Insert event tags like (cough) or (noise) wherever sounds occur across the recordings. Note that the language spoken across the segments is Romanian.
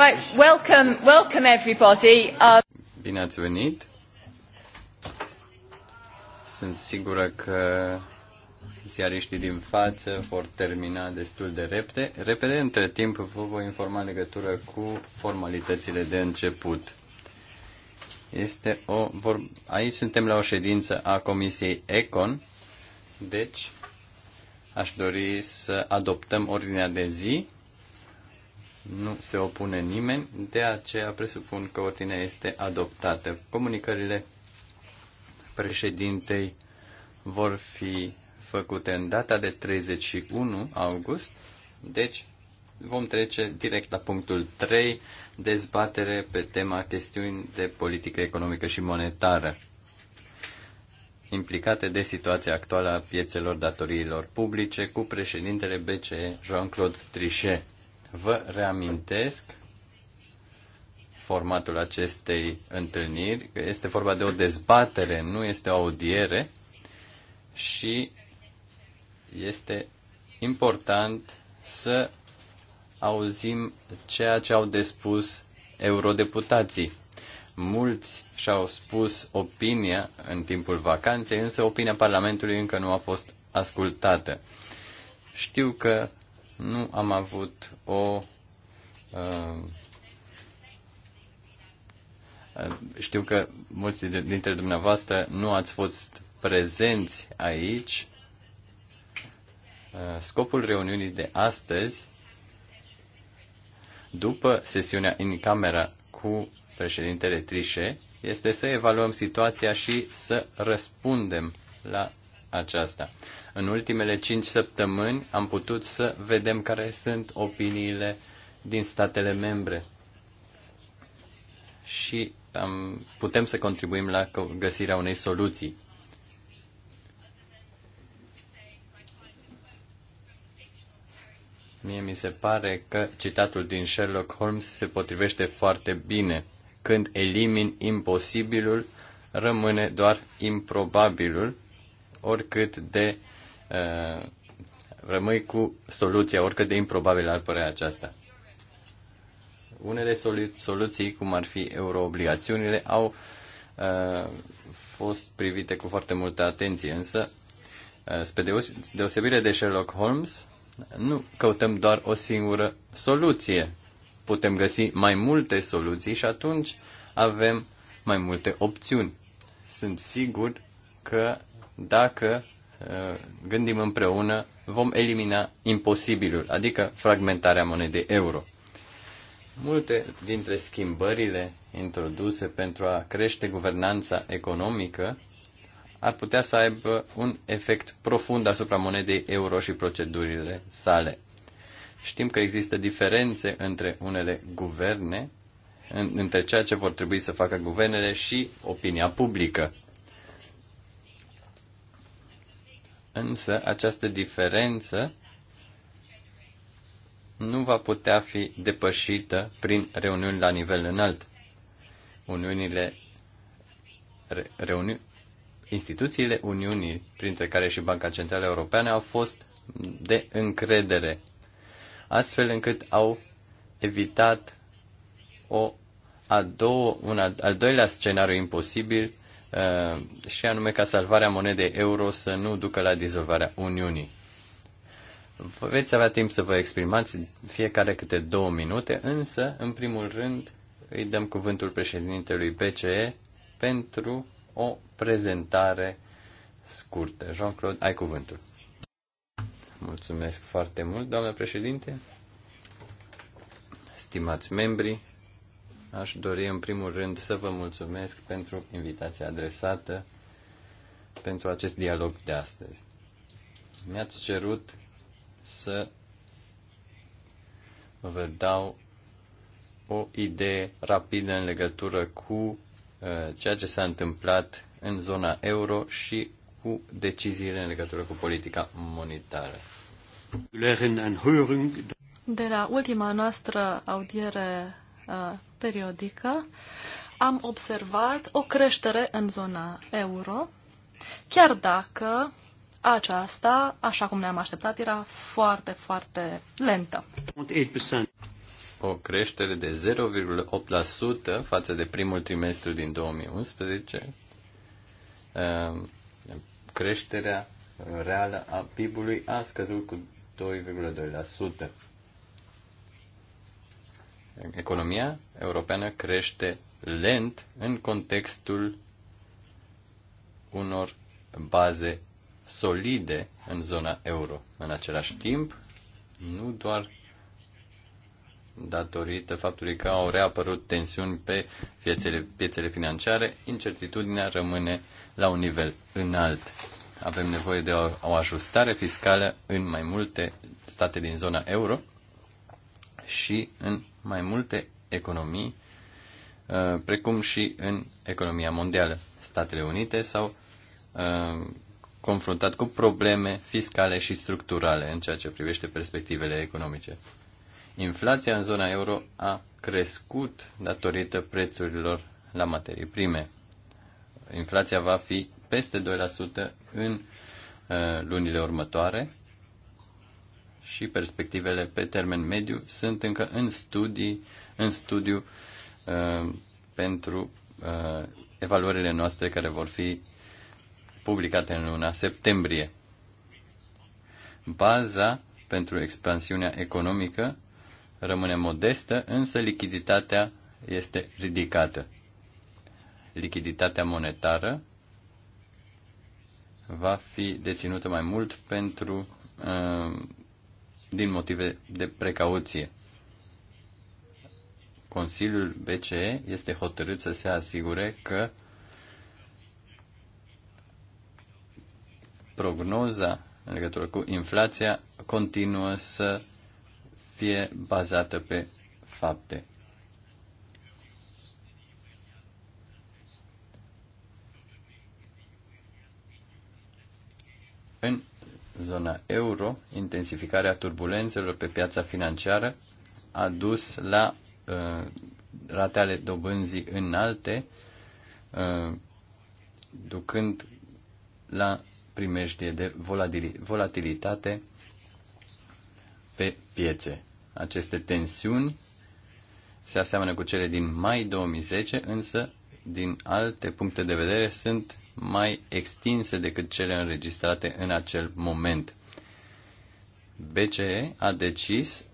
Right, welcome, welcome everybody. Uh... Bine ați venit. Sunt sigură că ziariștii din față vor termina destul de repede. Repede, între timp, vă voi informa legătură cu formalitățile de început. Este o, vor, aici suntem la o ședință a Comisiei ECON, deci aș dori să adoptăm ordinea de zi nu se opune nimeni, de aceea presupun că ordinea este adoptată. Comunicările președintei vor fi făcute în data de 31 august, deci vom trece direct la punctul 3, dezbatere pe tema chestiuni de politică economică și monetară implicate de situația actuală a piețelor datoriilor publice cu președintele BCE Jean-Claude Trichet. Vă reamintesc formatul acestei întâlniri, că este vorba de o dezbatere, nu este o audiere și este important să auzim ceea ce au de spus eurodeputații. Mulți și-au spus opinia în timpul vacanței, însă opinia Parlamentului încă nu a fost ascultată. Știu că nu am avut o. Uh, uh știu că mulți dintre dumneavoastră nu ați fost prezenți aici. Uh, scopul reuniunii de astăzi, după sesiunea în camera cu președintele Trișe, este să evaluăm situația și să răspundem la aceasta. În ultimele cinci săptămâni am putut să vedem care sunt opiniile din statele membre și um, putem să contribuim la găsirea unei soluții. Mie mi se pare că citatul din Sherlock Holmes se potrivește foarte bine. Când elimin imposibilul, rămâne doar improbabilul, oricât de Eh, rămâi cu soluția, oricât de improbabil ar părea aceasta. Unele solu- soluții, cum ar fi euroobligațiunile, au uh, fost privite cu foarte multă atenție, însă, uh, spre deosebire de Sherlock Holmes, nu căutăm doar o singură soluție. Putem găsi mai multe soluții și atunci avem mai multe opțiuni. Sunt sigur că dacă gândim împreună, vom elimina imposibilul, adică fragmentarea monedei euro. Multe dintre schimbările introduse pentru a crește guvernanța economică ar putea să aibă un efect profund asupra monedei euro și procedurile sale. Știm că există diferențe între unele guverne, între ceea ce vor trebui să facă guvernele și opinia publică. Însă această diferență nu va putea fi depășită prin reuniuni la nivel înalt. Uniunile, re, reuni, instituțiile Uniunii, printre care și Banca Centrală Europeană, au fost de încredere, astfel încât au evitat o a doua, un al doilea scenariu imposibil, Uh, și anume ca salvarea monedei euro să nu ducă la dizolvarea Uniunii. Veți avea timp să vă exprimați fiecare câte două minute, însă, în primul rând, îi dăm cuvântul președintelui BCE pentru o prezentare scurtă. Jean-Claude, ai cuvântul. Mulțumesc foarte mult, doamnă președinte, stimați membri, Aș dori în primul rând să vă mulțumesc pentru invitația adresată pentru acest dialog de astăzi. Mi-ați cerut să vă dau o idee rapidă în legătură cu uh, ceea ce s-a întâmplat în zona euro și cu deciziile în legătură cu politica monetară. De la ultima noastră audiere Uh, periodică, am observat o creștere în zona euro, chiar dacă aceasta, așa cum ne-am așteptat, era foarte, foarte lentă. O creștere de 0,8% față de primul trimestru din 2011. Um, creșterea reală a PIB-ului a scăzut cu 2,2% economia europeană crește lent în contextul unor baze solide în zona euro. În același timp, nu doar datorită faptului că au reapărut tensiuni pe piețele, piețele financiare, incertitudinea rămâne la un nivel înalt. Avem nevoie de o, o ajustare fiscală în mai multe state din zona euro și în mai multe economii, uh, precum și în economia mondială. Statele Unite s-au uh, confruntat cu probleme fiscale și structurale în ceea ce privește perspectivele economice. Inflația în zona euro a crescut datorită prețurilor la materii prime. Inflația va fi peste 2% în uh, lunile următoare și perspectivele pe termen mediu sunt încă în, studii, în studiu uh, pentru uh, evaluările noastre care vor fi publicate în luna septembrie. Baza pentru expansiunea economică rămâne modestă, însă lichiditatea este ridicată. Lichiditatea monetară va fi deținută mai mult pentru uh, din motive de precauție. Consiliul BCE este hotărât să se asigure că prognoza în legătură cu inflația continuă să fie bazată pe fapte. zona euro, intensificarea turbulențelor pe piața financiară a dus la uh, rate ale dobânzii înalte, uh, ducând la primejdie de volatilitate pe piețe. Aceste tensiuni se aseamănă cu cele din mai 2010, însă din alte puncte de vedere sunt mai extinse decât cele înregistrate în acel moment. BCE a decis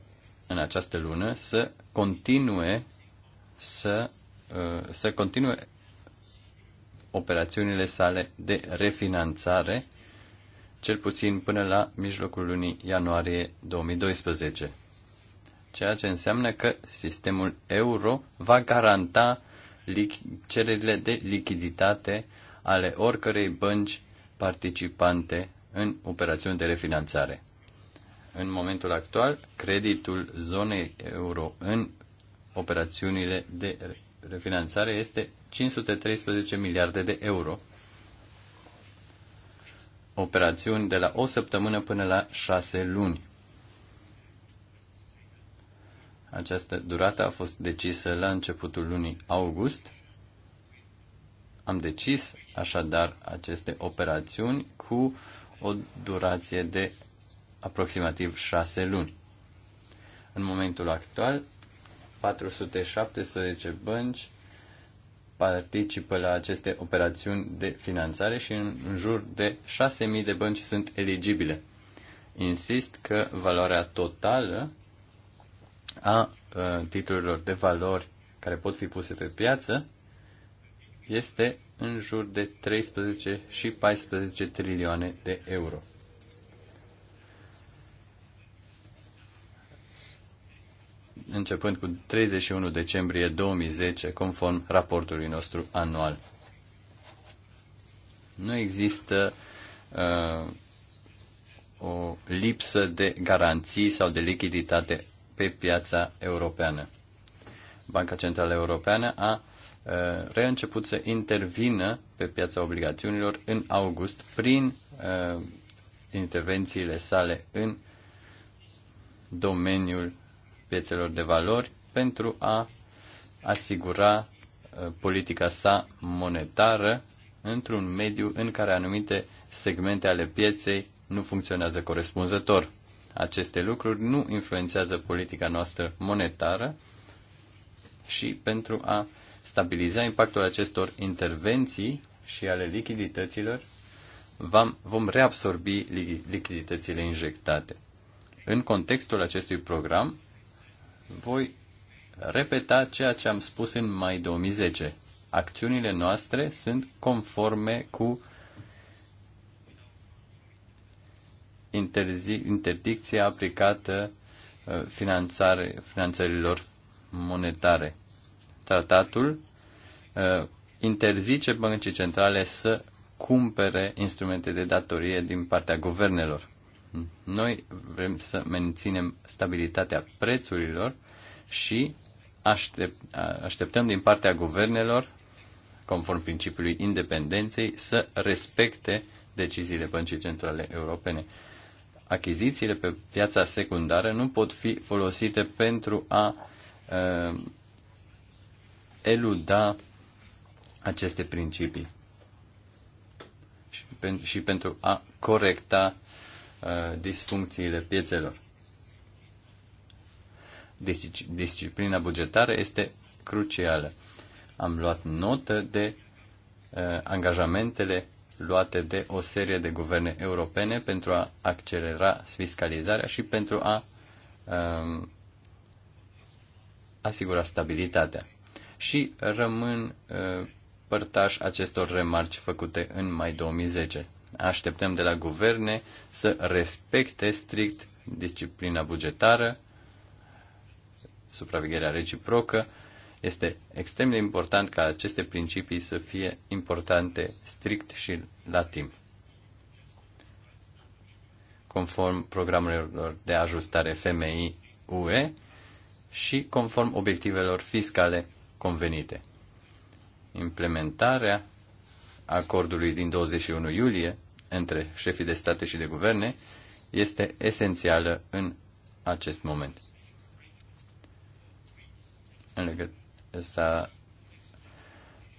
în această lună să continue să, uh, să continue operațiunile sale de refinanțare cel puțin până la mijlocul lunii ianuarie 2012 ceea ce înseamnă că sistemul euro va garanta cererile de lichiditate ale oricărei bănci participante în operațiuni de refinanțare. În momentul actual, creditul zonei euro în operațiunile de refinanțare este 513 miliarde de euro. Operațiuni de la o săptămână până la șase luni. Această durată a fost decisă la începutul lunii august. Am decis așadar aceste operațiuni cu o durație de aproximativ șase luni. În momentul actual, 417 bănci participă la aceste operațiuni de finanțare și în, în jur de 6.000 de bănci sunt eligibile. Insist că valoarea totală a, a uh, titlurilor de valori care pot fi puse pe piață este în jur de 13 și 14 trilioane de euro. începând cu 31 decembrie 2010, conform raportului nostru anual. Nu există uh, o lipsă de garanții sau de lichiditate pe piața europeană. Banca Centrală Europeană a uh, Uh, reînceput să intervină pe piața obligațiunilor în august prin uh, intervențiile sale în domeniul piețelor de valori pentru a asigura uh, politica sa monetară într-un mediu în care anumite segmente ale pieței nu funcționează corespunzător. Aceste lucruri nu influențează politica noastră monetară și pentru a stabiliza impactul acestor intervenții și ale lichidităților, vom reabsorbi lichiditățile injectate. În contextul acestui program, voi repeta ceea ce am spus în mai 2010. Acțiunile noastre sunt conforme cu interdicția aplicată uh, finanțare, finanțărilor monetare. Tratatul uh, interzice băncii centrale să cumpere instrumente de datorie din partea guvernelor. Noi vrem să menținem stabilitatea prețurilor și aștept, așteptăm din partea guvernelor, conform principiului independenței, să respecte deciziile băncii centrale europene. Achizițiile pe piața secundară nu pot fi folosite pentru a uh, eluda aceste principii și, pentru a corecta uh, disfuncțiile piețelor. Disciplina bugetară este crucială. Am luat notă de uh, angajamentele luate de o serie de guverne europene pentru a accelera fiscalizarea și pentru a um, asigura stabilitatea și rămân ă, părtaș acestor remarci făcute în mai 2010. Așteptăm de la guverne să respecte strict disciplina bugetară, supravegherea reciprocă. Este extrem de important ca aceste principii să fie importante strict și la timp. Conform programelor de ajustare FMI UE și conform obiectivelor fiscale convenite. Implementarea acordului din 21 iulie între șefii de state și de guverne este esențială în acest moment. În s-a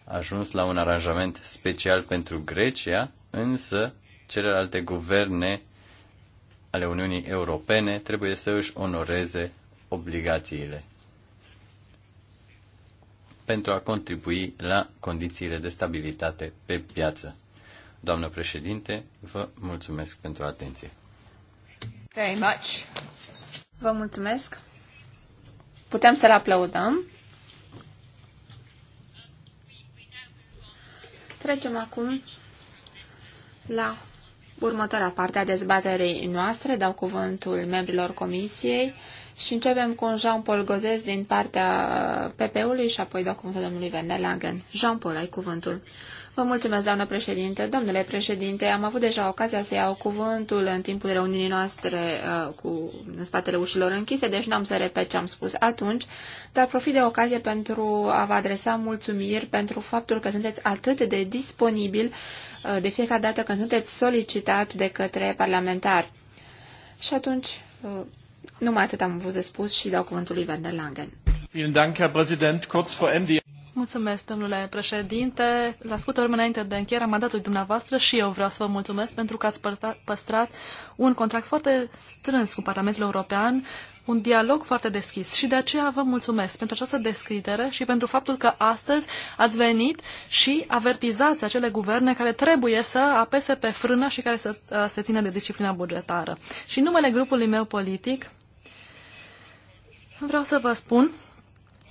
ajuns la un aranjament special pentru Grecia, însă celelalte guverne ale Uniunii Europene trebuie să își onoreze obligațiile pentru a contribui la condițiile de stabilitate pe piață. Doamnă președinte, vă mulțumesc pentru atenție. Very much. Vă mulțumesc. Putem să-l aplaudăm. Trecem acum la următoarea parte a dezbaterii noastre. Dau cuvântul membrilor comisiei și începem cu Jean-Paul Gozes din partea PP-ului și apoi dau cuvântul domnului Van der Langen. Jean-Paul, ai cuvântul. Vă mulțumesc, doamnă președinte. Domnule președinte, am avut deja ocazia să iau cuvântul în timpul reuniunii noastre uh, cu, în spatele ușilor închise, deci n-am să repet ce am spus atunci, dar profit de ocazie pentru a vă adresa mulțumiri pentru faptul că sunteți atât de disponibil uh, de fiecare dată când sunteți solicitat de către parlamentari. Și atunci, uh, numai atât am vrut de spus și dau cuvântul lui Werner Langen. Mulțumesc, domnule președinte. La scurtă urmă înainte de încheierea mandatului dumneavoastră și eu vreau să vă mulțumesc pentru că ați păstrat un contract foarte strâns cu Parlamentul European, un dialog foarte deschis și de aceea vă mulțumesc pentru această descritere și pentru faptul că astăzi ați venit și avertizați acele guverne care trebuie să apese pe frână și care să uh, se țină de disciplina bugetară. Și numele grupului meu politic, vreau să vă spun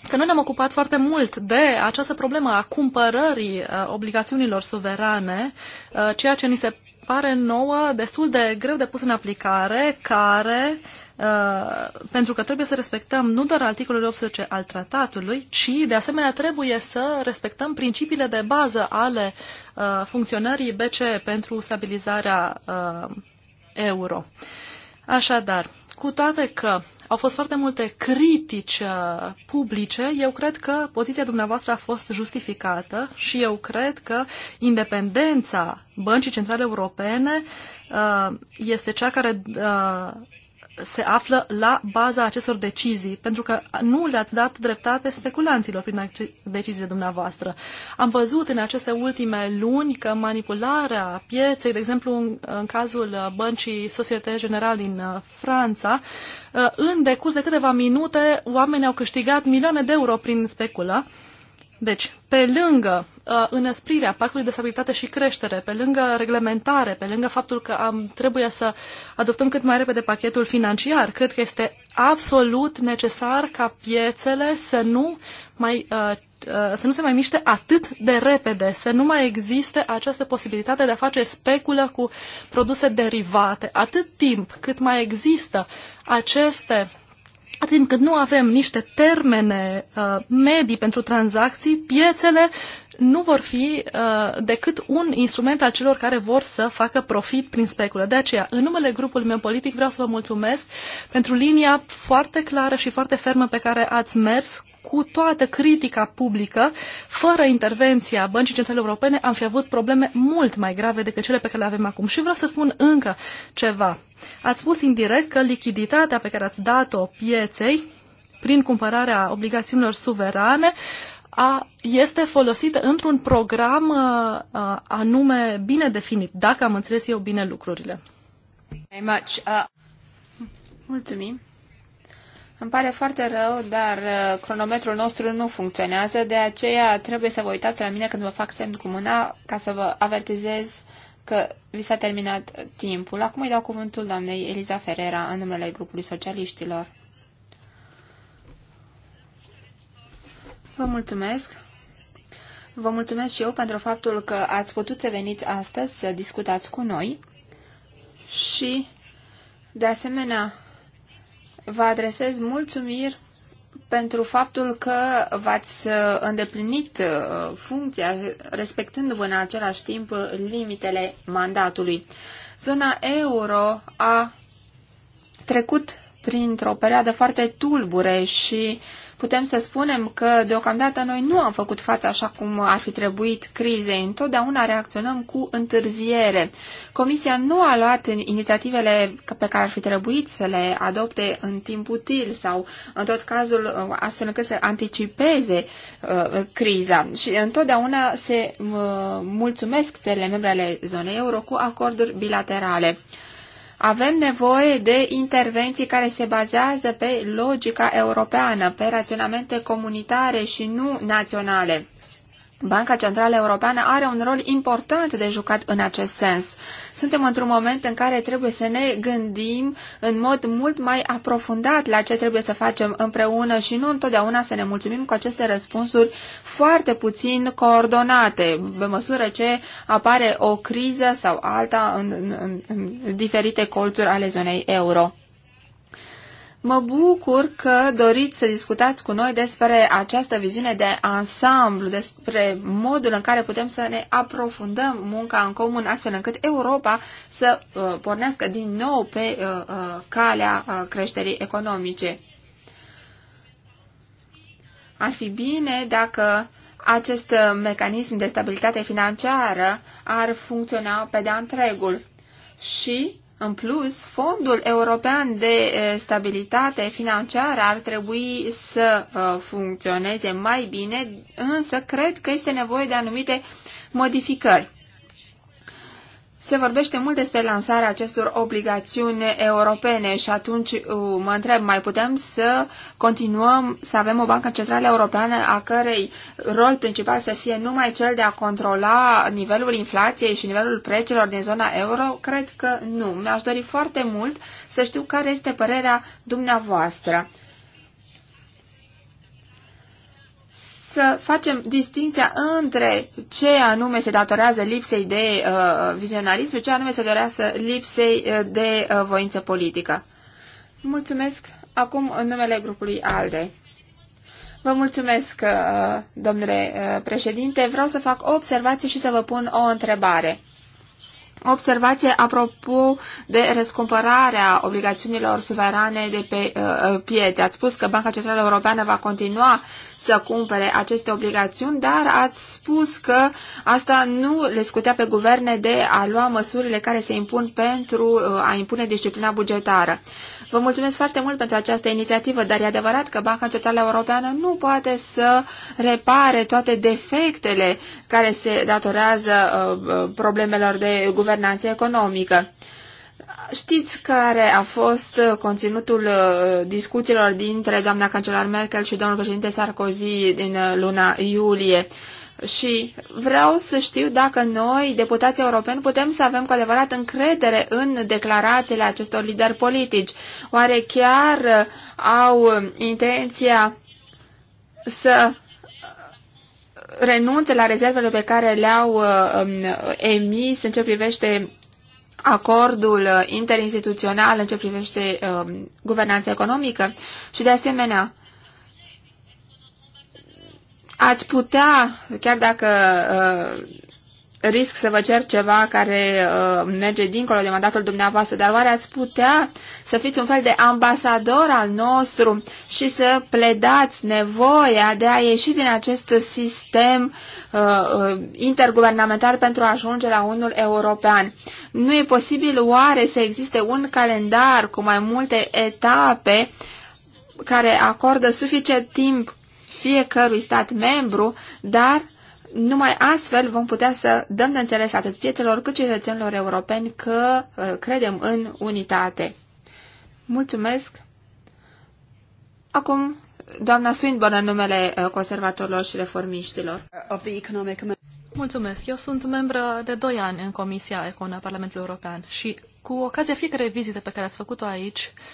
că noi ne-am ocupat foarte mult de această problemă a cumpărării uh, obligațiunilor suverane, uh, ceea ce ni se pare nouă destul de greu de pus în aplicare, care, uh, pentru că trebuie să respectăm nu doar articolul 18 al tratatului, ci de asemenea trebuie să respectăm principiile de bază ale uh, funcționării BCE pentru stabilizarea uh, euro. Așadar, cu toate că au fost foarte multe critici uh, publice. Eu cred că poziția dumneavoastră a fost justificată și eu cred că independența Băncii Centrale Europene uh, este cea care uh, se află la baza acestor decizii, pentru că nu le-ați dat dreptate speculanților prin deciziile dumneavoastră. Am văzut în aceste ultime luni că manipularea pieței, de exemplu în, în cazul băncii Societe General din uh, Franța, uh, în decurs de câteva minute oamenii au câștigat milioane de euro prin speculă deci, pe lângă uh, înăsprirea pactului de stabilitate și creștere, pe lângă reglementare, pe lângă faptul că am, trebuie să adoptăm cât mai repede pachetul financiar, cred că este absolut necesar ca piețele să nu, mai, uh, uh, să nu se mai miște atât de repede, să nu mai existe această posibilitate de a face speculă cu produse derivate. Atât timp cât mai există aceste Atât timp cât nu avem niște termene uh, medii pentru tranzacții, piețele nu vor fi uh, decât un instrument al celor care vor să facă profit prin speculă. De aceea, în numele grupului meu politic, vreau să vă mulțumesc pentru linia foarte clară și foarte fermă pe care ați mers cu toată critica publică, fără intervenția Băncii Centrale Europene, am fi avut probleme mult mai grave decât cele pe care le avem acum. Și vreau să spun încă ceva. Ați spus indirect că lichiditatea pe care ați dat-o pieței prin cumpărarea obligațiunilor suverane a, este folosită într-un program a, uh, a, uh, anume bine definit, dacă am înțeles eu bine lucrurile. Uh, Mulțumim. Îmi pare foarte rău, dar uh, cronometrul nostru nu funcționează, de aceea trebuie să vă uitați la mine când vă fac semn cu mâna ca să vă avertizez că vi s-a terminat timpul. Acum îi dau cuvântul doamnei Eliza Ferrera în numele grupului socialiștilor. Vă mulțumesc! Vă mulțumesc și eu pentru faptul că ați putut să veniți astăzi să discutați cu noi și, de asemenea, Vă adresez mulțumiri pentru faptul că v-ați uh, îndeplinit uh, funcția, respectându-vă în același timp limitele mandatului. Zona euro a trecut printr-o perioadă foarte tulbure și uh, putem să spunem că deocamdată noi nu am făcut față așa cum ar fi trebuit crizei. Întotdeauna reacționăm cu întârziere. Comisia nu a luat inițiativele pe care ar fi trebuit să le adopte în timp util sau, în tot cazul, astfel încât să anticipeze uh, criza. Și întotdeauna se uh, mulțumesc țările membre ale zonei euro cu acorduri bilaterale. Avem nevoie de intervenții care se bazează pe logica europeană, pe raționamente comunitare și nu naționale. Banca Centrală Europeană are un rol important de jucat în acest sens. Suntem într-un moment în care trebuie să ne gândim în mod mult mai aprofundat la ce trebuie să facem împreună și nu întotdeauna să ne mulțumim cu aceste răspunsuri foarte puțin coordonate, pe măsură ce apare o criză sau alta în, în, în diferite colțuri ale zonei euro. Mă bucur că doriți să discutați cu noi despre această viziune de ansamblu, despre modul în care putem să ne aprofundăm munca în comun, astfel încât Europa să uh, pornească din nou pe uh, uh, calea uh, creșterii economice. Ar fi bine dacă acest uh, mecanism de stabilitate financiară ar funcționa pe de-a întregul și în plus, Fondul European de eh, Stabilitate Financiară ar trebui să eh, funcționeze mai bine, însă cred că este nevoie de anumite modificări. Se vorbește mult despre lansarea acestor obligațiuni europene și atunci uh, mă întreb, mai putem să continuăm să avem o bancă centrală europeană a cărei rol principal să fie numai cel de a controla nivelul inflației și nivelul preților din zona euro? Cred că nu. Mi-aș dori foarte mult să știu care este părerea dumneavoastră. să facem distinția între ce anume se datorează lipsei de uh, și ce anume se datorează lipsei uh, de uh, voință politică. Mulțumesc acum în numele grupului ALDE. Vă mulțumesc, uh, domnule uh, președinte. Vreau să fac o observație și să vă pun o întrebare observație apropo de răscumpărarea obligațiunilor suverane de pe uh, uh, piețe. Ați spus că Banca Centrală Europeană va continua să cumpere aceste obligațiuni, dar ați spus că asta nu le scutea pe guverne de a lua măsurile care se impun pentru uh, a impune disciplina bugetară. Uh, Vă mulțumesc foarte mult pentru această inițiativă, dar e adevărat că Banca Centrală Europeană nu poate să repare toate defectele care se datorează uh, uh, problemelor de guvernanță economică. Știți care a fost uh, conținutul discuțiilor dintre doamna cancelar Merkel și domnul președinte Sarkozy din luna iulie? și vreau să știu dacă noi, deputații europeni, putem să avem cu adevărat încredere în declarațiile acestor lideri politici. Oare chiar uh, au uh, intenția să uh, renunțe la rezervele pe care le-au um, emis în ce privește acordul interinstituțional în ce privește um, guvernanța economică și de asemenea ați putea, chiar dacă uh, risc să vă cer ceva care uh, merge dincolo de mandatul dumneavoastră, dar oare ați putea să fiți un fel de ambasador al nostru și să pledați nevoia de a ieși din acest sistem uh, uh interguvernamental pentru a ajunge la unul european? Nu e posibil oare să existe un calendar cu mai multe etape care acordă suficient timp fiecărui stat membru, dar numai astfel vom putea să dăm de înțeles atât piețelor cât și cetățenilor europeni că uh, credem în unitate. Mulțumesc! Acum, doamna Swinburne, în numele uh, conservatorilor și reformiștilor. Mulțumesc! Eu sunt membră de 2 ani în Comisia Econa Parlamentului European și cu ocazia fiecare vizite pe care ați făcut-o aici, uh,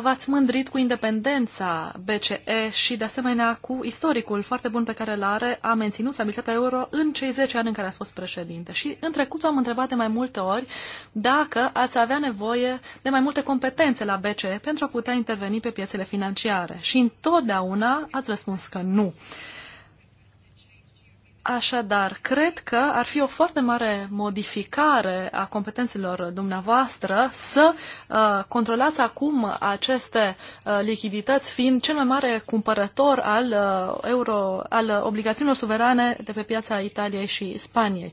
v-ați mândrit cu independența BCE și, de asemenea, cu istoricul foarte bun pe care îl are, a menținut stabilitatea euro în cei 10 ani în care a fost președinte. Și în trecut v-am întrebat de mai multe ori dacă ați avea nevoie de mai multe competențe la BCE pentru a putea interveni pe piețele financiare. Și întotdeauna ați răspuns că nu. Așadar, cred că ar fi o foarte mare modificare a competențelor dumneavoastră să uh, controlați acum aceste uh, lichidități, fiind cel mai mare cumpărător al, uh, euro, al obligațiunilor suverane de pe piața Italiei și Spaniei.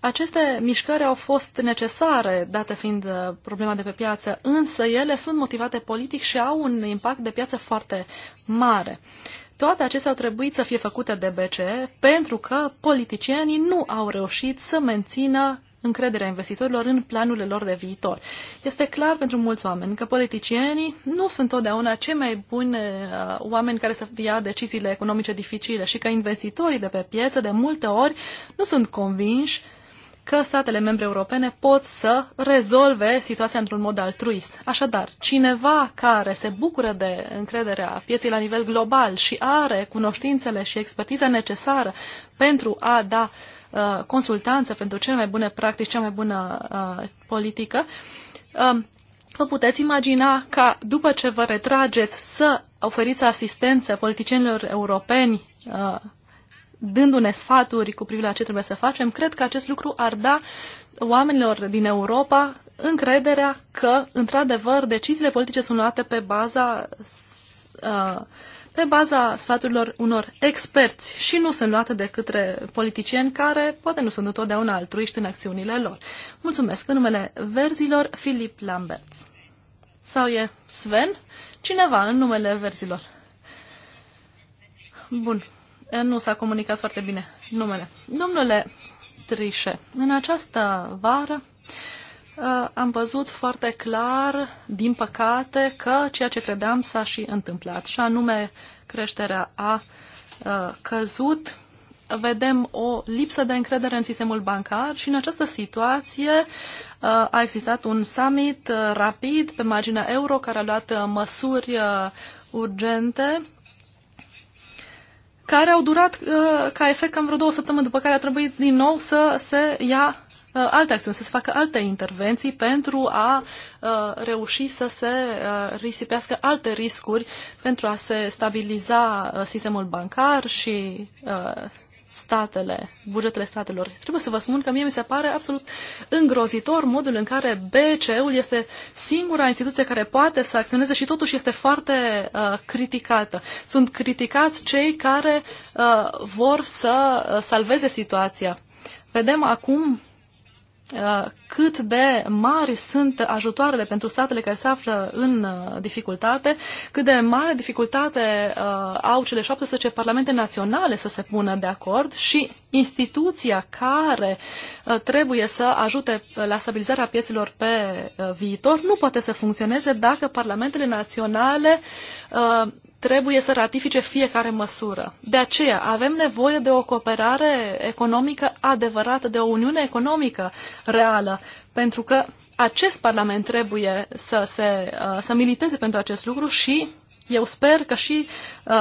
Aceste mișcări au fost necesare, date fiind uh, problema de pe piață, însă ele sunt motivate politic și au un impact de piață foarte mare. Uh, toate acestea au trebuit să fie făcute de BCE pentru că politicienii nu au reușit să mențină încrederea investitorilor în planurile lor de viitor. Este clar pentru mulți oameni că politicienii nu sunt totdeauna cei mai buni uh, oameni care să ia deciziile economice dificile și că investitorii de pe piață de multe ori nu sunt convinși uh, că statele membre europene pot să rezolve situația într-un mod altruist. Așadar, cineva care se bucură de încrederea pieței la nivel global și are cunoștințele și expertiza necesară pentru a da uh, consultanță pentru cele mai bune practici, cea mai bună uh, politică, uh, Vă puteți imagina ca după ce vă retrageți să oferiți asistență politicienilor europeni uh, dându-ne sfaturi cu privire la ce trebuie să facem, cred că acest lucru ar da oamenilor din Europa încrederea că, într-adevăr, deciziile politice sunt luate pe baza, uh, pe baza sfaturilor unor experți și nu sunt luate de către politicieni care poate nu sunt întotdeauna altruiști în acțiunile lor. Mulțumesc. În numele verzilor, Filip Lamberts. Sau e Sven? Cineva în numele verzilor. Bun nu s-a comunicat foarte bine numele. Domnule Trișe, în această vară uh, am văzut foarte clar, din păcate, că ceea ce credeam s-a și întâmplat, și anume creșterea a uh, căzut, vedem o lipsă de încredere în sistemul bancar și în această situație uh, a existat un summit rapid pe marginea euro care a luat măsuri urgente care au durat uh, ca efect cam vreo două săptămâni, după care a trebuit din nou să se ia uh, alte acțiuni, să se facă alte intervenții pentru a uh, reuși să se uh, risipească alte riscuri pentru a se stabiliza uh, sistemul bancar și uh, statele, bugetele statelor. Trebuie să vă spun că mie mi se pare absolut îngrozitor modul în care BCE-ul este singura instituție care poate să acționeze și totuși este foarte uh, criticată. Sunt criticați cei care uh, vor să uh, salveze situația. Vedem acum Uh, cât de mari sunt ajutoarele pentru statele care se află în uh, dificultate, cât de mare dificultate uh, au cele 17 parlamente naționale să se pună de acord și instituția care trebuie să ajute la stabilizarea pieților pe viitor nu poate să funcționeze dacă parlamentele naționale trebuie să ratifice fiecare măsură. De aceea avem nevoie de o cooperare economică adevărată, de o uniune economică reală, pentru că acest Parlament trebuie să, se, uh, să militeze pentru acest lucru și eu sper că și uh,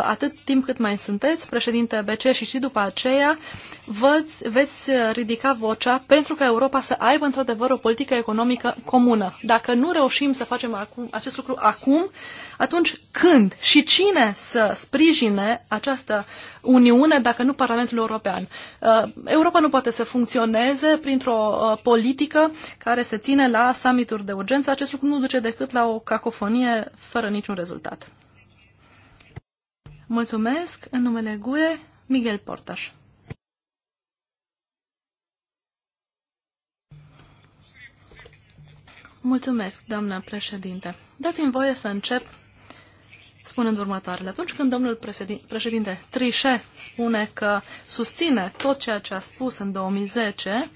atât timp cât mai sunteți președinte BC și și după aceea văți, veți ridica vocea pentru ca Europa să aibă într-adevăr o politică economică comună. Dacă nu reușim să facem acum, acest lucru acum, atunci când și cine să sprijine această Uniune dacă nu Parlamentul European? Uh, Europa nu poate să funcționeze printr-o uh, politică care se ține la summituri de urgență. Acest lucru nu duce decât la o cacofonie fără niciun rezultat. Mulțumesc. În numele GUE, Miguel Portaș. Mulțumesc, doamnă președinte. Dați-mi voie să încep spunând următoarele. Atunci când domnul președinte Trișe spune că susține tot ceea ce a spus în 2010,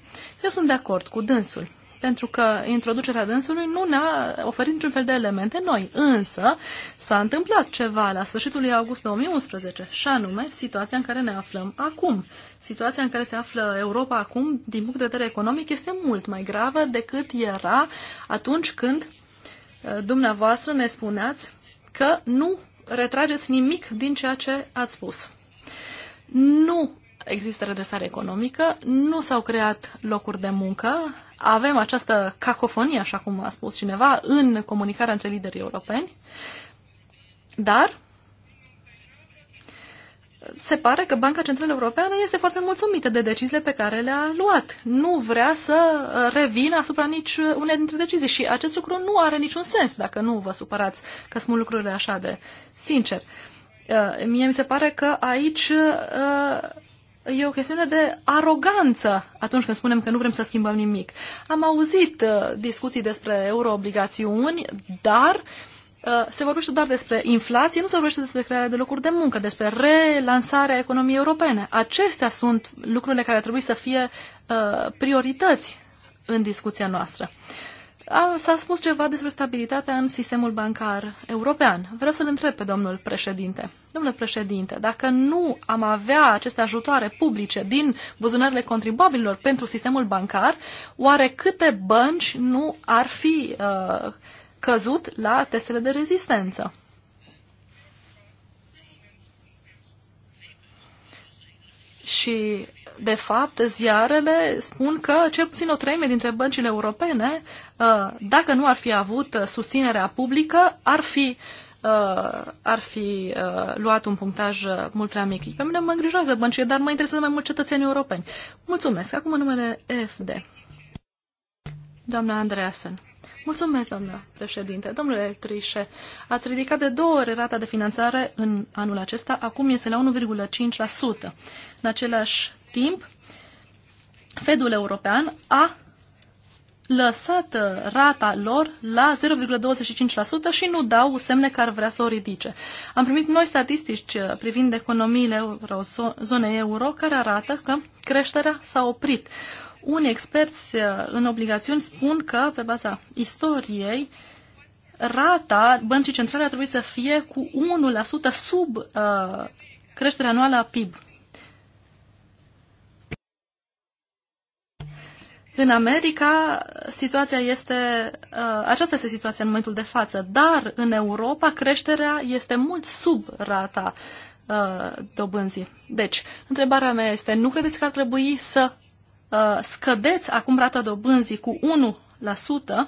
eu sunt de acord cu dânsul pentru că introducerea dânsului nu ne-a oferit niciun fel de elemente noi. Însă s-a întâmplat ceva la sfârșitul lui august 2011, și anume situația în care ne aflăm acum. Situația în care se află Europa acum, din punct de vedere economic, este mult mai gravă decât era atunci când uh, dumneavoastră ne spuneați că nu retrageți nimic din ceea ce ați spus. Nu există redresare economică, nu s-au creat locuri de muncă, avem această cacofonie, așa cum a spus cineva, în comunicarea între liderii europeni, dar se pare că Banca Centrală Europeană este foarte mulțumită de deciziile pe care le-a luat. Nu vrea să revină asupra nici unei dintre decizii și acest lucru nu are niciun sens dacă nu vă supărați că sunt lucrurile așa de sincer. Uh, mie mi se pare că aici uh, e o chestiune de aroganță atunci când spunem că nu vrem să schimbăm nimic. Am auzit uh, discuții despre euroobligațiuni, dar uh, se vorbește doar despre inflație, nu se vorbește despre crearea de locuri de muncă, despre relansarea economiei europene. Acestea sunt lucrurile care ar trebui să fie uh, priorități în discuția noastră. Uh, S-a spus ceva despre stabilitatea în sistemul bancar european. Vreau să-l întreb pe domnul președinte. Domnule președinte, dacă nu am avea aceste ajutoare publice din buzunarele contribuabililor pentru sistemul bancar, oare câte bănci nu ar fi uh, căzut la testele de rezistență? Și de fapt, ziarele spun că cel puțin o treime dintre băncile europene, uh, dacă nu ar fi avut uh, susținerea publică, ar fi, uh, ar fi luat un punctaj mult prea mic. Pe mine mă îngrijorează băncile, dar mă interesează mai mult cetățenii europeni. Mulțumesc. Acum în numele F.D. Doamna Andreasen. Mulțumesc, doamnă președinte. Domnule Trișe, ați ridicat de două ori rata de finanțare în anul acesta, acum este la 1,5%. În același timp, Fedul European a lăsat uh, rata lor la 0,25% și nu dau semne că ar vrea să o ridice. Am primit noi statistici uh, privind economiile euro, zonei euro care arată că creșterea s-a oprit. Unii experți uh, în obligațiuni spun că, pe baza istoriei, rata băncii centrale ar trebui să fie cu 1% sub uh, creșterea anuală a PIB. În America, situația este, uh, aceasta este situația în momentul de față, dar în Europa creșterea este mult sub rata uh, dobânzii. Deci, întrebarea mea este, nu credeți că ar trebui să uh, scădeți acum rata dobânzii cu 1%,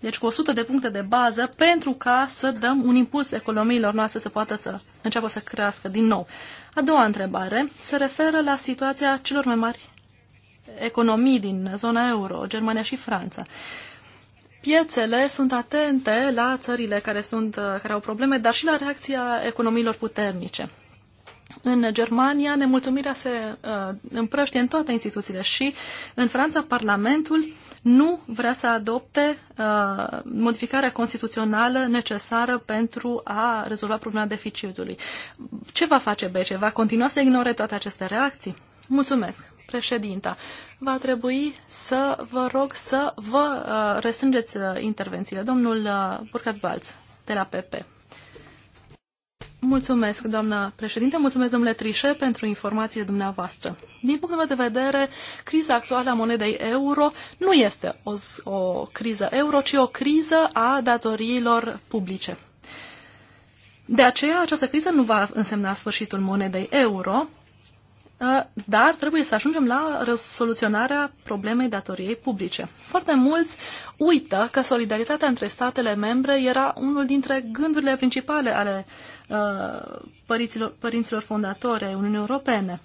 deci cu 100 de puncte de bază, pentru ca să dăm un impuls economiilor noastre să poată să înceapă să crească din nou. A doua întrebare se referă la situația celor mai mari economii din zona euro, Germania și Franța. Piețele sunt atente la țările care, sunt, uh, care au probleme, dar și la reacția economiilor puternice. În Germania, nemulțumirea se uh, împrăștie în toate instituțiile și în Franța, Parlamentul nu vrea să adopte uh, modificarea constituțională necesară pentru a rezolva problema deficitului. Ce va face BCE? Va continua să ignore toate aceste reacții? Mulțumesc! Președinta, va trebui să vă rog să vă uh, restrângeți uh, intervențiile. Domnul uh, Burkhard Balț, de la PP. Mulțumesc, doamnă președinte, mulțumesc, domnule Trișe, pentru informațiile dumneavoastră. Din punctul meu de vedere, criza actuală a monedei euro nu este o, o criză euro, ci o criză a datoriilor publice. De aceea, această criză nu va însemna sfârșitul monedei euro, Uh, dar trebuie să ajungem la soluționarea problemei datoriei publice. Foarte mulți uită că solidaritatea între statele membre era unul dintre gândurile principale ale uh, părinților, părinților fondatori ai Uniunii Europene.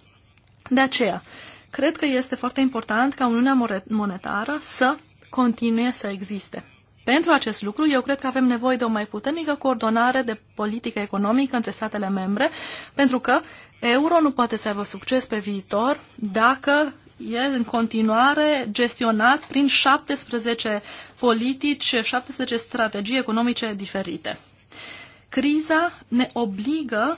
De aceea, cred că este foarte important ca Uniunea Monetară să continue să existe. Pentru acest lucru, eu cred că avem nevoie de o mai puternică coordonare de politică economică între statele membre, pentru că euro nu poate să aibă succes pe viitor dacă e în continuare gestionat prin 17 politici, 17 strategii economice diferite. Criza ne obligă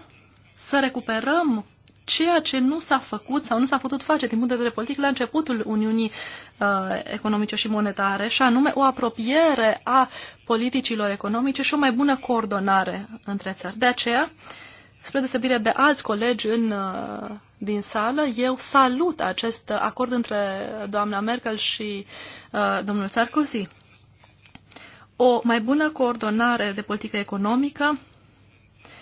să recuperăm ceea ce nu s-a făcut sau nu s-a putut face din punct de vedere politic la începutul Uniunii uh, Economice și Monetare, și anume o apropiere a politicilor economice și o mai bună coordonare între țări. De aceea, uh, Spre deosebire de alți colegi în, uh, din sală, eu salut acest acord între doamna Merkel și uh, domnul Sarkozy. O mai bună coordonare de politică economică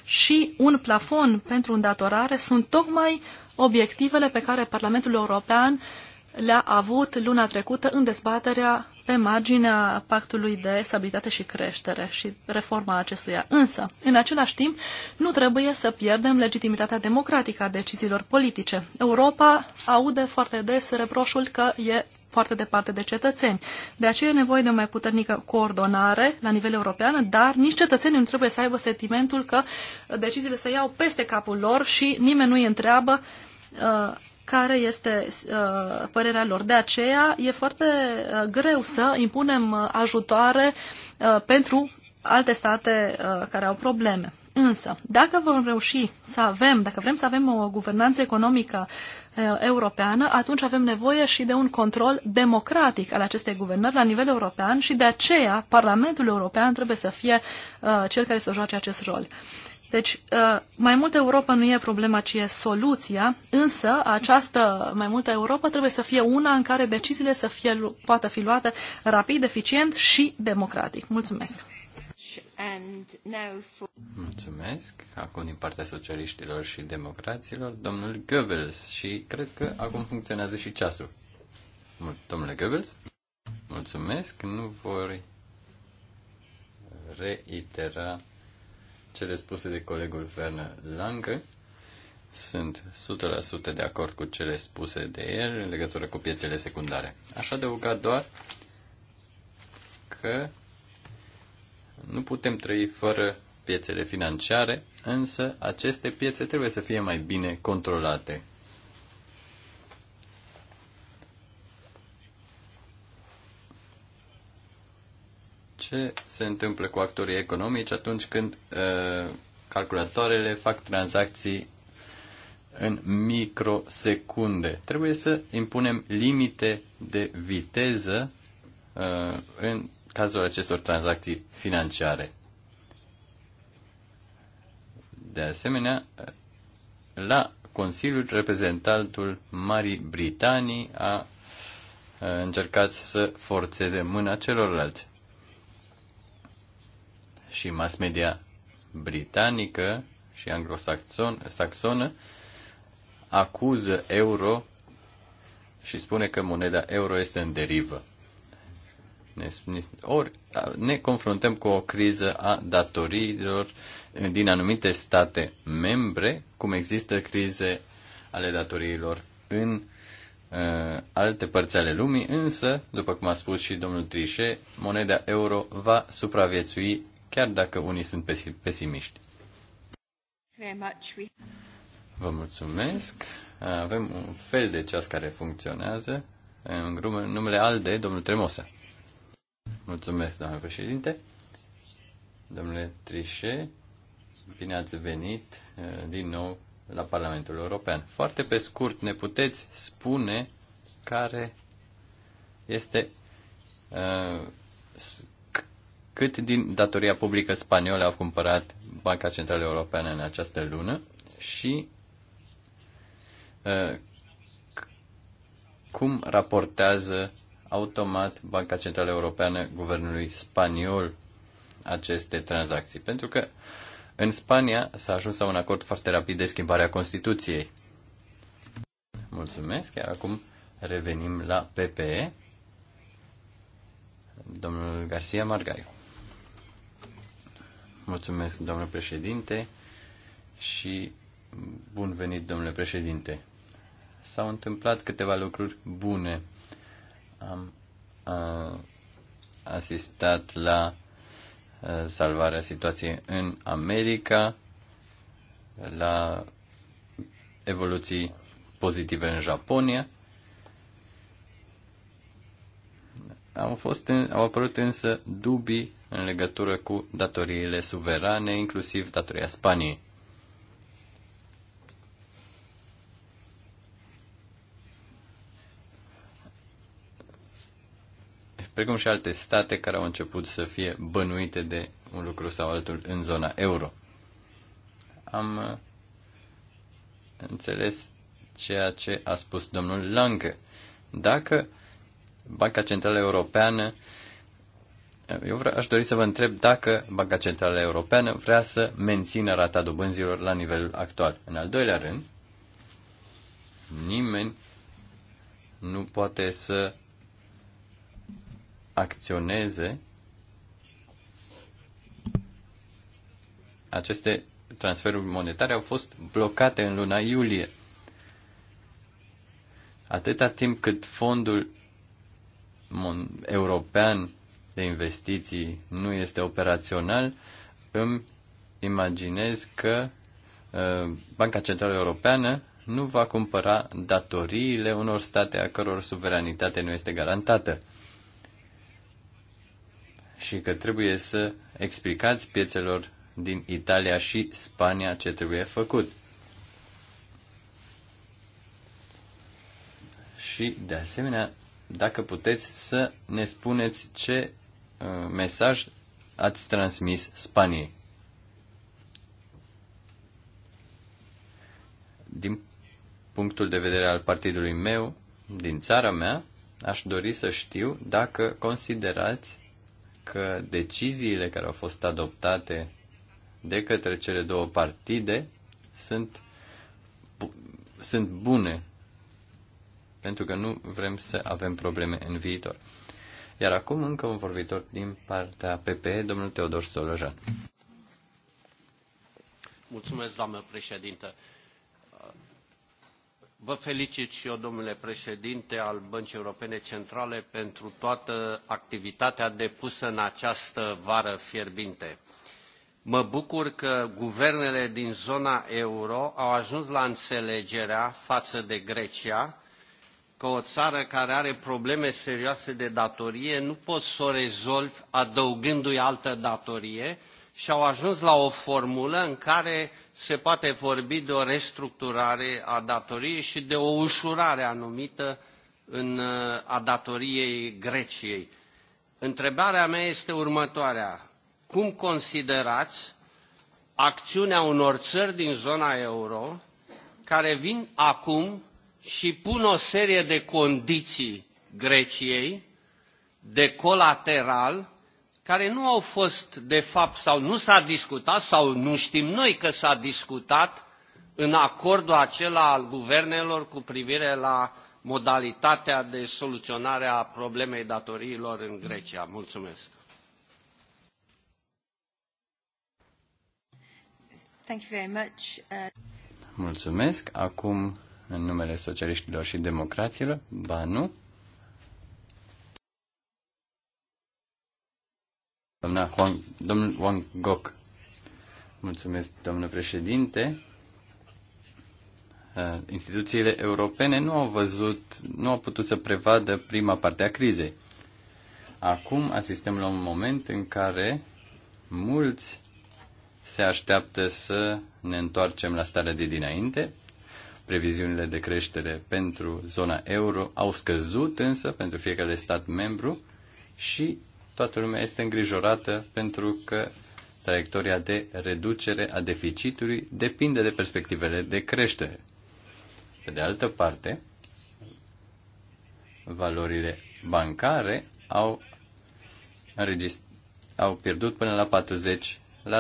și un plafon pentru îndatorare sunt tocmai obiectivele pe care Parlamentul European le-a avut luna trecută în dezbaterea pe marginea pactului de stabilitate și creștere și reforma acestuia. Însă, în același timp, nu trebuie să pierdem legitimitatea democratică a deciziilor politice. Europa aude foarte des reproșul că e foarte departe de cetățeni. De aceea e nevoie de o mai puternică coordonare la nivel european, dar nici cetățenii nu trebuie să aibă sentimentul că deciziile se iau peste capul lor și nimeni nu îi întreabă uh, care este uh, părerea lor. De aceea e foarte uh, greu să impunem uh, ajutoare uh, pentru alte state uh, care au probleme. Însă, dacă vom reuși să avem, dacă vrem să avem o guvernanță economică uh, europeană, atunci avem nevoie și de un control democratic al acestei guvernări la nivel european și de aceea Parlamentul European trebuie să fie uh, cel care să joace acest rol. Deci, uh, mai multă Europa nu e problema, ci e soluția, însă această mai multă Europa trebuie să fie una în care deciziile să fie, poată fi luate rapid, eficient și democratic. Mulțumesc! Mulțumesc. Acum din partea socialiștilor și democraților, domnul Goebbels. Și cred că acum funcționează și ceasul. Domnule Goebbels, mulțumesc. Nu vor reitera cele spuse de colegul Werner Lange. Sunt 100% de acord cu cele spuse de el în legătură cu piețele secundare. Aș adăuga doar că nu putem trăi fără piețele financiare, însă aceste piețe trebuie să fie mai bine controlate. ce se întâmplă cu actorii economici atunci când uh, calculatoarele fac tranzacții în microsecunde. Trebuie să impunem limite de viteză uh, în cazul acestor tranzacții financiare. De asemenea, uh, la Consiliul Reprezentantul Marii Britanii a uh, încercat să forțeze mâna celorlalți și mass media britanică și anglosaxonă acuză euro și spune că moneda euro este în derivă. Ne, ori ne confruntăm cu o criză a datoriilor din anumite state membre, cum există crize ale datoriilor în uh, alte părți ale lumii, însă, după cum a spus și domnul Trișe, moneda euro va supraviețui chiar dacă unii sunt pesimiști. Vă mulțumesc. Avem un fel de ceas care funcționează. În numele ALDE, domnul Tremosa. Mulțumesc, domnule președinte. Domnule Trișe, bine ați venit eh, din nou la Parlamentul European. Foarte pe scurt, ne puteți spune care este uh, cât din datoria publică spaniolă a cumpărat Banca Centrală Europeană în această lună și uh, cum raportează automat Banca Centrală Europeană guvernului spaniol aceste tranzacții. Pentru că în Spania s-a ajuns la un acord foarte rapid de schimbare a Constituției. Mulțumesc, iar acum revenim la PPE. Domnul Garcia Margaiu. Mulțumesc, domnule președinte, și bun venit, domnule președinte. S-au întâmplat câteva lucruri bune. Am a, asistat la a, salvarea situației în America, la evoluții pozitive în Japonia. Au, fost în, au apărut însă dubii în legătură cu datoriile suverane, inclusiv datoria Spaniei. precum și alte state care au început să fie bănuite de un lucru sau altul în zona euro. Am uh, înțeles ceea ce a spus domnul Lange. Dacă Banca Centrală Europeană eu vreau, aș dori să vă întreb dacă Banca Centrală Europeană vrea să mențină rata dobânzilor la nivelul actual. În al doilea rând, nimeni nu poate să acționeze aceste transferuri monetare au fost blocate în luna iulie. Atâta timp cât fondul european de investiții nu este operațional, îmi imaginez că uh, Banca Centrală Europeană nu va cumpăra datoriile unor state a căror suveranitate nu este garantată și că trebuie să explicați piețelor din Italia și Spania ce trebuie făcut. Și, de asemenea, dacă puteți să ne spuneți ce Uh, mesaj ați transmis Spaniei? Din punctul de vedere al partidului meu, din țara mea, aș dori să știu dacă considerați că deciziile care au fost adoptate de către cele două partide sunt, sunt bune, pentru că nu vrem să avem probleme în viitor. Iar acum încă un vorbitor din partea PP domnul Teodor Solojan. Mulțumesc, doamnă președintă. Vă felicit și eu, domnule președinte al Băncii Europene Centrale, pentru toată activitatea depusă în această vară fierbinte. Mă bucur că guvernele din zona euro au ajuns la înțelegerea față de Grecia că o țară care are probleme serioase de datorie nu poți să o rezolvi adăugându-i altă datorie și au ajuns la o formulă în care se poate vorbi de o restructurare a datoriei și de o ușurare anumită în, uh, a datoriei Greciei. Întrebarea mea este următoarea. Cum considerați acțiunea unor țări din zona euro care vin acum și pun o serie de condiții Greciei de colateral care nu au fost de fapt sau nu s-a discutat sau nu știm noi că s-a discutat în acordul acela al guvernelor cu privire la modalitatea de soluționare a problemei datoriilor în Grecia. Mulțumesc. Thank you very much. Uh... Mulțumesc. Acum în numele socialiștilor și democraților? Ba nu. Doamna Huang, domnul Wang Gok. Mulțumesc, domnul președinte. Uh, instituțiile europene nu au văzut, nu au putut să prevadă prima parte a crizei. Acum asistăm la un moment în care mulți se așteaptă să ne întoarcem la starea de dinainte, previziunile de creștere pentru zona euro au scăzut însă pentru fiecare stat membru și toată lumea este îngrijorată pentru că traiectoria de reducere a deficitului depinde de perspectivele de creștere. Pe de altă parte, valorile bancare au, au pierdut până la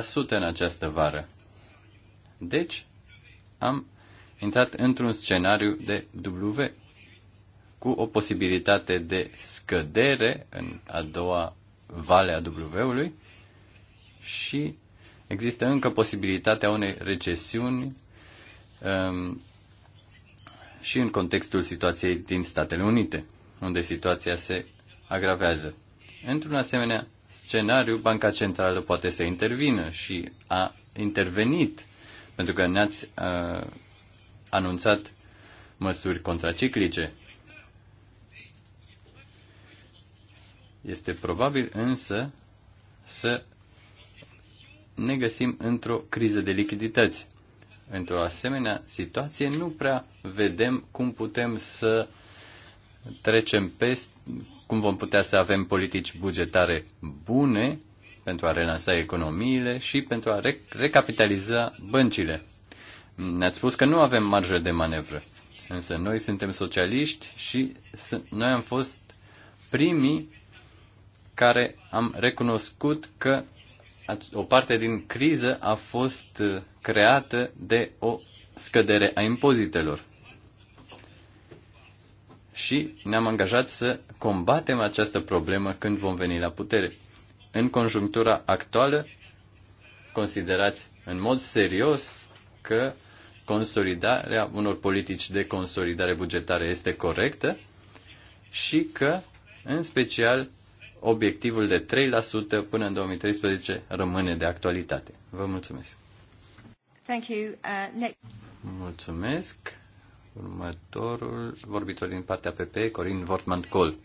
40% în această vară. Deci, am intrat într-un scenariu de W cu o posibilitate de scădere în a doua vale a W-ului și există încă posibilitatea unei recesiuni um, și în contextul situației din Statele Unite, unde situația se agravează. Într-un asemenea scenariu, Banca Centrală poate să intervină și a intervenit, pentru că ne-ați uh, anunțat măsuri contraciclice. Este probabil însă să ne găsim într-o criză de lichidități. Într-o asemenea situație nu prea vedem cum putem să trecem peste, cum vom putea să avem politici bugetare bune pentru a relansa economiile și pentru a recapitaliza băncile. Ne-ați spus că nu avem marjă de manevră. Însă noi suntem socialiști și noi am fost primii care am recunoscut că o parte din criză a fost uh, creată de o scădere a impozitelor. Și ne-am angajat să combatem această problemă când vom veni la putere. În conjunctura actuală, considerați în mod serios că consolidarea unor politici de consolidare bugetară este corectă și că, în special, obiectivul de 3% până în 2013 rămâne de actualitate. Vă mulțumesc. Thank you. Uh, next. Mulțumesc. Următorul vorbitor din partea PP, Corin Vortman Col.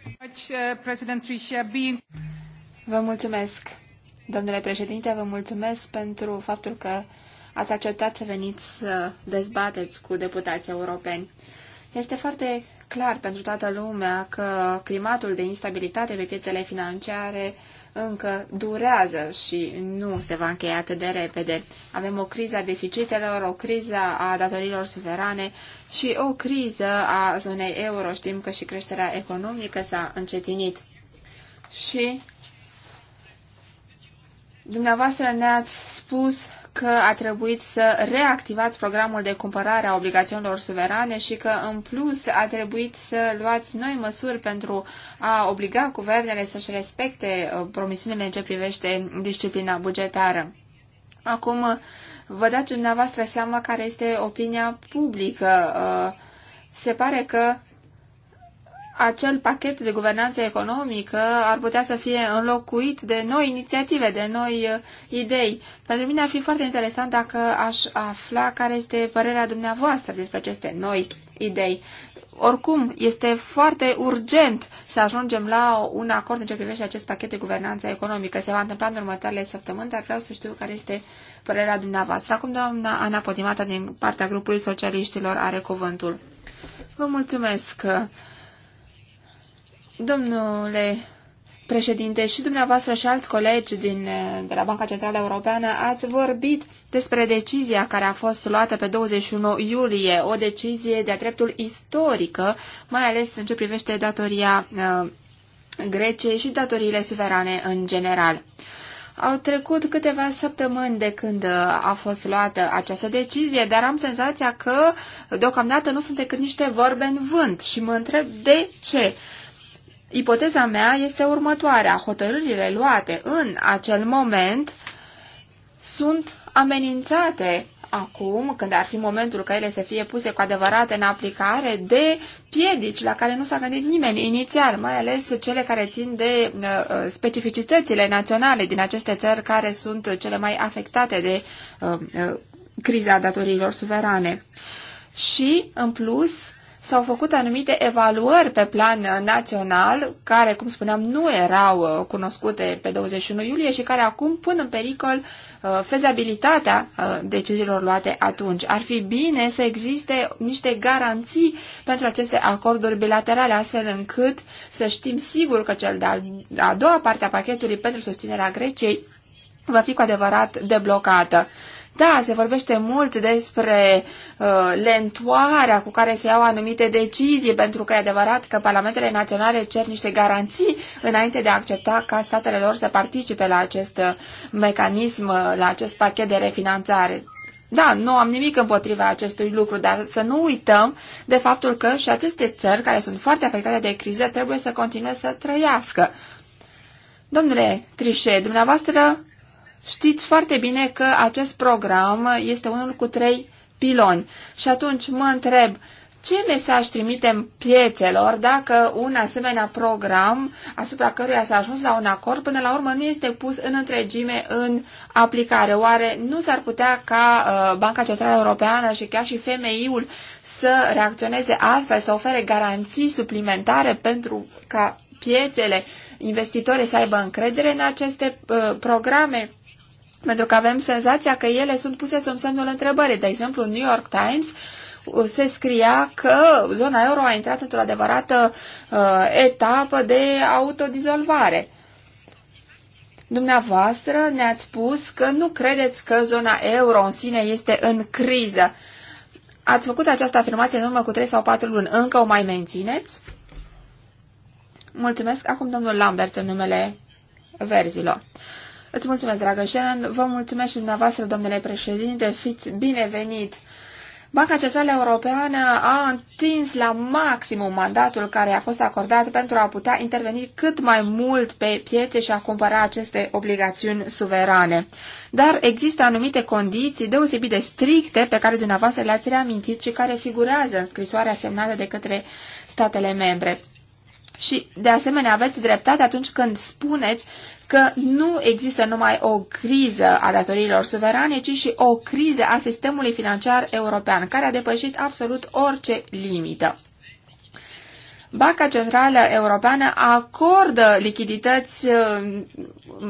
Vă mulțumesc, domnule președinte, vă mulțumesc pentru faptul că ați acceptat să veniți să dezbateți cu deputații europeni. Este foarte clar pentru toată lumea că climatul de instabilitate pe piețele financiare încă durează și nu se va încheia atât de repede. Avem o criză a deficitelor, o criză a datorilor suverane și o criză a zonei euro. Știm că și creșterea economică s-a încetinit. Și dumneavoastră ne-ați spus că a trebuit să reactivați programul de cumpărare a obligațiunilor suverane și că, în plus, a trebuit să luați noi măsuri pentru a obliga guvernele să-și respecte uh, promisiunile în ce privește disciplina bugetară. Acum, vă dați dumneavoastră seama care este opinia publică. Uh, se pare că acel pachet de guvernanță economică ar putea să fie înlocuit de noi inițiative, de noi uh, idei. Pentru mine ar fi foarte interesant dacă aș afla care este părerea dumneavoastră despre aceste noi idei. Oricum, este foarte urgent să ajungem la un acord în ce privește acest pachet de guvernanță economică. Se va întâmpla în următoarele săptămâni, dar vreau să știu care este părerea dumneavoastră. Acum doamna Ana Podimata din partea grupului socialiștilor are cuvântul. Vă mulțumesc, Domnule președinte, și dumneavoastră și alți colegi din, de la Banca Centrală Europeană ați vorbit despre decizia care a fost luată pe 21 iulie, o decizie de-a dreptul istorică, mai ales în ce privește datoria uh, Greciei și datoriile suverane în general. Au trecut câteva săptămâni de când uh, a fost luată această decizie, dar am senzația că deocamdată nu sunt decât niște vorbe în vânt și mă întreb de ce. Ipoteza mea este următoarea. Hotărârile luate în acel moment sunt amenințate acum, când ar fi momentul ca ele să fie puse cu adevărat în aplicare, de piedici la care nu s-a gândit nimeni inițial, mai ales cele care țin de uh, uh, specificitățile naționale din aceste țări care sunt cele mai afectate de uh, criza datoriilor suverane. Și, în plus, s-au făcut anumite evaluări pe plan uh, național, care, cum spuneam, nu erau uh, cunoscute pe 21 iulie și care acum pun în pericol uh, fezabilitatea deciziilor luate atunci. Ar fi bine să existe niște garanții pentru aceste acorduri bilaterale, astfel încât să știm sigur că cel de-a doua parte a pachetului pentru susținerea Greciei va fi cu adevărat deblocată. Da, se vorbește mult despre uh, lentoarea cu care se iau anumite decizii, pentru că e adevărat că parlamentele naționale cer niște garanții înainte de a accepta ca statele lor să participe la acest uh, mecanism, uh, la acest pachet de refinanțare. Da, nu am nimic împotriva acestui lucru, dar să nu uităm de faptul că și aceste țări care sunt foarte afectate de criză trebuie să continue să trăiască. Domnule Trișe, dumneavoastră Știți foarte bine că acest program este unul cu trei piloni și atunci mă întreb ce mesaj trimitem piețelor dacă un asemenea program asupra căruia s-a ajuns la un acord până la urmă nu este pus în întregime în aplicare? Oare nu s-ar putea ca uh, Banca Centrală Europeană și chiar și FMI-ul să reacționeze altfel, să ofere garanții suplimentare pentru ca piețele, investitorii să aibă încredere în aceste uh, programe? pentru că avem senzația că ele sunt puse sub semnul întrebării. De exemplu, New York Times uh, se scria că zona euro a intrat într-o adevărată uh, etapă de autodizolvare. Dumneavoastră ne-ați spus că nu credeți că zona euro în sine este în criză. Ați făcut această afirmație în urmă cu 3 sau 4 luni. Încă o mai mențineți? Mulțumesc. Acum domnul Lambert în numele verzilor. Îți mulțumesc, dragă Sharon. Vă mulțumesc și dumneavoastră, domnule președinte. Fiți binevenit. Banca Centrală Europeană a întins la maximum mandatul care a fost acordat pentru a putea interveni cât mai mult pe piețe și a cumpăra aceste obligațiuni suverane. Dar există anumite condiții deosebit de stricte pe care dumneavoastră le-ați reamintit și care figurează în scrisoarea semnată de către statele membre. Și, de asemenea, aveți dreptate atunci când spuneți că nu există numai o criză a datoriilor suverane, ci și o criză a sistemului financiar european, care a depășit absolut orice limită. Banca Centrală Europeană acordă lichidități uh,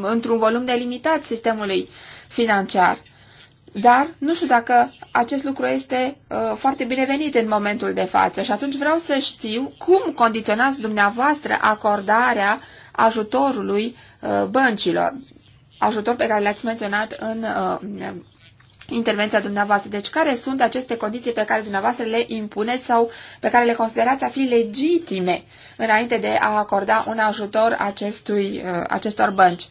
într-un volum delimitat sistemului financiar. Dar nu știu dacă acest lucru este uh, foarte binevenit în momentul de față și atunci vreau să știu cum condiționați dumneavoastră acordarea ajutorului uh, băncilor, ajutor pe care l-ați menționat în uh, intervenția dumneavoastră. Deci care sunt aceste condiții pe care dumneavoastră le impuneți sau pe care le considerați a fi legitime înainte de a acorda un ajutor acestui, uh, acestor bănci?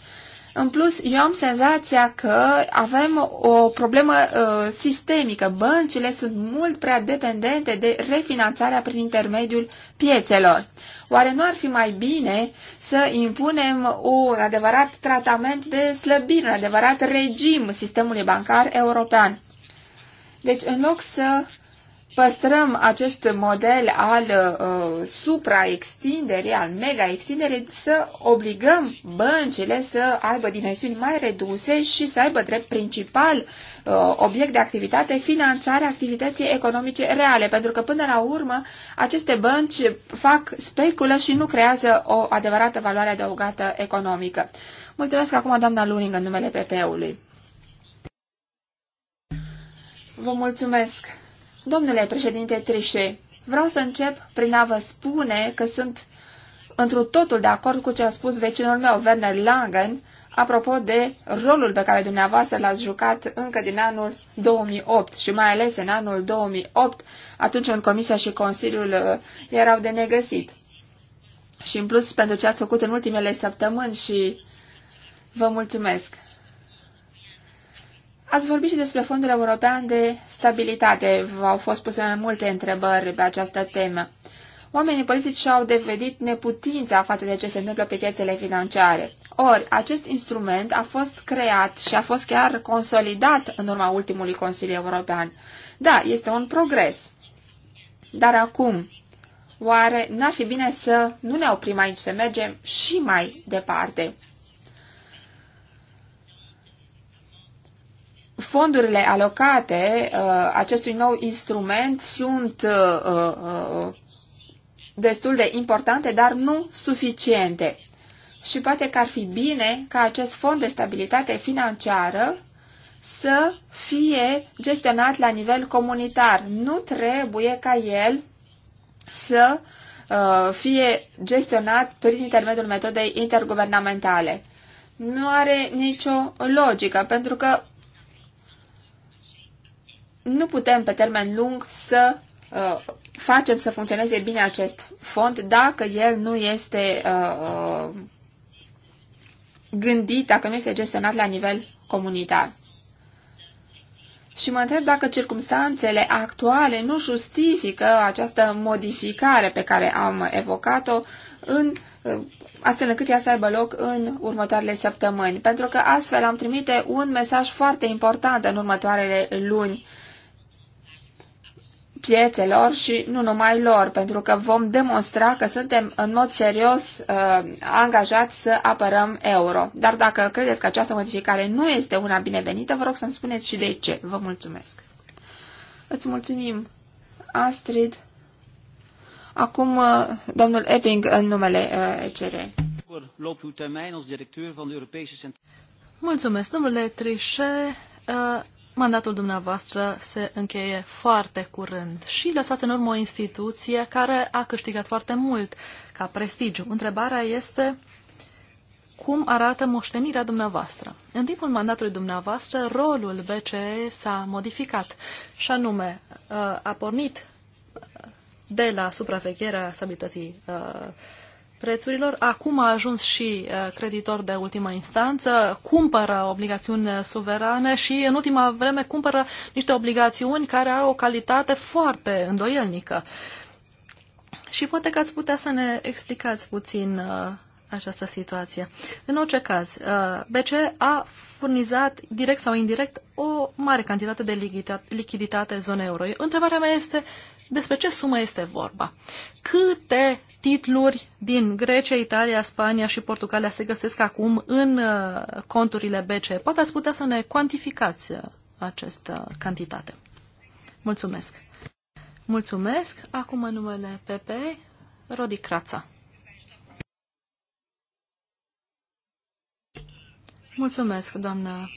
În plus, eu am senzația că avem o problemă uh, sistemică. Băncile sunt mult prea dependente de refinanțarea prin intermediul piețelor. Oare nu ar fi mai bine să impunem un adevărat tratament de slăbire, un adevărat regim sistemului bancar european? Deci, în loc să păstrăm acest model al uh, supraextinderii, al mega-extinderii, să obligăm băncile să aibă dimensiuni mai reduse și să aibă drept principal uh, obiect de activitate finanțarea activității economice reale, pentru că până la urmă aceste bănci fac speculă și nu creează o adevărată valoare adăugată economică. Mulțumesc acum doamna Luning în numele PP-ului. Vă mulțumesc! Domnule președinte Trișe, vreau să încep prin a vă spune că sunt întru totul de acord cu ce a spus vecinul meu, Werner Langen, apropo de rolul pe care dumneavoastră l-ați jucat încă din anul 2008 și mai ales în anul 2008, atunci când Comisia și Consiliul uh, erau de negăsit. Și în plus pentru ce ați făcut în ultimele săptămâni și vă mulțumesc. Ați vorbit și despre Fondul European de Stabilitate. V-au fost puse mai multe întrebări pe această temă. Oamenii politici și-au devedit neputința față de ce se întâmplă pe piețele financiare. Ori, acest instrument a fost creat și a fost chiar consolidat în urma ultimului Consiliu European. Da, este un progres. Dar acum, oare n-ar fi bine să nu ne oprim aici, să mergem și mai departe? fondurile alocate uh, acestui nou instrument sunt uh, uh, uh, destul de importante, dar nu suficiente. Și poate că ar fi bine ca acest fond de stabilitate financiară să fie gestionat la nivel comunitar. Nu trebuie ca el să uh, fie gestionat prin intermediul metodei interguvernamentale. Nu are nicio logică, pentru că nu putem pe termen lung să uh, facem să funcționeze bine acest fond dacă el nu este uh, gândit, dacă nu este gestionat la nivel comunitar. Și mă întreb dacă circumstanțele actuale nu justifică această modificare pe care am evocat-o în uh, astfel încât ea să aibă loc în următoarele săptămâni, pentru că astfel am trimite un mesaj foarte important în următoarele luni piețelor și nu numai lor, pentru că vom demonstra că suntem în mod serios uh, angajați să apărăm euro. Dar dacă credeți că această modificare nu este una binevenită, vă rog să-mi spuneți și de ce. Vă mulțumesc. Îți mulțumim, Astrid. Acum, uh, domnul Epping, în numele uh, ECR. Mulțumesc, domnule Trichet. Uh, mandatul dumneavoastră se încheie foarte curând și lăsați în urmă o instituție care a câștigat foarte mult ca prestigiu. Întrebarea este cum arată moștenirea dumneavoastră. În timpul mandatului dumneavoastră, rolul BCE s-a modificat și anume uh, a pornit de la supravegherea stabilității uh, prețurilor. Acum a ajuns și uh, creditor de ultimă instanță, cumpără obligațiuni uh, suverane și în ultima vreme cumpără niște obligațiuni care au o calitate foarte îndoielnică. Și poate că ați putea să ne explicați puțin uh, această situație. În orice caz, uh, BC a furnizat, direct sau indirect, o mare cantitate de lichiditate zonei euro. Întrebarea mea este despre ce sumă este vorba. Câte titluri din Grecia, Italia, Spania și Portugalia se găsesc acum în uh, conturile BC? Poate ați putea să ne cuantificați uh, această cantitate. Mulțumesc! Mulțumesc! Acum în numele PP, Rodi Crața. Mulțumesc, doamnă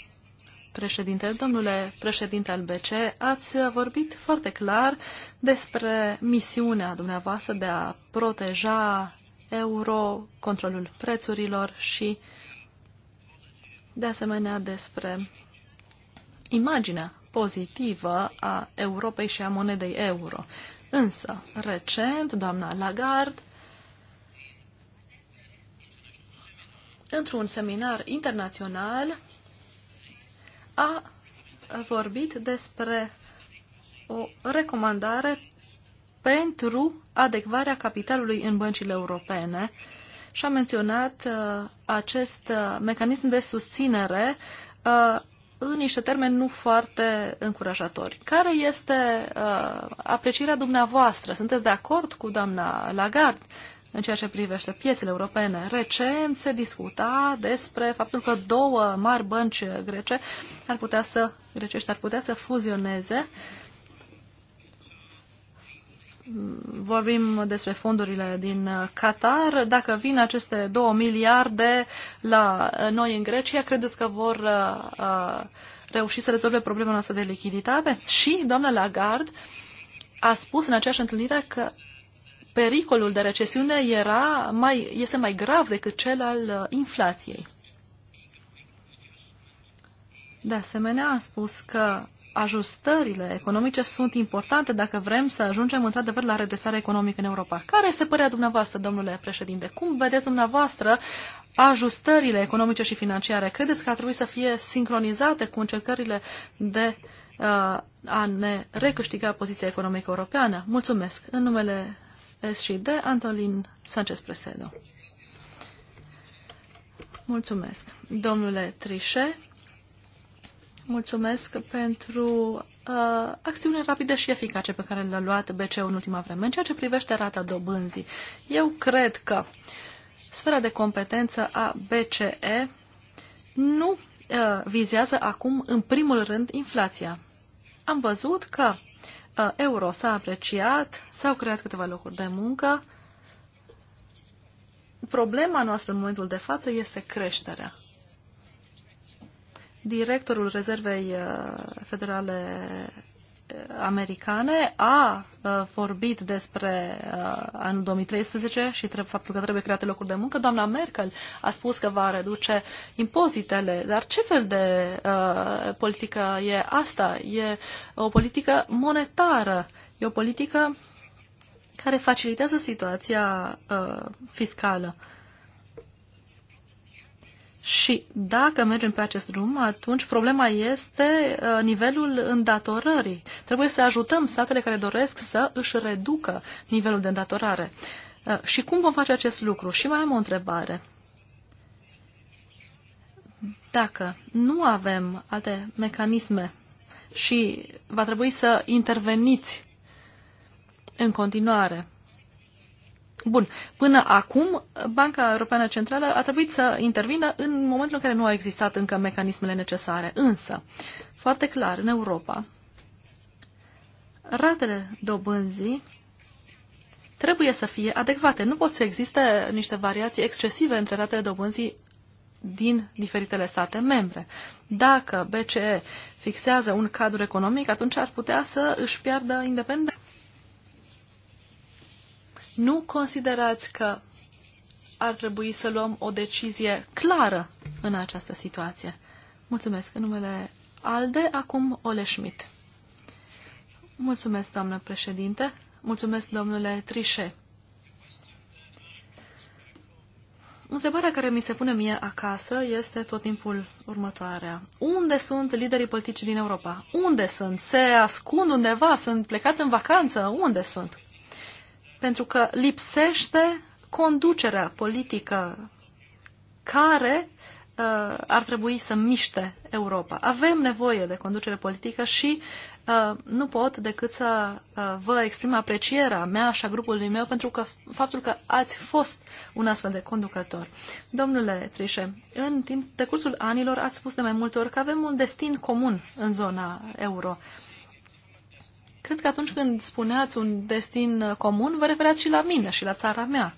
președinte. Domnule președinte al BC, ați vorbit foarte clar despre misiunea dumneavoastră de a proteja euro, controlul prețurilor și, de asemenea, despre imaginea pozitivă a Europei și a monedei euro. Însă, recent, doamna Lagarde într-un seminar internațional, a vorbit despre o recomandare pentru adecvarea capitalului în băncile europene și a menționat uh, acest uh, mecanism de susținere uh, în niște termeni nu foarte încurajatori. Care este uh, aprecierea dumneavoastră? Sunteți de acord cu doamna Lagarde în ceea ce privește piețele europene. Recent se discuta despre faptul că două mari bănci grece ar putea să, grecești ar putea să fuzioneze. Vorbim despre fondurile din Qatar. Dacă vin aceste două miliarde la noi în Grecia, credeți că vor uh, uh reuși să rezolve problema noastră de lichiditate? Și doamna Lagarde a spus în aceeași întâlnire că pericolul de recesiune era mai, este mai grav decât cel al uh, inflației. De asemenea, am spus că ajustările economice sunt importante dacă vrem să ajungem într-adevăr la redresarea economică în Europa. Care este părerea dumneavoastră, domnule președinte? Cum vedeți dumneavoastră ajustările economice și financiare? Credeți că ar trebui să fie sincronizate cu încercările de uh, a ne recâștiga poziția economică europeană? Mulțumesc. În numele SCD, Antolin Sanchez Presedo. Mulțumesc. Domnule Trișe, mulțumesc pentru uh, acțiune rapidă și eficace pe care le-a luat BCE în ultima vreme. În ceea ce privește rata dobânzii, eu cred că sfera de competență a BCE nu uh, vizează acum, în primul rând, inflația. Am văzut că euro s-a apreciat, s-au creat câteva locuri de muncă. Problema noastră în momentul de față este creșterea. Directorul Rezervei uh, Federale americane a vorbit despre anul 2013 și faptul că trebuie create locuri de muncă. Doamna Merkel a spus că va reduce impozitele, dar ce fel de uh, politică e asta? E o politică monetară, e o politică care facilitează situația uh, fiscală. Uh, și dacă mergem pe acest drum, atunci problema este uh, nivelul îndatorării. Trebuie să ajutăm statele care doresc să își reducă nivelul de îndatorare. Uh, și cum vom face acest lucru? Și mai am o întrebare. Dacă nu avem alte mecanisme și va trebui să interveniți în continuare, Bun. Până acum, Banca Europeană Centrală a trebuit să intervină în momentul în care nu au existat încă mecanismele necesare. Însă, foarte clar, în Europa, ratele dobânzii trebuie să fie adecvate. Nu pot să existe niște variații excesive între ratele dobânzii din diferitele state membre. Dacă BCE fixează un cadru economic, atunci ar putea să își piardă independența. Nu considerați că ar trebui să luăm o decizie clară în această situație? Mulțumesc. În numele ALDE, acum Ole Schmidt. Mulțumesc, doamnă președinte. Mulțumesc, domnule Trișe. Întrebarea care mi se pune mie acasă este tot timpul următoarea. Unde sunt liderii politici din Europa? Unde sunt? Se ascund undeva? Sunt plecați în vacanță? Unde sunt? pentru că lipsește conducerea politică care uh, ar trebui să miște Europa. Avem nevoie de conducere politică și uh, nu pot decât să uh, vă exprim aprecierea mea și a grupului meu pentru că faptul că ați fost un astfel de conducător. Domnule Trișe, în timp de cursul anilor ați spus de mai multe ori că avem un destin comun în zona euro. Uh, Cred că atunci când spuneați un destin uh, comun, vă referați și la mine și la țara mea.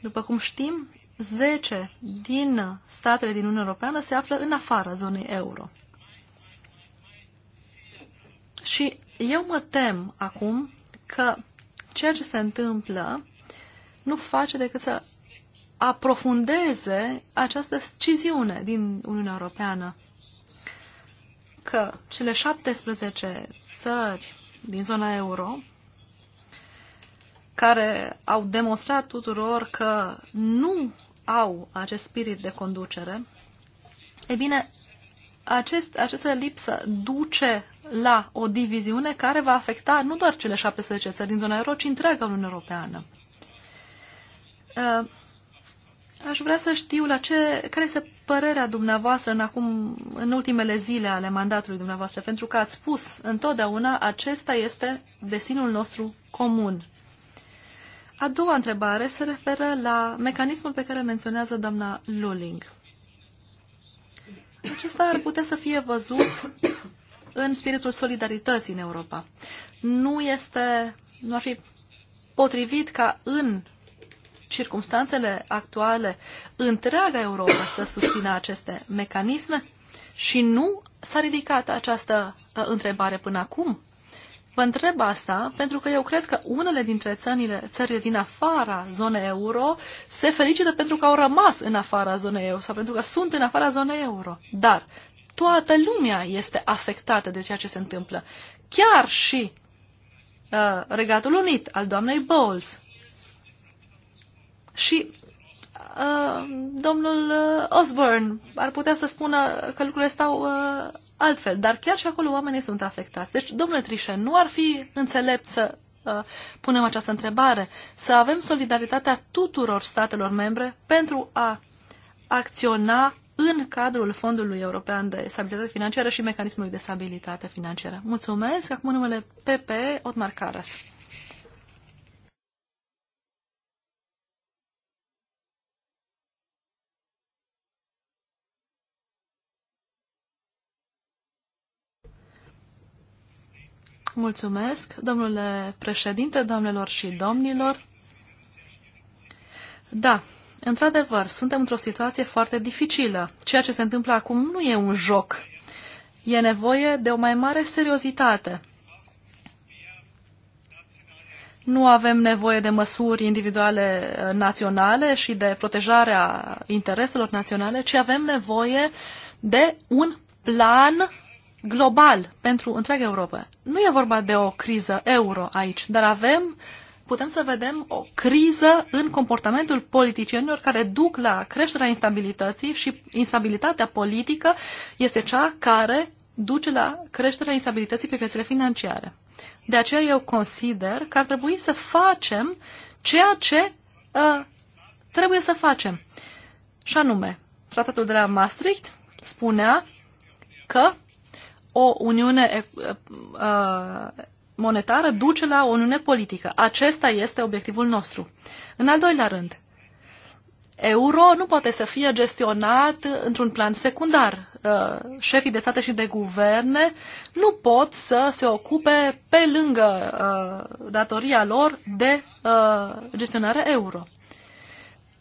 După cum știm, 10 din statele din Uniunea Europeană se află în afara zonei euro. Și eu mă tem acum că ceea ce se întâmplă nu face decât să aprofundeze această sciziune din Uniunea Europeană. Că cele 17 țări din zona euro, care au demonstrat tuturor că nu au acest spirit de conducere, e bine, acest, această lipsă duce la o diviziune care va afecta nu doar cele 17 țări din zona euro, ci întreaga Uniune Europeană. Uh, aș vrea să știu la ce, care este părerea dumneavoastră în, acum, în ultimele zile ale mandatului dumneavoastră? Pentru că ați spus întotdeauna acesta este destinul nostru comun. A doua întrebare se referă la mecanismul pe care menționează doamna Luling. Acesta ar putea să fie văzut în spiritul solidarității în Europa. Nu este, nu ar fi potrivit ca în circumstanțele actuale întreaga Europa să susțină aceste mecanisme? Și nu s-a ridicat această uh, întrebare până acum? Vă întreb asta pentru că eu cred că unele dintre țările, țările din afara zonei euro se felicită pentru că au rămas în afara zonei euro sau pentru că sunt în afara zonei euro. Dar toată lumea este afectată de ceea ce se întâmplă. Chiar și uh, Regatul Unit al doamnei Bowles, și uh, domnul uh, Osborne ar putea să spună că lucrurile stau uh, altfel, dar chiar și acolo oamenii sunt afectați. Deci, domnule Trișe, nu ar fi înțelept să uh, punem această întrebare, să avem solidaritatea tuturor statelor membre pentru a acționa în cadrul Fondului European de Stabilitate Financiară și Mecanismului de Stabilitate Financiară. Mulțumesc. Acum numele PP Otmar Caras. Mulțumesc, domnule președinte, doamnelor și domnilor. Da, într-adevăr, suntem într-o situație foarte dificilă. Ceea ce se întâmplă acum nu e un joc. E nevoie de o mai mare seriozitate. Nu avem nevoie de măsuri individuale uh, naționale și de protejarea intereselor naționale, ci avem nevoie de un plan global pentru întreaga Europa. Nu e vorba de o criză euro aici, dar avem, putem să vedem o criză în comportamentul politicienilor care duc la creșterea instabilității și instabilitatea politică este cea care duce la creșterea instabilității pe piețele financiare. De aceea eu consider că ar trebui să facem ceea ce uh, trebuie să facem. Și anume, tratatul de la Maastricht spunea că o uniune monetară duce la o uniune politică. Acesta este obiectivul nostru. În al doilea rând, euro nu poate să fie gestionat într-un plan secundar. Șefii de state și de guverne nu pot să se ocupe pe lângă datoria lor de gestionare euro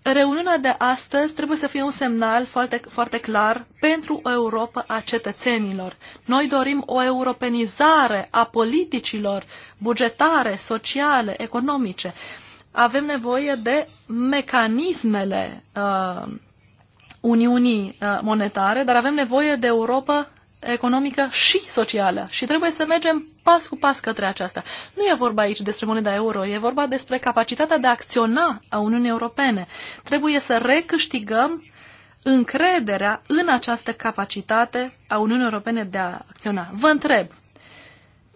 reuniunea de astăzi trebuie să fie un semnal foarte, foarte clar pentru o Europa a cetățenilor. Noi dorim o europenizare a politicilor bugetare, sociale, economice. Avem nevoie de mecanismele uh, Uniunii uh, Monetare, dar avem nevoie de Europa economică și socială și trebuie să mergem pas cu pas către aceasta. Nu e vorba aici despre moneda euro, e vorba despre capacitatea de a acționa a Uniunii Europene. Trebuie să recâștigăm încrederea în această capacitate a Uniunii Europene de a acționa. Vă întreb,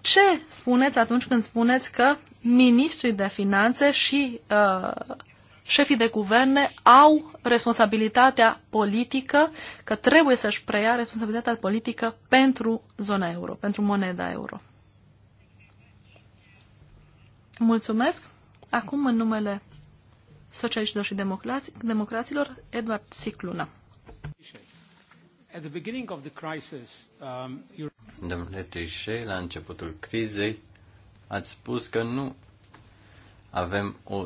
ce spuneți atunci când spuneți că ministrii de finanțe și uh, șefii de guverne au responsabilitatea politică, că trebuie să-și preia responsabilitatea politică pentru zona euro, pentru moneda euro. Mulțumesc. Acum, în numele socialiștilor și democrați, democraților, Edward Sicluna. Um, Domnule Trichet, la începutul crizei, ați spus că nu avem o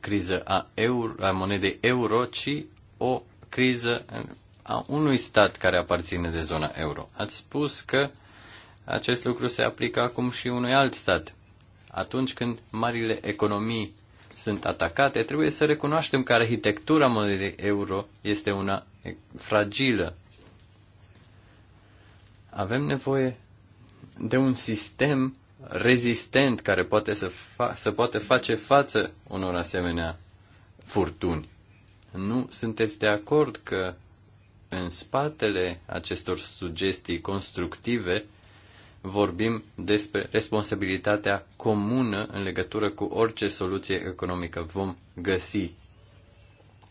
criză a, euro, a monedei euro, ci o criză a unui stat care aparține de zona euro. Ați spus că acest lucru se aplică acum și unui alt stat. Atunci când marile economii sunt atacate, trebuie să recunoaștem că arhitectura monedei euro este una fragilă. Avem nevoie de un sistem rezistent care poate să, fa- să poate face față unor asemenea furtuni. Nu sunteți de acord că în spatele acestor sugestii constructive vorbim despre responsabilitatea comună în legătură cu orice soluție economică vom găsi.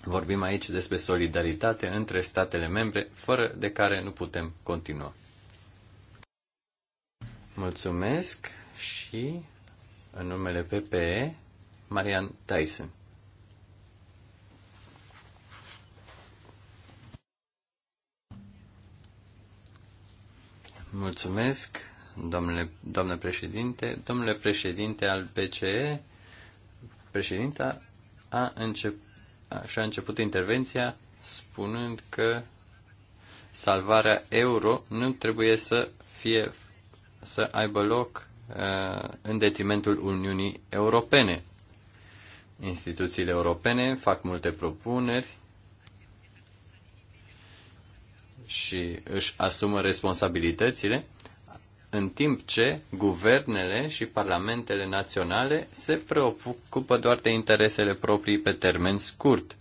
Vorbim aici despre solidaritate între statele membre, fără de care nu putem continua. Mulțumesc și în numele PPE, Marian Tyson. Mulțumesc, domnule, domnule președinte. Domnule președinte al PCE, președinta a început, și-a început intervenția spunând că salvarea euro nu trebuie să fie să aibă loc Uh, în detrimentul Uniunii Europene. Instituțiile europene fac multe propuneri și își asumă responsabilitățile, în timp ce guvernele și parlamentele naționale se preocupă doar de interesele proprii pe termen scurt.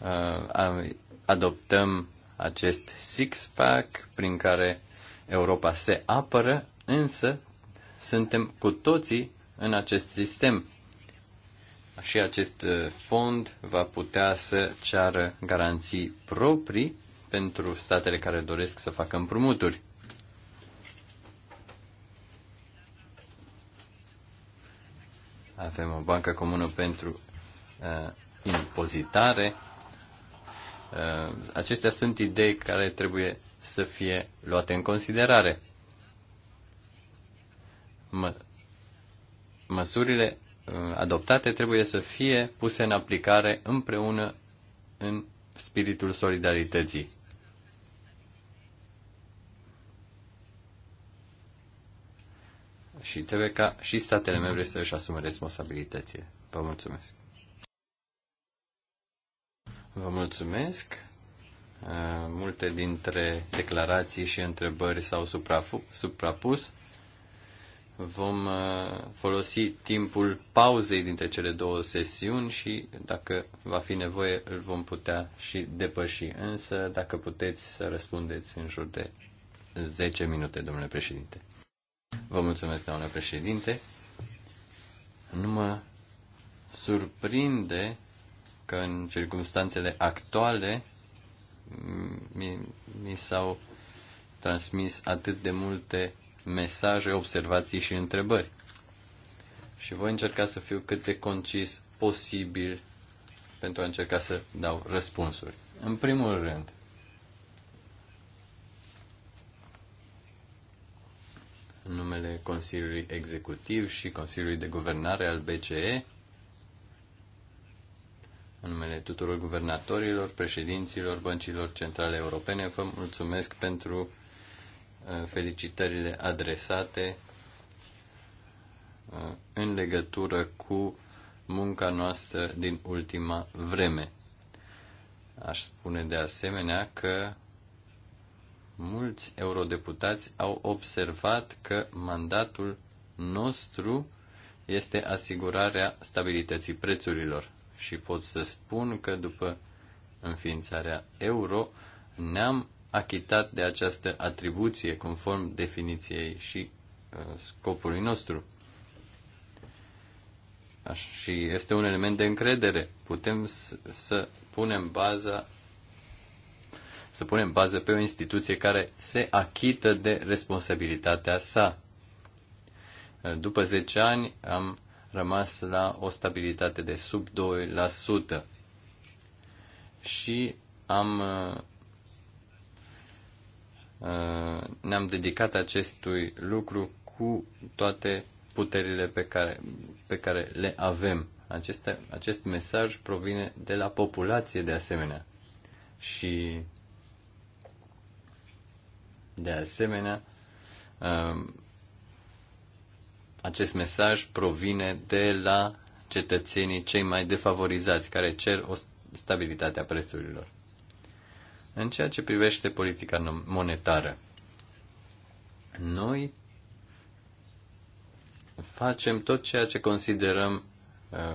Uh, adoptăm acest six-pack prin care Europa se apără, însă suntem cu toții în acest sistem. Și acest uh, fond va putea să ceară garanții proprii pentru statele care doresc să facă împrumuturi. Avem o bancă comună pentru uh, impozitare. Uh, acestea sunt idei care trebuie să fie luate în considerare mă, măsurile uh, adoptate trebuie să fie puse în aplicare împreună în spiritul solidarității. Și trebuie ca și statele membre să își asume responsabilitățile. Vă mulțumesc. Vă mulțumesc. Uh, multe dintre declarații și întrebări s-au suprapus vom uh, folosi timpul pauzei dintre cele două sesiuni și, dacă va fi nevoie, îl vom putea și depăși. Însă, dacă puteți să răspundeți în jur de 10 minute, domnule președinte. Vă mulțumesc, domnule președinte. Nu mă surprinde că în circunstanțele actuale mi, mi s-au transmis atât de multe mesaje, observații și întrebări. Și voi încerca să fiu cât de concis posibil pentru a încerca să dau răspunsuri. În primul rând, în numele Consiliului Executiv și Consiliului de Guvernare al BCE, în numele tuturor guvernatorilor, președinților băncilor centrale europene, vă mulțumesc pentru felicitările adresate uh, în legătură cu munca noastră din ultima vreme. Aș spune de asemenea că mulți eurodeputați au observat că mandatul nostru este asigurarea stabilității prețurilor și pot să spun că după înființarea euro ne-am achitat de această atribuție conform definiției și uh, scopului nostru. Și este un element de încredere. Putem să, să punem baza să punem bază pe o instituție care se achită de responsabilitatea sa. Uh, după 10 ani am rămas la o stabilitate de sub 2% și am uh, Uh, ne-am dedicat acestui lucru cu toate puterile pe care, pe care le avem. Aceste, acest mesaj provine de la populație de asemenea. Și de asemenea, um, acest mesaj provine de la cetățenii cei mai defavorizați, care cer o stabilitate a prețurilor. În ceea ce privește politica monetară, noi facem tot ceea ce considerăm uh,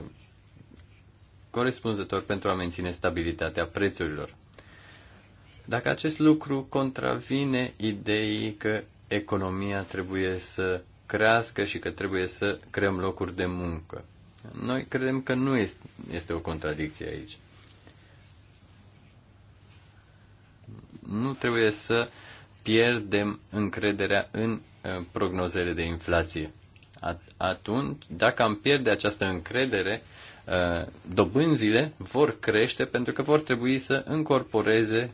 corespunzător pentru a menține stabilitatea prețurilor. Dacă acest lucru contravine ideii că economia trebuie să crească și că trebuie să creăm locuri de muncă. Noi credem că nu este, este o contradicție aici. nu trebuie să pierdem încrederea în uh, prognozele de inflație. Atunci, dacă am pierde această încredere, uh, dobânzile vor crește pentru că vor trebui să încorporeze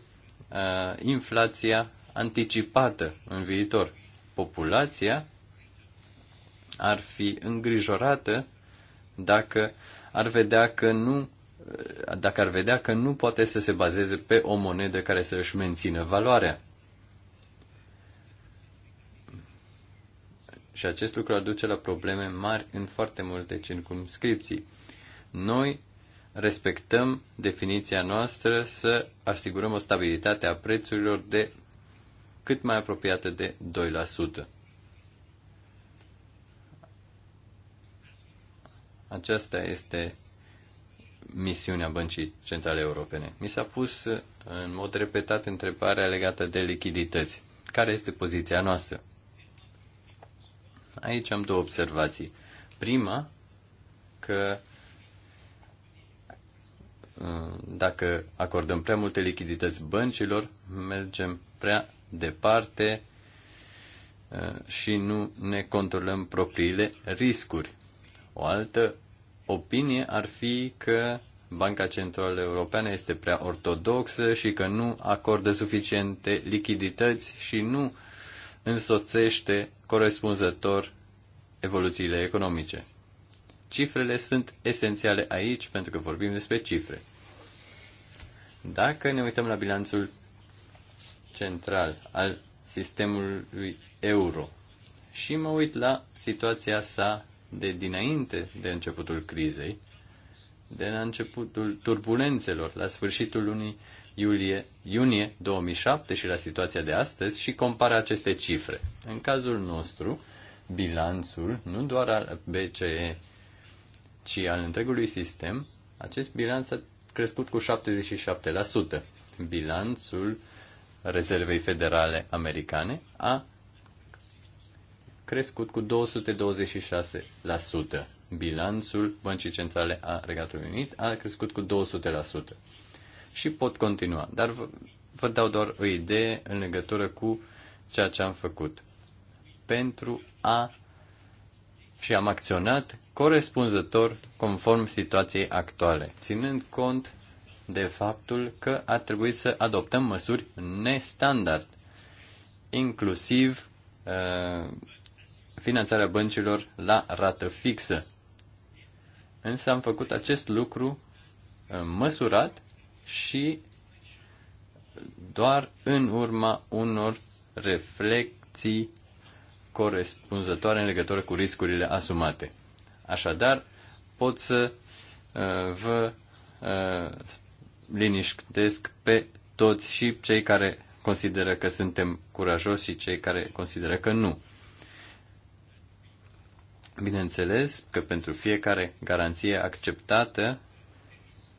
uh, inflația anticipată în viitor. Populația ar fi îngrijorată dacă ar vedea că nu dacă ar vedea că nu poate să se bazeze pe o monedă care să își mențină valoarea. Și acest lucru ar duce la probleme mari în foarte multe circumscripții. Noi respectăm definiția noastră să asigurăm o stabilitate a prețurilor de cât mai apropiată de 2%. Aceasta este misiunea Băncii Centrale Europene. Mi s-a pus uh, în mod repetat întrebarea legată de lichidități. Care este poziția noastră? Aici am două observații. Prima, că uh, dacă acordăm prea multe lichidități băncilor, mergem prea departe uh, și nu ne controlăm propriile riscuri. O altă opinie ar fi că Banca Centrală Europeană este prea ortodoxă și că nu acordă suficiente lichidități și nu însoțește corespunzător evoluțiile economice. Cifrele sunt esențiale aici pentru că vorbim despre cifre. Dacă ne uităm la bilanțul central al sistemului euro și mă uit la situația sa de dinainte de începutul crizei, de la începutul turbulențelor, la sfârșitul lunii iulie, iunie 2007 și la situația de astăzi și compara aceste cifre. În cazul nostru, bilanțul, nu doar al BCE, ci al întregului sistem, acest bilanț a crescut cu 77%. Bilanțul rezervei federale americane a crescut cu 226%. Bilanțul Băncii Centrale a Regatului Unit a crescut cu 200%. Și pot continua, dar vă, vă dau doar o idee în legătură cu ceea ce am făcut. Pentru a și am acționat corespunzător conform situației actuale, ținând cont de faptul că a trebuit să adoptăm măsuri nestandard, inclusiv uh, finanțarea băncilor la rată fixă. Însă am făcut acest lucru uh, măsurat și doar în urma unor reflexii corespunzătoare în legătură cu riscurile asumate. Așadar, pot să uh, vă uh, liniștesc pe toți și cei care consideră că suntem curajoși și cei care consideră că nu. Bineînțeles că pentru fiecare garanție acceptată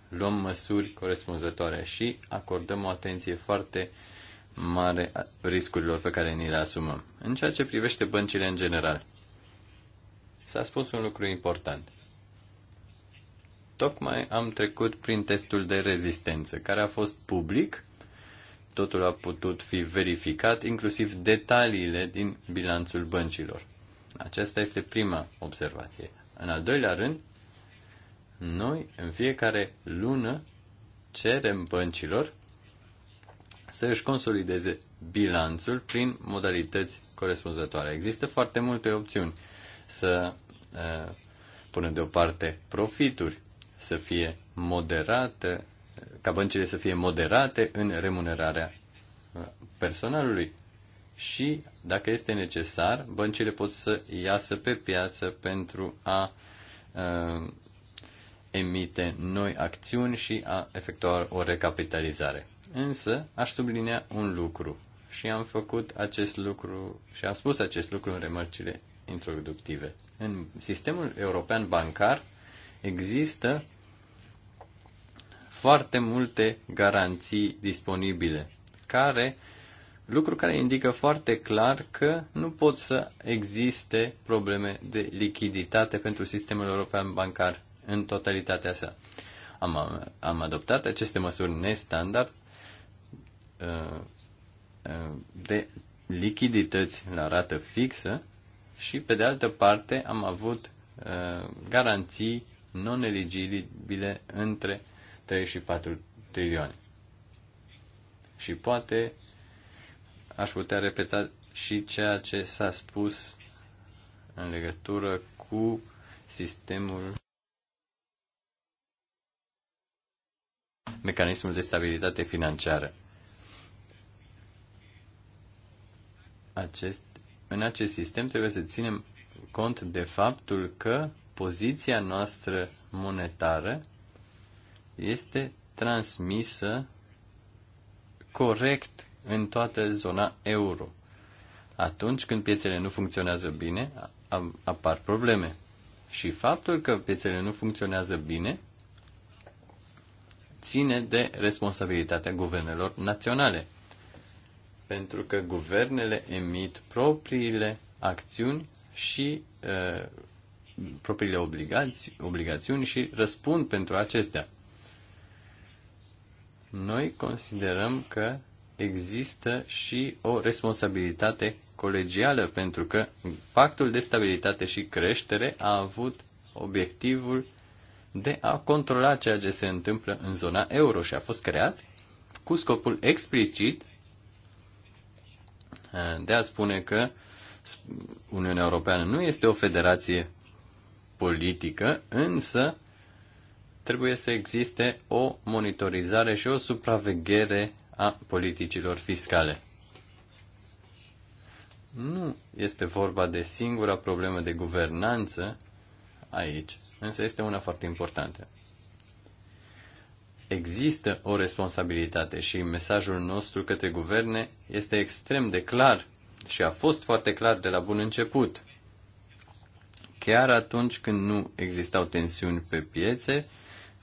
luăm măsuri corespunzătoare și acordăm o atenție foarte mare riscurilor pe care ni le asumăm. În ceea ce privește băncile în general, s-a spus un lucru important. Tocmai am trecut prin testul de rezistență, care a fost public, totul a putut fi verificat, inclusiv detaliile din bilanțul băncilor. Aceasta este prima observație. În al doilea rând, noi în fiecare lună cerem băncilor să își consolideze bilanțul prin modalități corespunzătoare. Există foarte multe opțiuni să uh, punem deoparte profituri, să fie moderate, ca băncile să fie moderate în remunerarea personalului, și, dacă este necesar, băncile pot să iasă pe piață pentru a uh, emite noi acțiuni și a efectua o recapitalizare. Însă, aș sublinea un lucru și am făcut acest lucru și am spus acest lucru în remarcile introductive. În sistemul european bancar există foarte multe garanții disponibile care uh, lucru care indică foarte clar că nu pot să existe probleme de lichiditate pentru sistemul european bancar în totalitatea sa. Am, am adoptat aceste măsuri nestandard uh, uh, de lichidități la rată fixă și, pe de altă parte, am avut uh, garanții non-eligibile între 3 și 4 trilioane. Și poate aș putea repeta și ceea ce s-a spus în legătură cu sistemul mecanismul de stabilitate financiară. Acest, în acest sistem trebuie să ținem cont de faptul că poziția noastră monetară este transmisă corect în toată zona euro. Atunci când piețele nu funcționează bine, apar probleme. Și faptul că piețele nu funcționează bine ține de responsabilitatea guvernelor naționale. Pentru că guvernele emit propriile acțiuni și uh, propriile obligați, obligațiuni și răspund pentru acestea. Noi considerăm că există și o responsabilitate colegială, pentru că Pactul de Stabilitate și Creștere a avut obiectivul de a controla ceea ce se întâmplă în zona euro și a fost creat cu scopul explicit eh, de a spune că Uniunea Europeană nu este o federație politică, însă trebuie să existe o monitorizare și o supraveghere a politicilor fiscale. Nu este vorba de singura problemă de guvernanță aici, însă este una foarte importantă. Există o responsabilitate și mesajul nostru către guverne este extrem de clar și a fost foarte clar de la bun început. Chiar atunci când nu existau tensiuni pe piețe,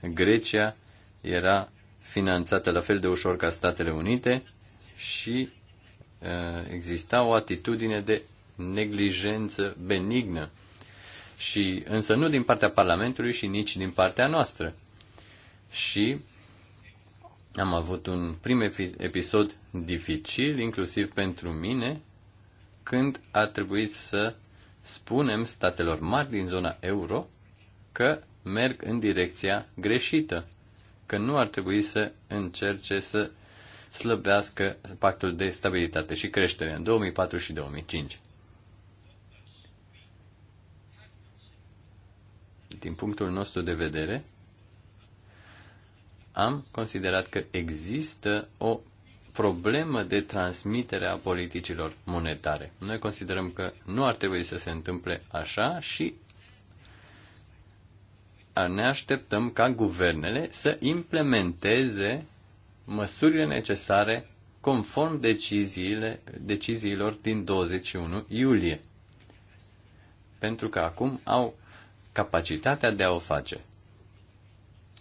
Grecia era finanțată la fel de ușor ca Statele Unite și uh, exista o atitudine de neglijență benignă și însă nu din partea Parlamentului și nici din partea noastră. Și am avut un prim episod dificil, inclusiv pentru mine, când a trebuit să spunem statelor mari din zona euro că merg în direcția greșită că nu ar trebui să încerce să slăbească pactul de stabilitate și creștere în 2004 și 2005. Din punctul nostru de vedere, am considerat că există o problemă de transmitere a politicilor monetare. Noi considerăm că nu ar trebui să se întâmple așa și ne așteptăm ca guvernele să implementeze măsurile necesare conform deciziile, deciziilor din 21 iulie. Pentru că acum au capacitatea de a o face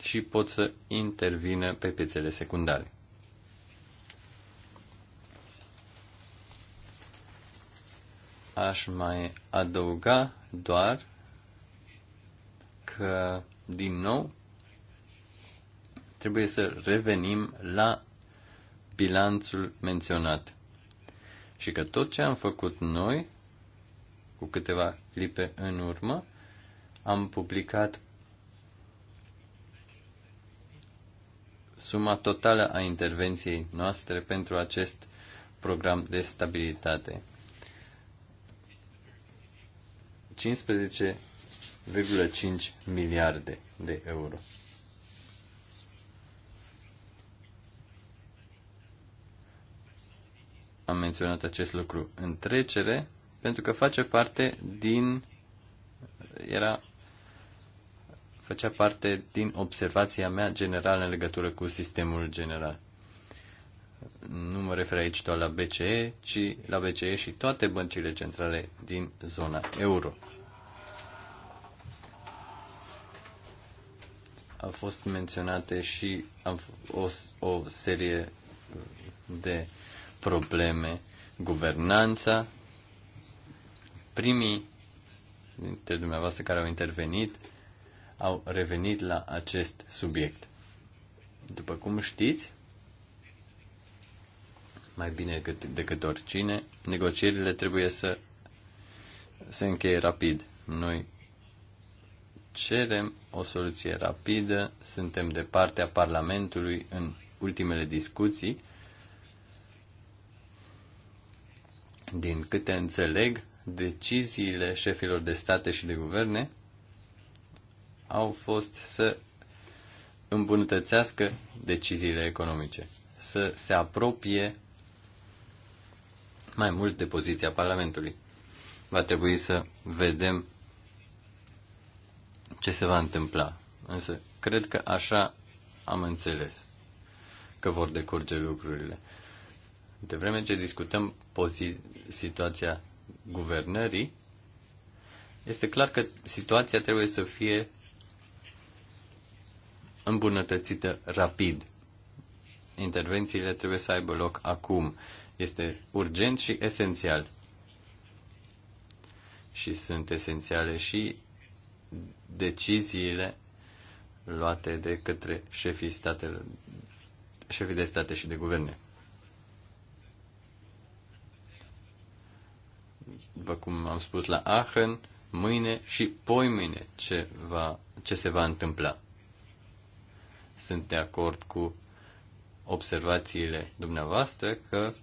și pot să intervină pe piețele secundare. Aș mai adăuga doar că, din nou, trebuie să revenim la bilanțul menționat. Și că tot ce am făcut noi, cu câteva clipe în urmă, am publicat suma totală a intervenției noastre pentru acest program de stabilitate. 15 1,5 miliarde de euro. Am menționat acest lucru în trecere pentru că face parte din era făcea parte din observația mea generală în legătură cu sistemul general. Nu mă refer aici doar la BCE, ci la BCE și toate băncile centrale din zona euro. au fost menționate și o, o serie de probleme, guvernanța. Primii dintre dumneavoastră care au intervenit au revenit la acest subiect. După cum știți, mai bine decât, decât oricine, negocierile trebuie să se încheie rapid. Noi cerem o soluție rapidă, suntem de partea Parlamentului în ultimele discuții. Din câte înțeleg, deciziile șefilor de state și de guverne au fost să îmbunătățească deciziile economice, să se apropie mai mult de poziția Parlamentului. Va trebui să vedem ce se va întâmpla. Însă, cred că așa am înțeles că vor decurge lucrurile. De vreme ce discutăm situația guvernării, este clar că situația trebuie să fie îmbunătățită rapid. Intervențiile trebuie să aibă loc acum. Este urgent și esențial. Și sunt esențiale și deciziile luate de către șefii, statele, șefii de state și de guverne. După cum am spus la Aachen, mâine și poi mâine ce, va, ce se va întâmpla. Sunt de acord cu observațiile dumneavoastră că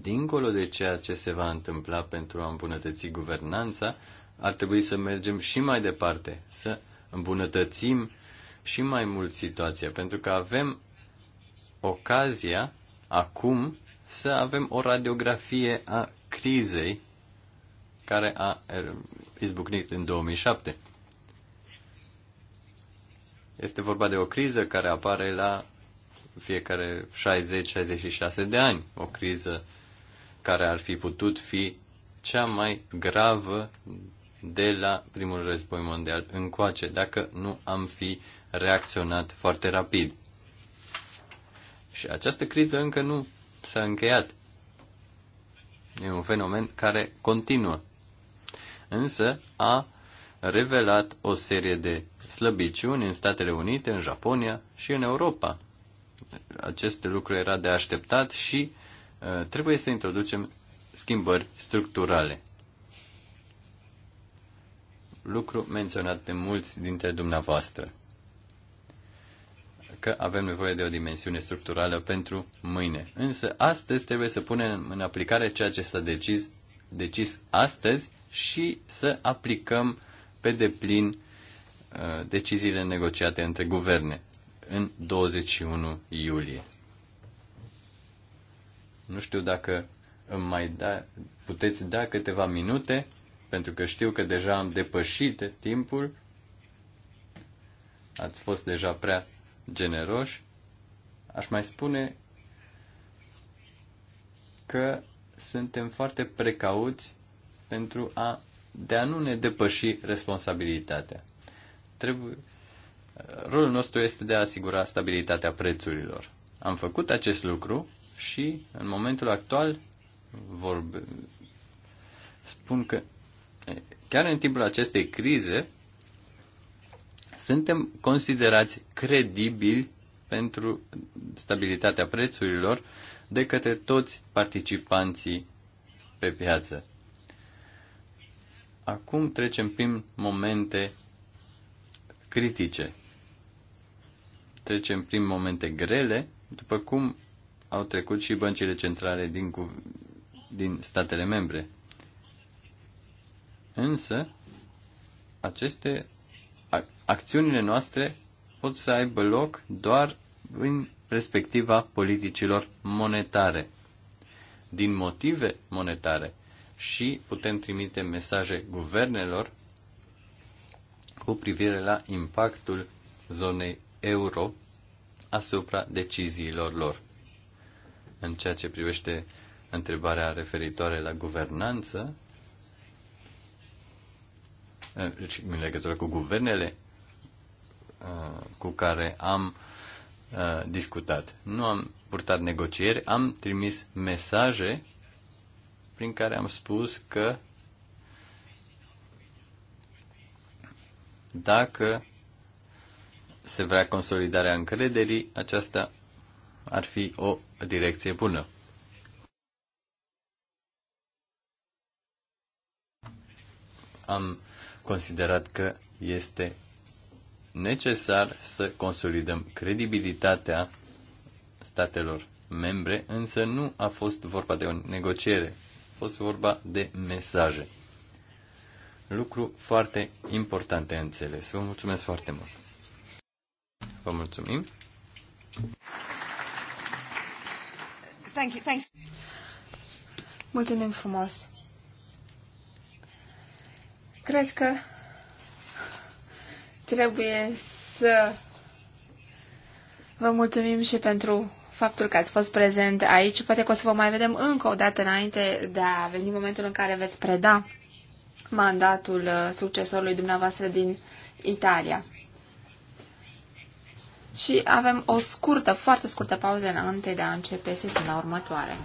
dincolo de ceea ce se va întâmpla pentru a îmbunătăți guvernanța, ar trebui să mergem și mai departe, să îmbunătățim și mai mult situația, pentru că avem ocazia acum să avem o radiografie a crizei care a er, izbucnit în 2007. Este vorba de o criză care apare la fiecare 60-66 de ani. O criză care ar fi putut fi cea mai gravă de la primul război mondial încoace, dacă nu am fi reacționat foarte rapid. Și această criză încă nu s-a încheiat. E un fenomen care continuă. Însă a revelat o serie de slăbiciuni în Statele Unite, în Japonia și în Europa. Acest lucru era de așteptat și uh, trebuie să introducem schimbări structurale lucru menționat de mulți dintre dumneavoastră, că avem nevoie de o dimensiune structurală pentru mâine. Însă astăzi trebuie să punem în aplicare ceea ce s-a decis, decis astăzi și să aplicăm pe deplin uh, deciziile negociate între guverne în 21 iulie. Nu știu dacă îmi mai da, puteți da câteva minute pentru că știu că deja am depășit timpul. Ați fost deja prea generoși. Aș mai spune că suntem foarte precauți pentru a, de a nu ne depăși responsabilitatea. Trebuie, rolul nostru este de a asigura stabilitatea prețurilor. Am făcut acest lucru și în momentul actual vorbe, spun că chiar în timpul acestei crize, suntem considerați credibili pentru stabilitatea prețurilor de către toți participanții pe piață. Acum trecem prin momente critice. Trecem prin momente grele, după cum au trecut și băncile centrale din, din statele membre. Însă, aceste acțiunile noastre pot să aibă loc doar în perspectiva politicilor monetare, din motive monetare și putem trimite mesaje guvernelor cu privire la impactul zonei euro asupra deciziilor lor. În ceea ce privește întrebarea referitoare la guvernanță, deci, în legătură cu guvernele uh, cu care am uh, discutat. Nu am purtat negocieri, am trimis mesaje prin care am spus că dacă se vrea consolidarea încrederii, aceasta ar fi o direcție bună. Am considerat că este necesar să consolidăm credibilitatea statelor membre, însă nu a fost vorba de o negociere, a fost vorba de mesaje. Lucru foarte important de înțeles. Vă mulțumesc foarte mult. Vă mulțumim. Thank you, thank you. Mulțumim frumos. Cred că trebuie să vă mulțumim și pentru faptul că ați fost prezent aici. Poate că o să vă mai vedem încă o dată înainte de a veni momentul în care veți preda mandatul uh, succesorului dumneavoastră din Italia. Și avem o scurtă, foarte scurtă pauză înainte de a începe sesiunea următoare.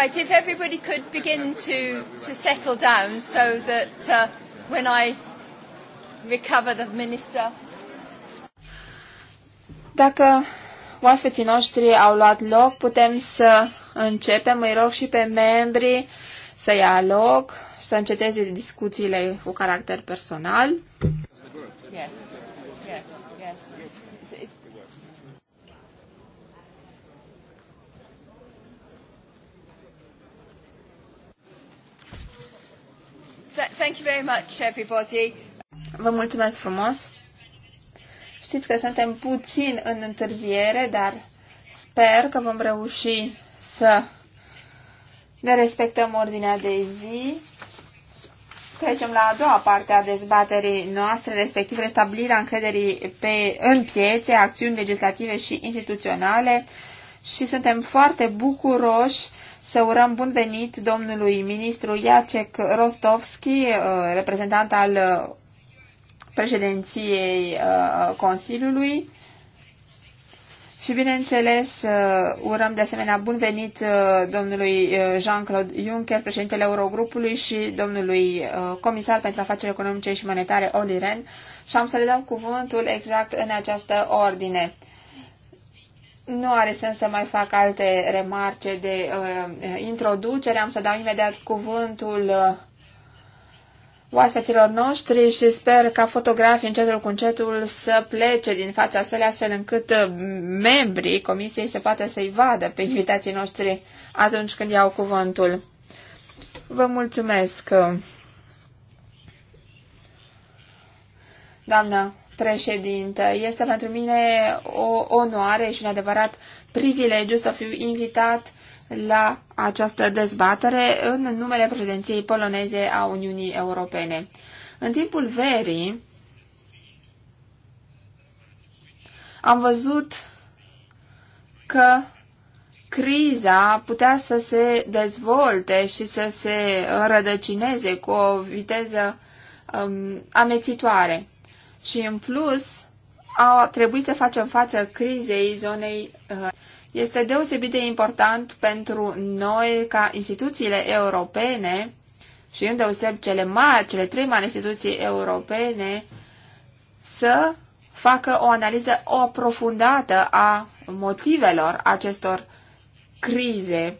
Right, if everybody could begin to, to settle down so that uh, when I recover the minister. Dacă oaspeții noștri au luat loc, putem să începem. Îi rog și pe membrii să ia loc, să înceteze discuțiile cu caracter personal. much, everybody. Vă mulțumesc frumos. Știți că suntem puțin în întârziere, dar sper că vom reuși să ne respectăm ordinea de zi. Trecem la a doua parte a dezbaterii noastre, respectiv restabilirea încrederii pe, în piețe, acțiuni legislative și instituționale și suntem foarte bucuroși să urăm bun venit domnului ministru Iacek Rostovski, uh, reprezentant al uh, președinției uh, Consiliului. Și bineînțeles, urăm de asemenea bun venit domnului Jean-Claude Juncker, președintele Eurogrupului și domnului comisar pentru afaceri economice și monetare, Oli Ren. Și am să le dau cuvântul exact în această ordine nu are sens să mai fac alte remarce de uh, introducere. Am să dau imediat cuvântul uh, oaspeților noștri și sper ca fotografii încetul cu încetul să plece din fața sălei astfel încât uh, membrii comisiei se poată să-i vadă pe invitații noștri atunci când iau cuvântul. Vă mulțumesc, uh, doamna președinte. Este pentru mine o onoare și un adevărat privilegiu să fiu invitat la această dezbatere în numele președinției poloneze a Uniunii Europene. În timpul verii am văzut că criza putea să se dezvolte și să se rădăcineze cu o viteză um, amețitoare și în plus a trebuit să facem față crizei zonei. Uh, este deosebit de important pentru noi ca instituțiile europene și îndeoseb cele mari, cele trei mari instituții europene să facă o analiză aprofundată a motivelor acestor crize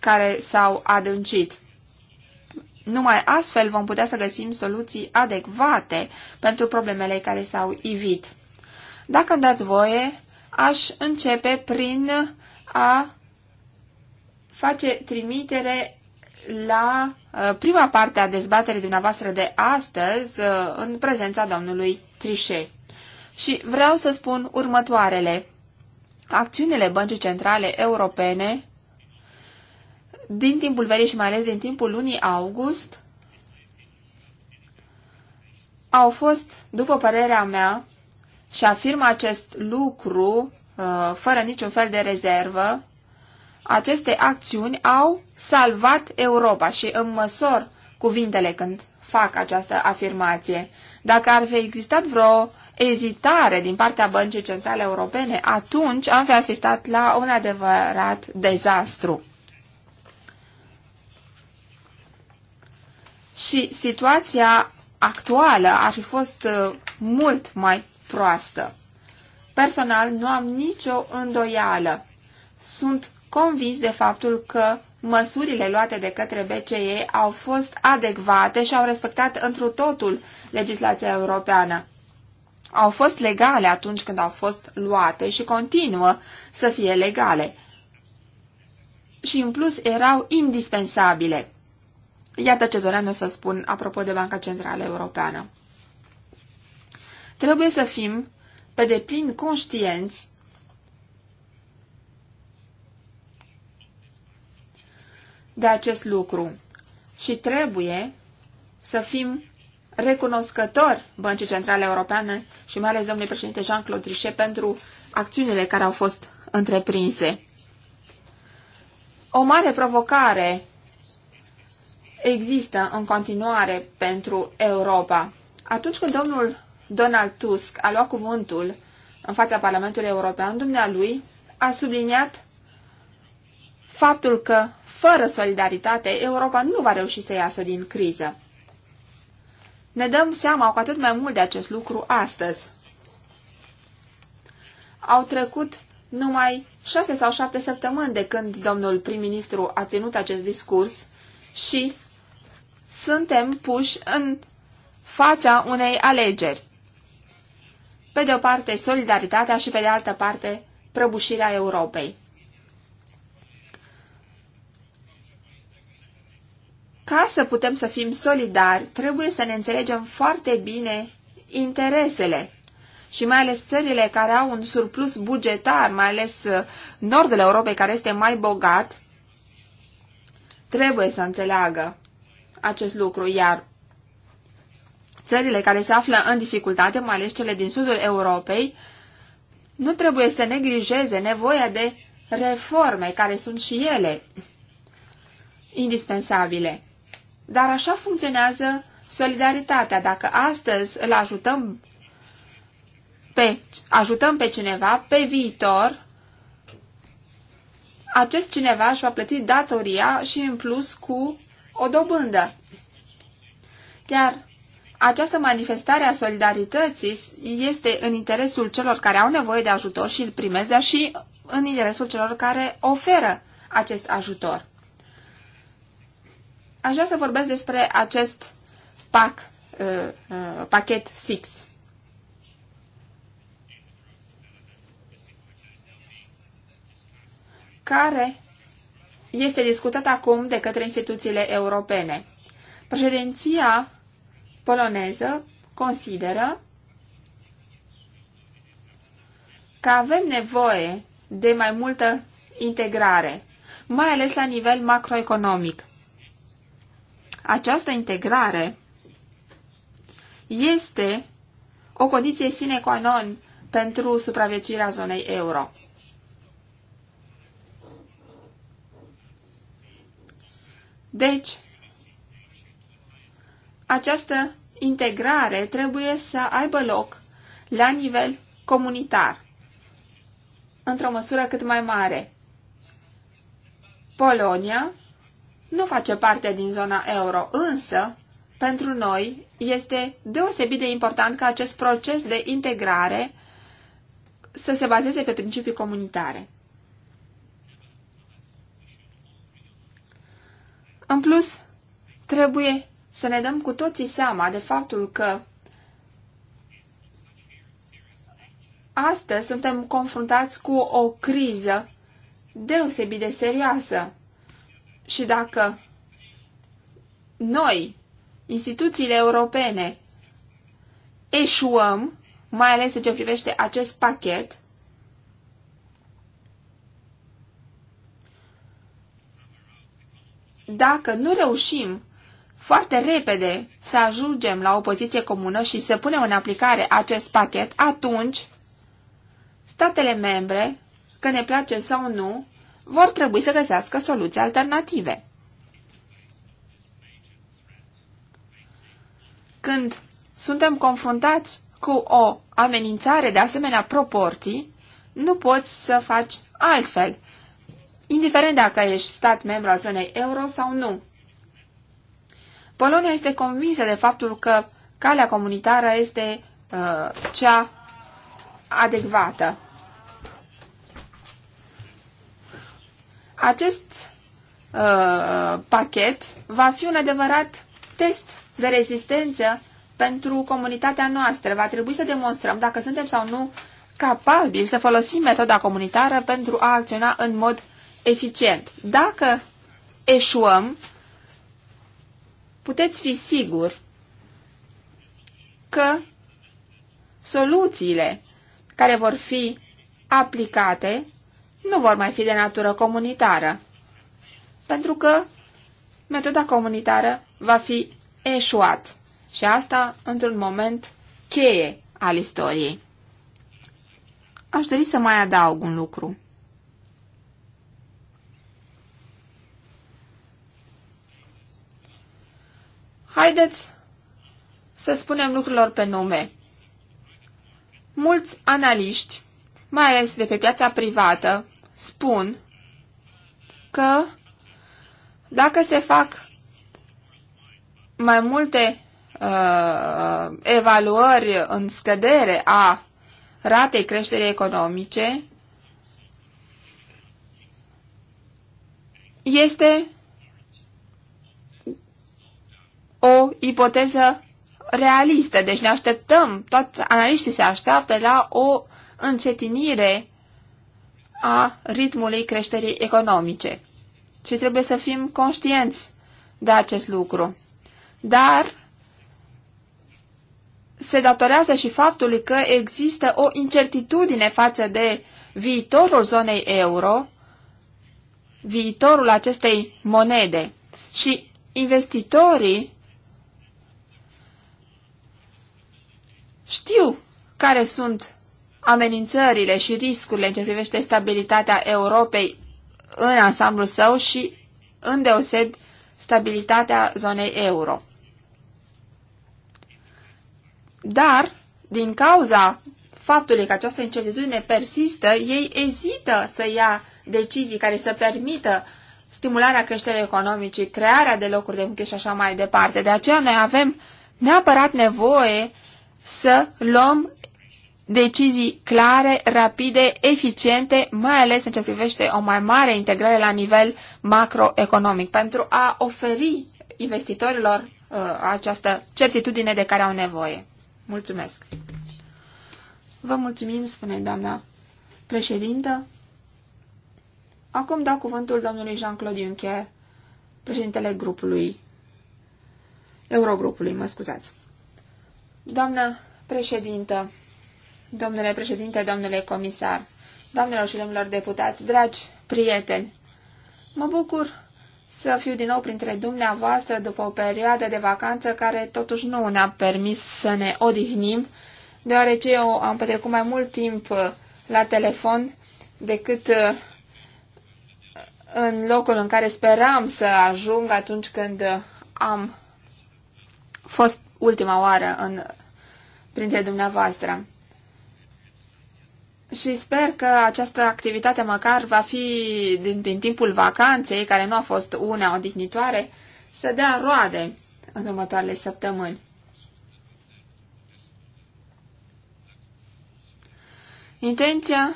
care s-au adâncit. Numai astfel vom putea să găsim soluții adecvate pentru problemele care s-au ivit. Dacă îmi dați voie, aș începe prin a face trimitere la uh, prima parte a dezbaterii dumneavoastră de astăzi uh, în prezența domnului Trișe. Și vreau să spun următoarele. Acțiunile Băncii Centrale Europene din timpul verii și mai ales din timpul lunii august, au fost, după părerea mea, și afirm acest lucru uh, fără niciun fel de rezervă, aceste acțiuni au salvat Europa și îmi măsor cuvintele când fac această afirmație. Dacă ar fi existat vreo ezitare din partea Băncii Centrale Europene, atunci am fi asistat la un adevărat dezastru. și situația actuală ar fi fost uh, mult mai proastă. Personal, nu am nicio îndoială. Sunt convins de faptul că măsurile luate de către BCE au fost adecvate și au respectat întru totul legislația europeană. Au fost legale atunci când au fost luate și continuă să fie legale. Și în plus erau indispensabile. Iată ce doream eu să spun apropo de Banca Centrală Europeană. Trebuie să fim pe deplin conștienți de acest lucru și trebuie să fim recunoscători Băncii Centrale Europeane și mai ales domnului președinte Jean-Claude Trichet pentru acțiunile care au fost întreprinse. O mare provocare există în continuare pentru Europa. Atunci când domnul Donald Tusk a luat cuvântul în fața Parlamentului European, dumnealui a subliniat faptul că, fără solidaritate, Europa nu va reuși să iasă din criză. Ne dăm seama cu atât mai mult de acest lucru astăzi. Au trecut numai șase sau șapte săptămâni de când domnul prim-ministru a ținut acest discurs și suntem puși în fața unei alegeri. Pe de o parte solidaritatea și pe de altă parte prăbușirea Europei. Ca să putem să fim solidari, trebuie să ne înțelegem foarte bine interesele și mai ales țările care au un surplus bugetar, mai ales uh, nordul Europei care este mai bogat, trebuie să înțeleagă acest lucru, iar țările care se află în dificultate, mai ales cele din sudul Europei, nu trebuie să negrijeze nevoia de reforme, care sunt și ele indispensabile. Dar așa funcționează solidaritatea. Dacă astăzi îl ajutăm pe, ajutăm pe cineva, pe viitor, acest cineva își va plăti datoria și în plus cu o dobândă. Iar această manifestare a solidarității este în interesul celor care au nevoie de ajutor și îl primesc, dar și în interesul celor care oferă acest ajutor. Aș vrea să vorbesc despre acest pac, uh, uh, pachet SIX. care este discutat acum de către instituțiile europene. Președinția poloneză consideră că avem nevoie de mai multă integrare, mai ales la nivel macroeconomic. Această integrare este o condiție sine qua non pentru supraviețuirea zonei euro. Deci, această integrare trebuie să aibă loc la nivel comunitar, într-o măsură cât mai mare. Polonia nu face parte din zona euro, însă, pentru noi este deosebit de important ca acest proces de integrare să se bazeze pe principii comunitare. În plus, trebuie să ne dăm cu toții seama de faptul că astăzi suntem confruntați cu o criză deosebit de serioasă. Și dacă noi, instituțiile europene, eșuăm, mai ales în ce privește acest pachet, dacă nu reușim foarte repede să ajungem la o poziție comună și să punem în aplicare acest pachet, atunci statele membre, că ne place sau nu, vor trebui să găsească soluții alternative. Când suntem confruntați cu o amenințare de asemenea proporții, nu poți să faci altfel indiferent dacă ești stat membru al zonei euro sau nu. Polonia este convinsă de faptul că calea comunitară este uh, cea adecvată. Acest uh, pachet va fi un adevărat test de rezistență pentru comunitatea noastră. Va trebui să demonstrăm dacă suntem sau nu capabili să folosim metoda comunitară pentru a acționa în mod eficient. Dacă eșuăm, puteți fi siguri că soluțiile care vor fi aplicate nu vor mai fi de natură comunitară, pentru că metoda comunitară va fi eșuat și asta într-un moment cheie al istoriei. Aș dori să mai adaug un lucru. Haideți să spunem lucrurilor pe nume. Mulți analiști, mai ales de pe piața privată, spun că dacă se fac mai multe uh, evaluări în scădere a ratei creșterii economice, este ipoteză realistă, deci ne așteptăm, toți analiștii se așteaptă la o încetinire a ritmului creșterii economice. Și trebuie să fim conștienți de acest lucru. Dar se datorează și faptului că există o incertitudine față de viitorul zonei euro, viitorul acestei monede. Și investitorii Știu care sunt amenințările și riscurile în ce privește stabilitatea Europei în ansamblul său și îndeoseb stabilitatea zonei euro. Dar, din cauza faptului că această incertitudine persistă, ei ezită să ia decizii care să permită stimularea creșterii economice, crearea de locuri de muncă și așa mai departe. De aceea noi avem neapărat nevoie să luăm decizii clare, rapide, eficiente, mai ales în ce privește o mai mare integrare la nivel macroeconomic, pentru a oferi investitorilor uh, această certitudine de care au nevoie. Mulțumesc! Vă mulțumim, spune doamna președintă. Acum dau cuvântul domnului Jean-Claude Juncker, președintele grupului, Eurogrupului, mă scuzați. Doamna președintă, domnule președinte, domnule comisar, doamnelor și domnilor deputați, dragi prieteni, mă bucur să fiu din nou printre dumneavoastră după o perioadă de vacanță care totuși nu ne-a permis să ne odihnim, deoarece eu am petrecut mai mult timp uh, la telefon decât uh, în locul în care speram să ajung atunci când uh, am fost ultima oară în, printre dumneavoastră. Și sper că această activitate măcar va fi din, din timpul vacanței, care nu a fost una odihnitoare, să dea roade în următoarele săptămâni. Intenția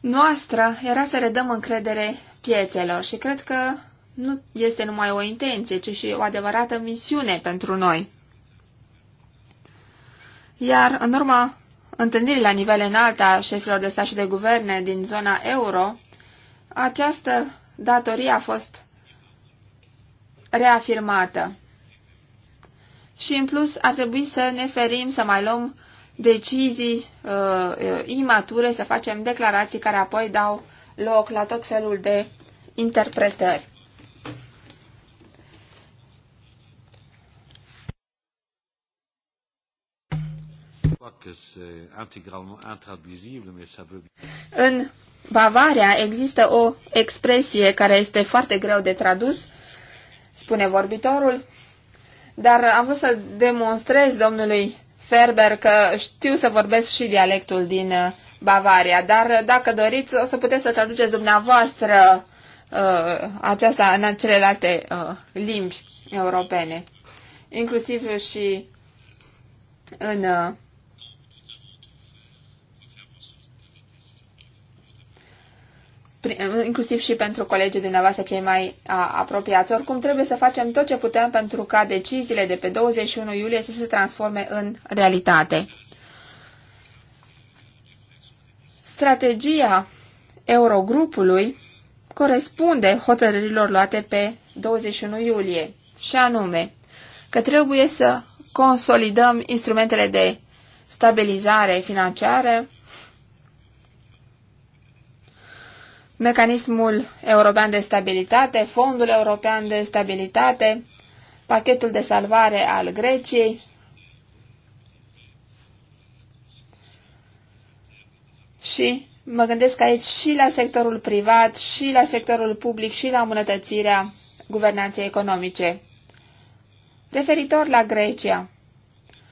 noastră era să redăm încredere piețelor și cred că nu este numai o intenție, ci și o adevărată misiune pentru noi. Iar în urma întâlnirii la nivel înalt a șefilor de stat și de guverne din zona euro, această datorie a fost reafirmată. Și în plus ar trebui să ne ferim să mai luăm decizii uh, uh imature, să facem declarații care apoi dau loc la tot felul de interpretări. În Bavaria există o expresie care este foarte greu de tradus, spune vorbitorul, dar am vrut să demonstrez domnului Ferber că știu să vorbesc și dialectul din uh, Bavaria, dar dacă doriți o să puteți să traduceți dumneavoastră uh, aceasta în celelalte uh, limbi europene, inclusiv și în uh, inclusiv și pentru colegii dumneavoastră cei mai apropiați. Oricum, trebuie să facem tot ce putem pentru ca deciziile de pe 21 iulie să se transforme în realitate. Strategia Eurogrupului corespunde hotărârilor luate pe 21 iulie, și anume că trebuie să consolidăm instrumentele de stabilizare financiară, mecanismul european de stabilitate, fondul european de stabilitate, pachetul de salvare al Greciei și mă gândesc aici și la sectorul privat, și la sectorul public, și la îmbunătățirea guvernanței economice. Referitor la Grecia,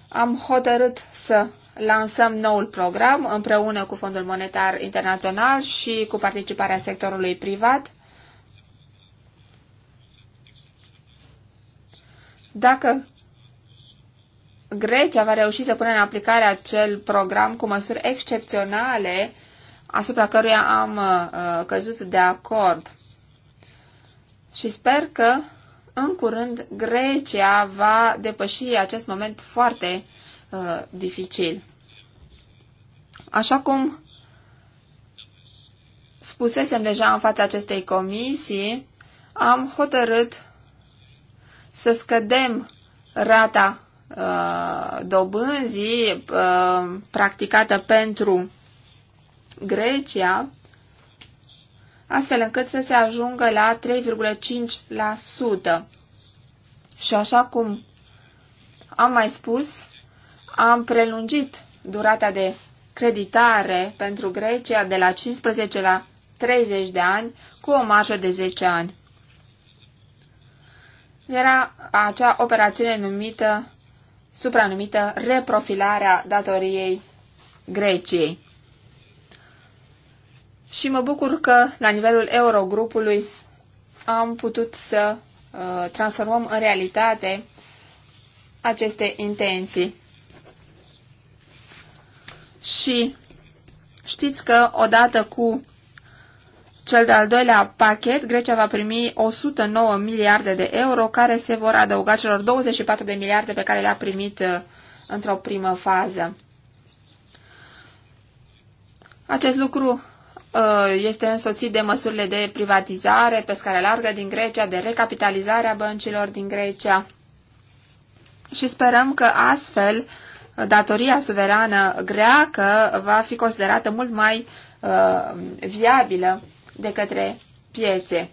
am hotărât să lansăm noul program împreună cu Fondul Monetar Internațional și cu participarea sectorului privat. Dacă Grecia va reuși să pună în aplicare acel program cu măsuri excepționale asupra căruia am uh, căzut de acord. Și sper că în curând Grecia va depăși acest moment foarte uh, uh, dificil. Așa cum spusesem deja în fața acestei comisii, am hotărât să scădem rata uh, dobânzii uh, practicată pentru Grecia, astfel încât să se ajungă la 3,5%. Și așa cum am mai spus, am prelungit durata de creditare pentru Grecia de la 15 la 30 de ani cu o marjă de 10 ani. Era acea operațiune numită, supranumită reprofilarea datoriei Greciei. Și mă bucur că la nivelul Eurogrupului am putut să uh, transformăm în realitate aceste intenții și știți că odată cu cel de-al doilea pachet, Grecia va primi 109 miliarde de euro, care se vor adăuga celor 24 de miliarde pe care le-a primit uh, într-o primă fază. Acest lucru uh, este însoțit de măsurile de privatizare pe scară largă din Grecia, de recapitalizarea băncilor din Grecia și sperăm că astfel datoria suverană greacă va fi considerată mult mai uh, viabilă de către piețe.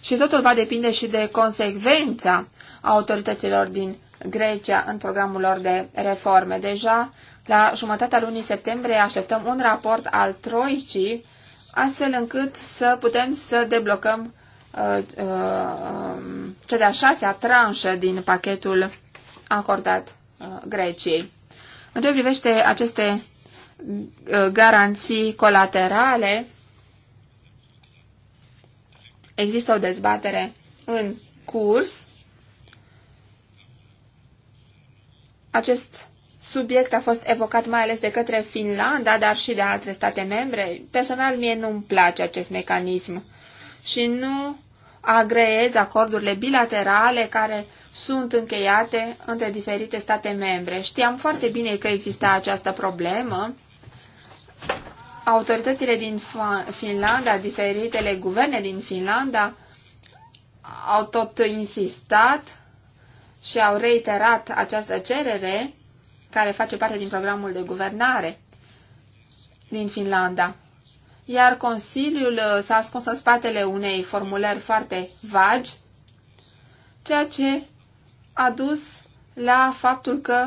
Și totul va depinde și de consecvența autorităților din Grecia în programul lor de reforme. Deja la jumătatea lunii septembrie așteptăm un raport al Troicii, astfel încât să putem să deblocăm uh, uh, um, cea de-a șasea tranșă din pachetul acordat uh, Greciei. În ce privește aceste uh, garanții colaterale, există o dezbatere în curs. Acest subiect a fost evocat mai ales de către Finlanda, dar și de alte state membre. Personal, mie nu-mi place acest mecanism și nu agreez acordurile bilaterale care sunt încheiate între diferite state membre. Știam foarte bine că exista această problemă. Autoritățile din Finlanda, diferitele guverne din Finlanda au tot insistat și au reiterat această cerere care face parte din programul de guvernare din Finlanda. Iar Consiliul uh, s-a ascuns în spatele unei formulări foarte vagi, ceea ce a dus la faptul că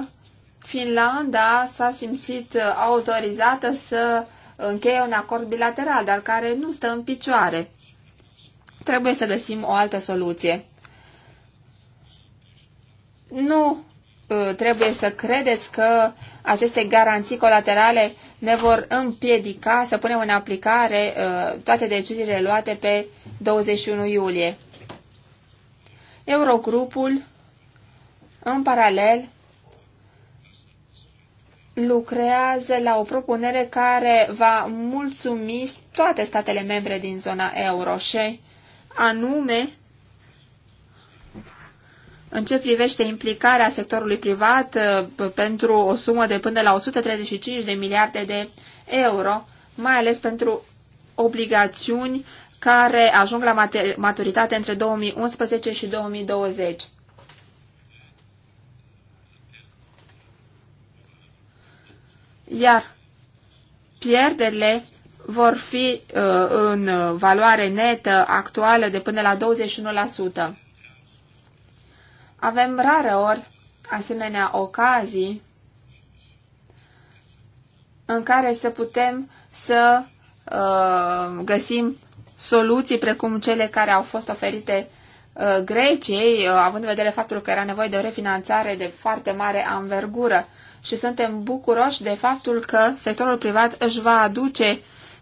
Finlanda s-a simțit uh, autorizată să încheie un acord bilateral, dar care nu stă în picioare. Trebuie să găsim o altă soluție. Nu uh, trebuie să credeți că aceste garanții colaterale ne vor împiedica să punem în aplicare uh, toate deciziile luate pe 21 iulie. Eurogrupul în paralel, lucrează la o propunere care va mulțumi toate statele membre din zona euro și anume în ce privește implicarea sectorului privat uh, pentru o sumă de până la 135 de miliarde de euro, mai ales pentru obligațiuni care ajung la maturitate între 2011 și 2020. iar pierderile vor fi uh, în valoare netă actuală de până la 21%. Avem rare ori asemenea ocazii în care să putem să uh, găsim soluții precum cele care au fost oferite uh, Greciei, uh, având în vedere faptul că era nevoie de o refinanțare de foarte mare anvergură și suntem bucuroși de faptul că sectorul privat își va aduce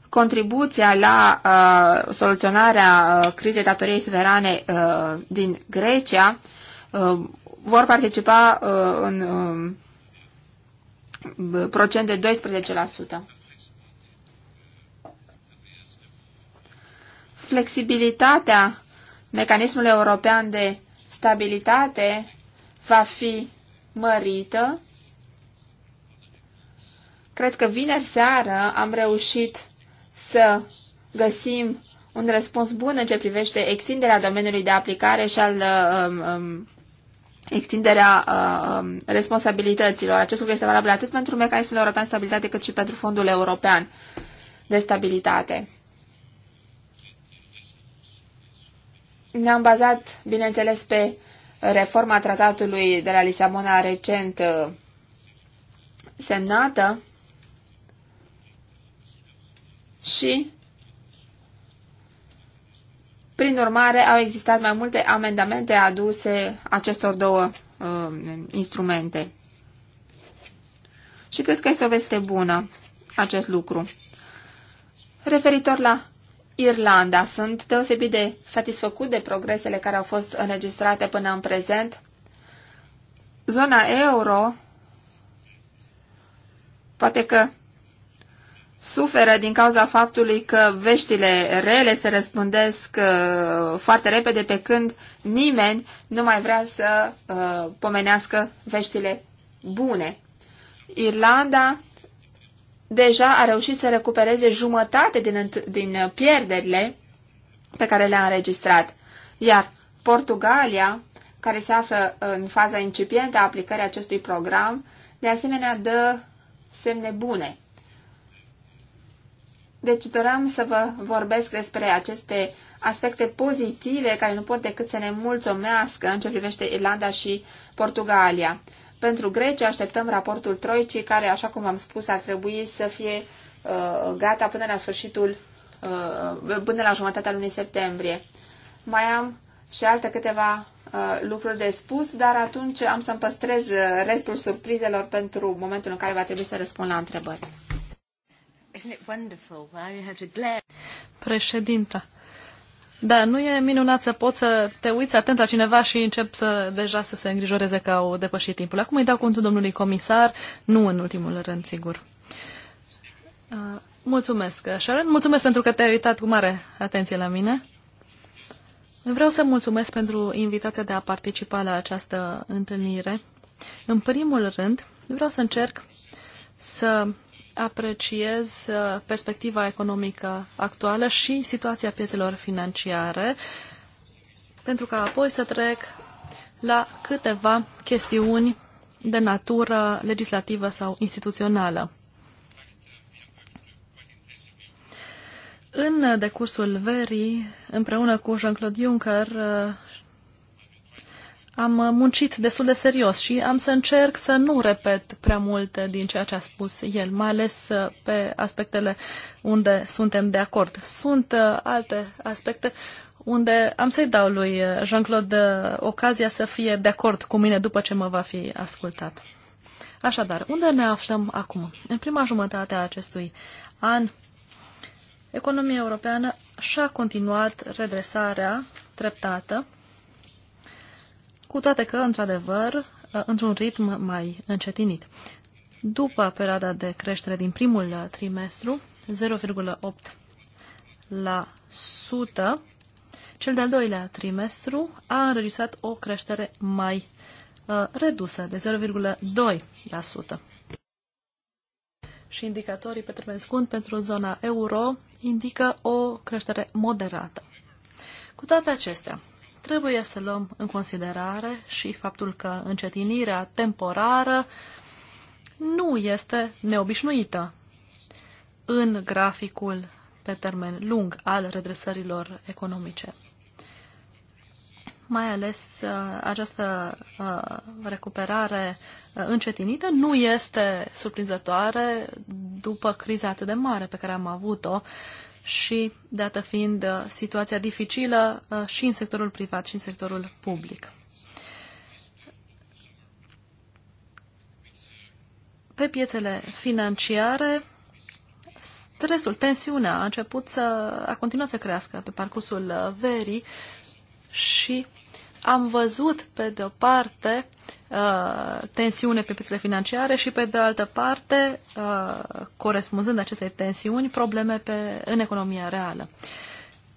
contribuția la uh, soluționarea uh, crizei datoriei suverane uh, din Grecia. Uh, vor participa uh, în uh, procent de 12%. Flexibilitatea mecanismului european de stabilitate va fi mărită Cred că vineri seară am reușit să găsim un răspuns bun în ce privește extinderea domeniului de aplicare și al um, um, extinderea uh, um, responsabilităților. Acest lucru este valabil atât pentru mecanismul european de stabilitate cât și pentru fondul european de stabilitate. Ne-am bazat, bineînțeles, pe reforma tratatului de la Lisabona recent uh, semnată și, prin urmare, au existat mai multe amendamente aduse acestor două uh, instrumente. Și cred că este o veste bună acest lucru. Referitor la Irlanda, sunt deosebit de satisfăcut de progresele care au fost înregistrate până în prezent. Zona euro, poate că suferă din cauza faptului că veștile rele se răspândesc uh, foarte repede pe când nimeni nu mai vrea să uh, pomenească veștile bune. Irlanda deja a reușit să recupereze jumătate din, din pierderile pe care le-a înregistrat, iar Portugalia, care se află în faza incipientă a aplicării acestui program, de asemenea dă semne bune deci doream să vă vorbesc despre aceste aspecte pozitive care nu pot decât să ne mulțumească în ce privește Irlanda și Portugalia. Pentru Grecia așteptăm raportul Troicii, care, așa cum am spus, ar trebui să fie uh, gata până la sfârșitul, uh, până la jumătatea lunii septembrie. Mai am și alte câteva uh, lucruri de spus, dar atunci am să-mi păstrez uh, restul surprizelor pentru momentul în care va trebui să răspund la întrebări. Isn't Președinta. Da, nu e minunat să poți să te uiți atent la cineva și încep să deja să se îngrijoreze că au depășit timpul. Acum îi dau cuvântul domnului comisar, nu în ultimul rând, sigur. Uh, mulțumesc, Sharon. Mulțumesc pentru că te-ai uitat cu mare atenție la mine. Vreau să mulțumesc pentru invitația de a participa la această întâlnire. În primul rând, vreau să încerc să apreciez uh, perspectiva economică actuală și situația piețelor financiare, pentru că apoi să trec la câteva chestiuni de natură legislativă sau instituțională. În decursul verii, împreună cu Jean-Claude Juncker uh, am uh, muncit destul de serios și am să încerc să nu repet prea multe din ceea ce a spus el, mai ales uh, pe aspectele unde suntem de acord. Sunt uh, alte aspecte unde am să-i dau lui Jean-Claude ocazia să fie de acord cu mine după ce mă va fi ascultat. Așadar, unde ne aflăm acum? În prima jumătate a acestui an, economia europeană și-a continuat redresarea treptată, cu toate că, într-adevăr, ă, într-un ritm mai încetinit. După perioada de creștere din primul ă, trimestru, 0,8 la 100, cel de-al doilea trimestru a înregistrat o creștere mai ă, redusă, de 0,2%. Și indicatorii pe termen scund pentru zona euro indică o creștere moderată. Cu toate acestea, trebuie să luăm în considerare și faptul că încetinirea temporară nu este neobișnuită în graficul pe termen lung al redresărilor economice. Mai ales uh, această uh, recuperare uh, încetinită nu este surprinzătoare după criza atât de mare pe care am avut-o și dată fiind uh, situația dificilă uh, și în sectorul privat și în sectorul public. Pe piețele financiare, stresul, tensiunea a început să, a continuat să crească pe parcursul uh, verii și am văzut, pe de o parte, uh, tensiune pe piețele financiare și, pe de altă parte, uh, corespunzând acestei tensiuni, probleme pe, în economia reală.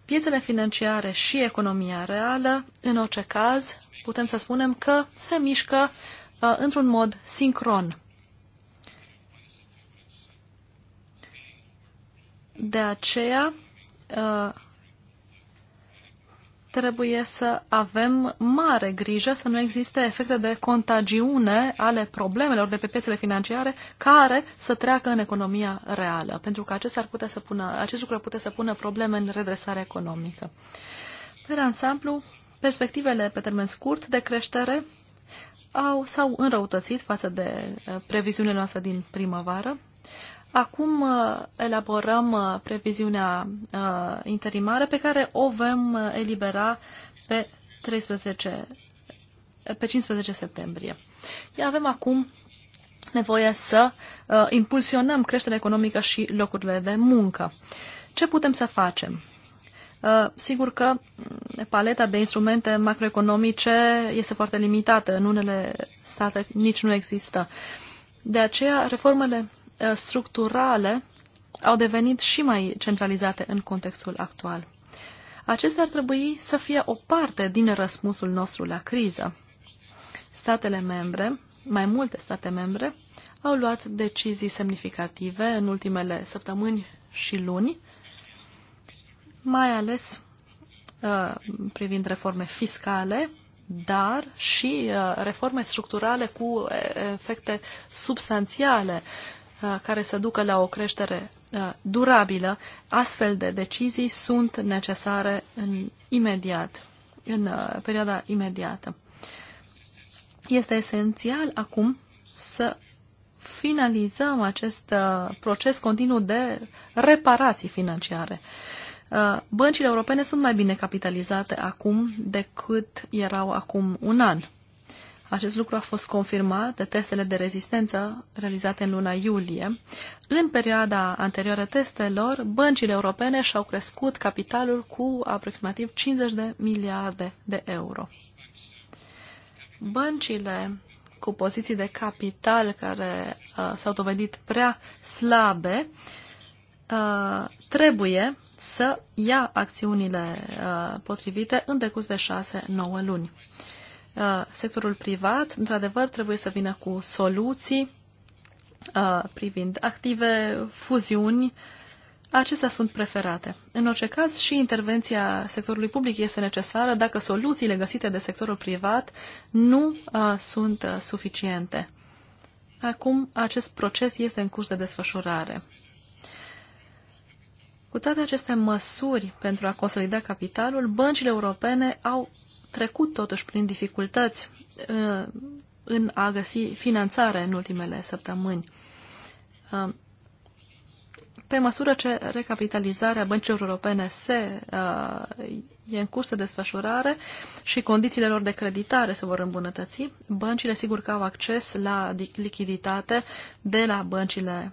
Piețele financiare și economia reală, în orice caz, putem să spunem că se mișcă uh, într-un mod sincron. De aceea, uh, trebuie să avem mare grijă să nu existe efecte de contagiune ale problemelor de pe piețele financiare care să treacă în economia reală, pentru că acest, ar putea să pună, acest lucru ar putea să pună probleme în redresarea economică. Pe ansamblu, perspectivele pe termen scurt de creștere au, s-au înrăutățit față de eh, previziunile noastre din primăvară. Acum uh, elaborăm uh, previziunea uh, interimară pe care o vom elibera pe 13 pe 15 septembrie. Avem acum nevoie să impulsionăm creșterea economică și locurile de muncă. Ce putem să facem? sigur că mm, paleta de instrumente macroeconomice este foarte limitată. În unele state nici nu există. De aceea, reformele Uh, structurale au devenit și mai centralizate în contextul actual. Acestea ar trebui să fie o parte din răspunsul nostru la criză. Statele membre, mai multe state membre, au luat decizii semnificative în ultimele săptămâni și luni, mai ales uh, privind reforme fiscale, dar și uh, reforme structurale cu uh, efecte substanțiale care să ducă la o creștere durabilă, astfel de decizii sunt necesare în imediat, în perioada imediată. Este esențial acum să finalizăm acest proces continuu de reparații financiare. Băncile europene sunt mai bine capitalizate acum decât erau acum un an. Acest lucru a fost confirmat de testele de rezistență realizate în luna iulie. În perioada anterioară testelor, băncile europene și-au crescut capitalul cu aproximativ 50 de miliarde de euro. Băncile cu poziții de capital care uh, s-au dovedit prea slabe uh, trebuie să ia acțiunile uh, potrivite în decurs de 6-9 luni. Uh, sectorul privat, într-adevăr, trebuie să vină cu soluții uh, privind active, fuziuni. Acestea sunt preferate. În orice caz, și intervenția sectorului public este necesară dacă soluțiile găsite de sectorul privat nu uh, sunt suficiente. Acum, acest proces este în curs de desfășurare. Cu toate aceste măsuri pentru a consolida capitalul, băncile europene au trecut totuși prin dificultăți uh, în a găsi finanțare în ultimele săptămâni. Uh, pe măsură ce recapitalizarea băncilor europene se, uh, e în curs de desfășurare și condițiile lor de creditare se vor îmbunătăți, băncile sigur că au acces la lichiditate de la băncile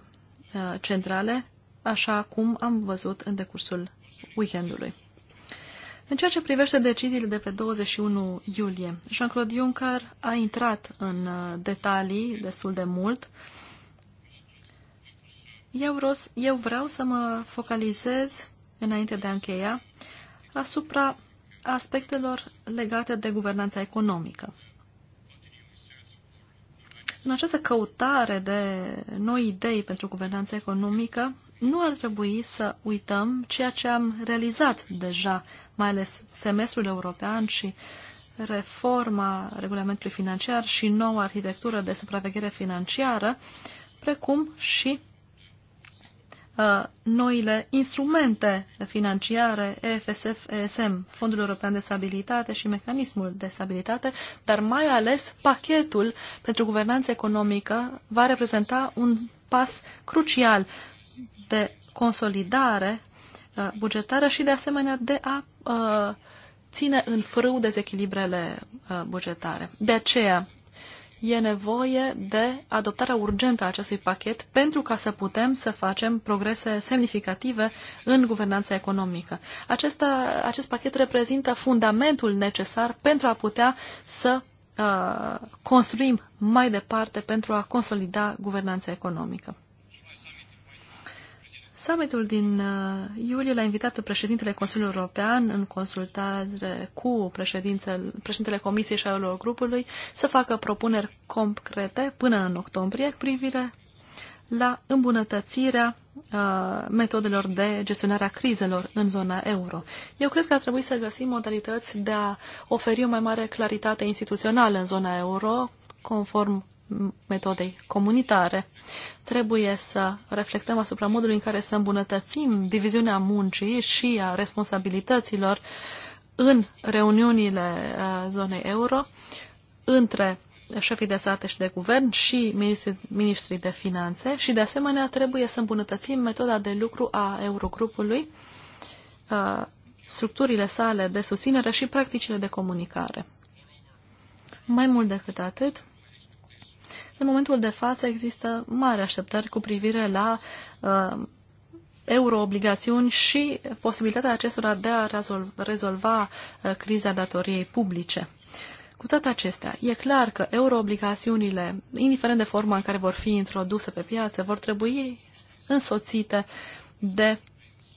centrale, așa cum am văzut în decursul weekendului. În ceea ce privește deciziile de pe 21 iulie, Jean-Claude Juncker a intrat în uh, detalii destul de mult. Eu, vreau, eu vreau să mă focalizez, înainte de a încheia, asupra aspectelor legate de guvernanța economică. În această căutare de noi idei pentru guvernanța economică, nu ar trebui să uităm ceea ce am realizat deja mai ales semestrul european și reforma regulamentului financiar și noua arhitectură de supraveghere financiară, precum și uh, noile instrumente financiare EFSF, ESM, Fondul European de Stabilitate și Mecanismul de Stabilitate, dar mai ales pachetul pentru guvernanță economică va reprezenta un pas crucial de consolidare Uh, bugetară și, de asemenea, de a uh, ține în frâu dezechilibrele uh, bugetare. De aceea, e nevoie de adoptarea urgentă a acestui pachet pentru ca să putem să facem progrese semnificative în guvernanța economică. Acesta, acest pachet reprezintă fundamentul necesar pentru a putea să uh, construim mai departe pentru a consolida guvernanța economică. Summitul din uh, iulie l-a invitat pe președintele Consiliului European în consultare cu președintele Comisiei și al grupului să facă propuneri concrete până în octombrie cu privire la îmbunătățirea uh, metodelor de gestionare a crizelor în zona euro. Eu cred că ar trebui să găsim modalități de a oferi o mai mare claritate instituțională în zona euro, conform metodei comunitare. Trebuie să reflectăm asupra modului în care să îmbunătățim diviziunea muncii și a responsabilităților în reuniunile uh, zonei euro între șefii de state și de guvern și ministrii, de finanțe și, de asemenea, trebuie să îmbunătățim metoda de lucru a Eurogrupului, uh, structurile sale de susținere și practicile de comunicare. Mai mult decât atât, în momentul de față există mari așteptări cu privire la uh, euroobligațiuni și posibilitatea acestora de a rezolva, rezolva uh, criza datoriei publice. Cu toate acestea, e clar că euroobligațiunile, indiferent de forma în care vor fi introduse pe piață, vor trebui însoțite de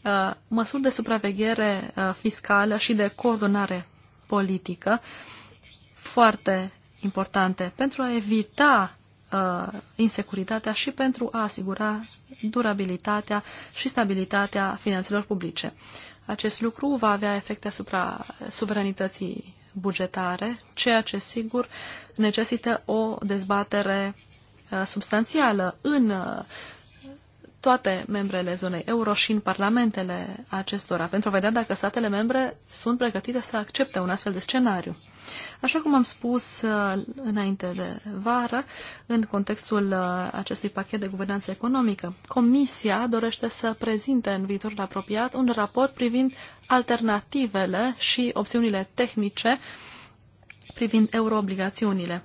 uh, măsuri de supraveghere uh, fiscală și de coordonare politică foarte importante pentru a evita uh, insecuritatea și pentru a asigura durabilitatea și stabilitatea finanțelor publice. Acest lucru va avea efecte asupra suveranității bugetare, ceea ce sigur necesită o dezbatere uh, substanțială în uh, toate membrele zonei euro și în parlamentele acestora, pentru a vedea dacă statele membre sunt pregătite să accepte un astfel de scenariu. Așa cum am spus uh, înainte de vară, în contextul uh, acestui pachet de guvernanță economică, Comisia dorește să prezinte în viitorul apropiat un raport privind alternativele și opțiunile tehnice privind euroobligațiunile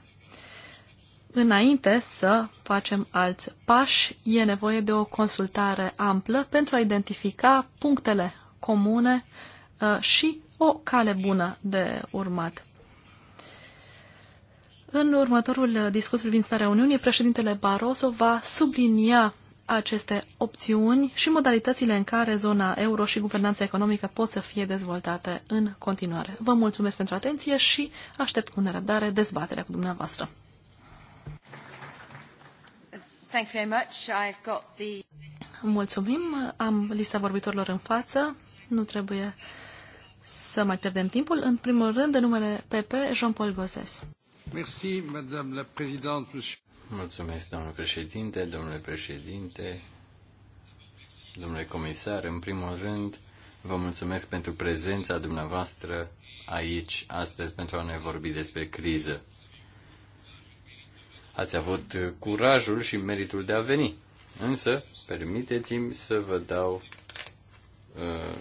înainte să facem alți pași, e nevoie de o consultare amplă pentru a identifica punctele comune uh, și o cale bună de urmat. În următorul discurs privind starea Uniunii, președintele Barroso va sublinia aceste opțiuni și modalitățile în care zona euro și guvernanța economică pot să fie dezvoltate în continuare. Vă mulțumesc pentru atenție și aștept cu nerăbdare dezbaterea cu dumneavoastră. Thank you very much. I've got the... Mulțumim. Am lista vorbitorilor în față. Nu trebuie să mai pierdem timpul. În primul rând, de numele PP, Jean-Paul Gozes. Mulțumesc, domnule președinte, domnule președinte, domnule comisar. În primul rând, vă mulțumesc pentru prezența dumneavoastră aici astăzi pentru a ne vorbi despre criză. Ați avut curajul și meritul de a veni. Însă, permiteți-mi să vă dau, uh,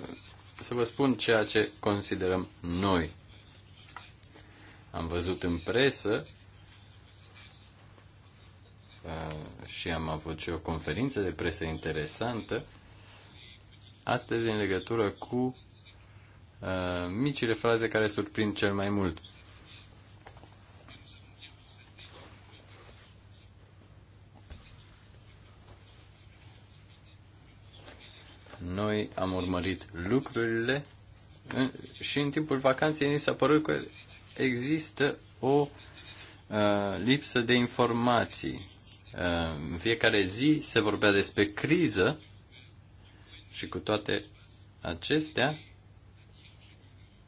să vă spun ceea ce considerăm noi am văzut în presă uh, și am avut și o conferință de presă interesantă astăzi în legătură cu uh, micile fraze care surprind cel mai mult. Noi am urmărit lucrurile și în timpul vacanței ni s-a părut că există o uh, lipsă de informații. Uh, fiecare zi se vorbea despre criză și cu toate acestea,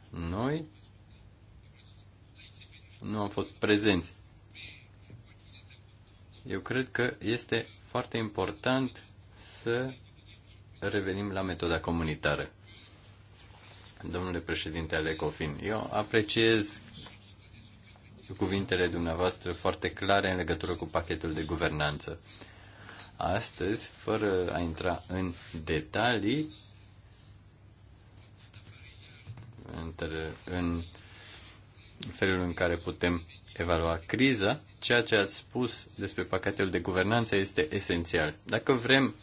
noi nu am fost prezenți. Eu cred că este foarte important să revenim la metoda comunitară. Domnule președinte Alecofin, eu apreciez cuvintele dumneavoastră foarte clare în legătură cu pachetul de guvernanță. Astăzi, fără a intra în detalii, între, în felul în care putem evalua criza, ceea ce ați spus despre pachetul de guvernanță este esențial. Dacă vrem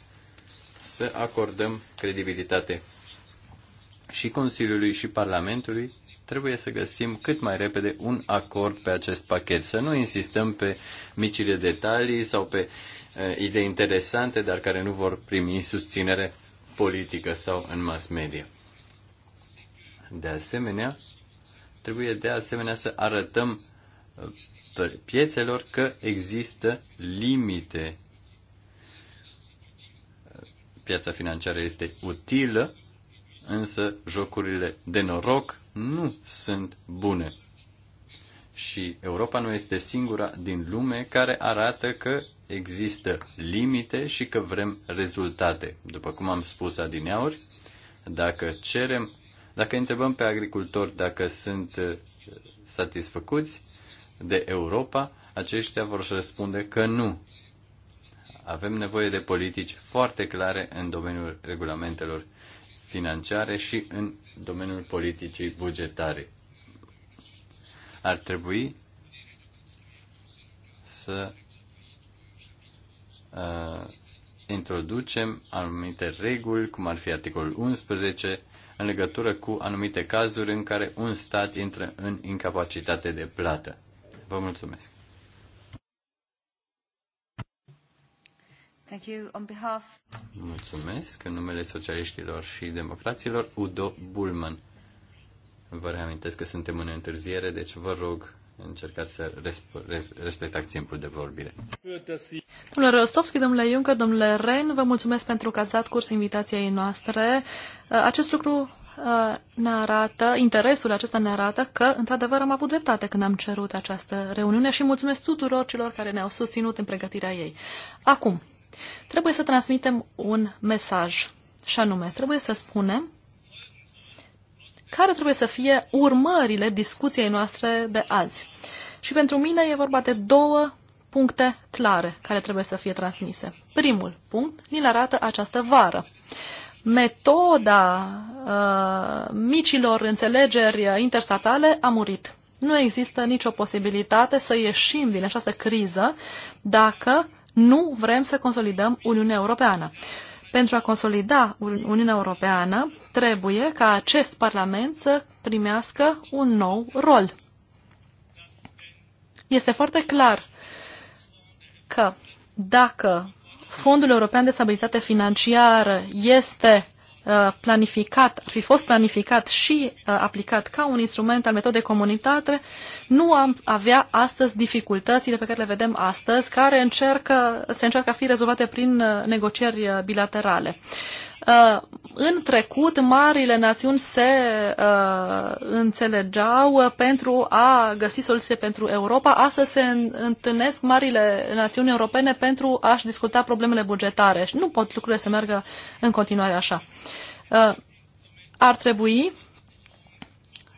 să acordăm credibilitate și Consiliului și Parlamentului, Trebuie să găsim cât mai repede un acord pe acest pachet, să nu insistăm pe micile detalii sau pe uh, idei interesante, dar care nu vor primi susținere politică sau în mass media. De asemenea, trebuie de asemenea să arătăm eh, piețelor că există limite. Eh, piața financiară este utilă Însă jocurile de noroc nu sunt bune. Și Europa nu este singura din lume care arată că există limite și că vrem rezultate. După cum am spus adineauri, dacă cerem, dacă întrebăm pe agricultori dacă sunt uh, satisfăcuți de Europa, aceștia vor răspunde că nu. Avem nevoie de politici foarte clare în domeniul regulamentelor financiare și în domeniul politicii bugetare. Ar trebui să uh, introducem anumite reguli, cum ar fi articolul 11, în legătură cu anumite cazuri în care un stat intră în incapacitate de plată. Vă mulțumesc. Thank you. On behalf... Mulțumesc. În numele socialiștilor și democraților, Udo Bulman. Vă reamintesc că suntem în întârziere, deci vă rog încercați să respectați timpul de vorbire. Domnule Rostovski, domnule Juncker, domnule Ren, vă mulțumesc pentru că ați dat curs invitației noastre. Uh, acest lucru uh, ne arată, interesul acesta ne arată că, într-adevăr, am avut dreptate când am cerut această reuniune și mulțumesc tuturor celor care ne-au susținut în pregătirea ei. Acum, Trebuie să transmitem un mesaj și anume, trebuie să spunem care trebuie să fie urmările discuției noastre de azi. Și pentru mine e vorba de două puncte clare care trebuie să fie transmise. Primul punct ni-l arată această vară. Metoda uh, micilor înțelegeri interstatale a murit. Nu există nicio posibilitate să ieșim din această criză dacă nu vrem să consolidăm Uniunea Europeană. Pentru a consolida Uniunea Europeană, trebuie ca acest Parlament să primească un nou rol. Este foarte clar că dacă Fondul European de Stabilitate Financiară este Uh, planificat, ar fi fost planificat și uh, aplicat ca un instrument al metodei comunitate, nu am avea astăzi dificultățile pe care le vedem astăzi, care încercă, se încearcă a fi rezolvate prin uh, negocieri bilaterale. Uh, în trecut, marile națiuni se uh, înțelegeau pentru a găsi soluție pentru Europa. Astăzi se întâlnesc marile națiuni europene pentru a-și discuta problemele bugetare și nu pot lucrurile să meargă în continuare așa. Uh, ar trebui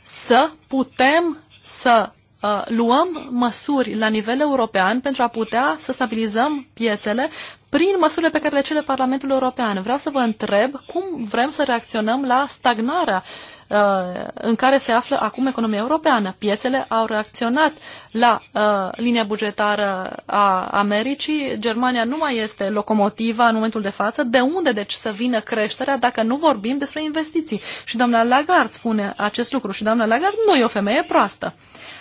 să putem să uh, luăm măsuri la nivel european pentru a putea să stabilizăm piețele, prin măsurile pe care le cere Parlamentul European. Vreau să vă întreb cum vrem să reacționăm la stagnarea uh, în care se află acum economia europeană. Piețele au reacționat la uh, linia bugetară a Americii. Germania nu mai este locomotiva în momentul de față. De unde deci să vină creșterea dacă nu vorbim despre investiții? Și doamna Lagarde spune acest lucru și doamna Lagarde nu e o femeie proastă.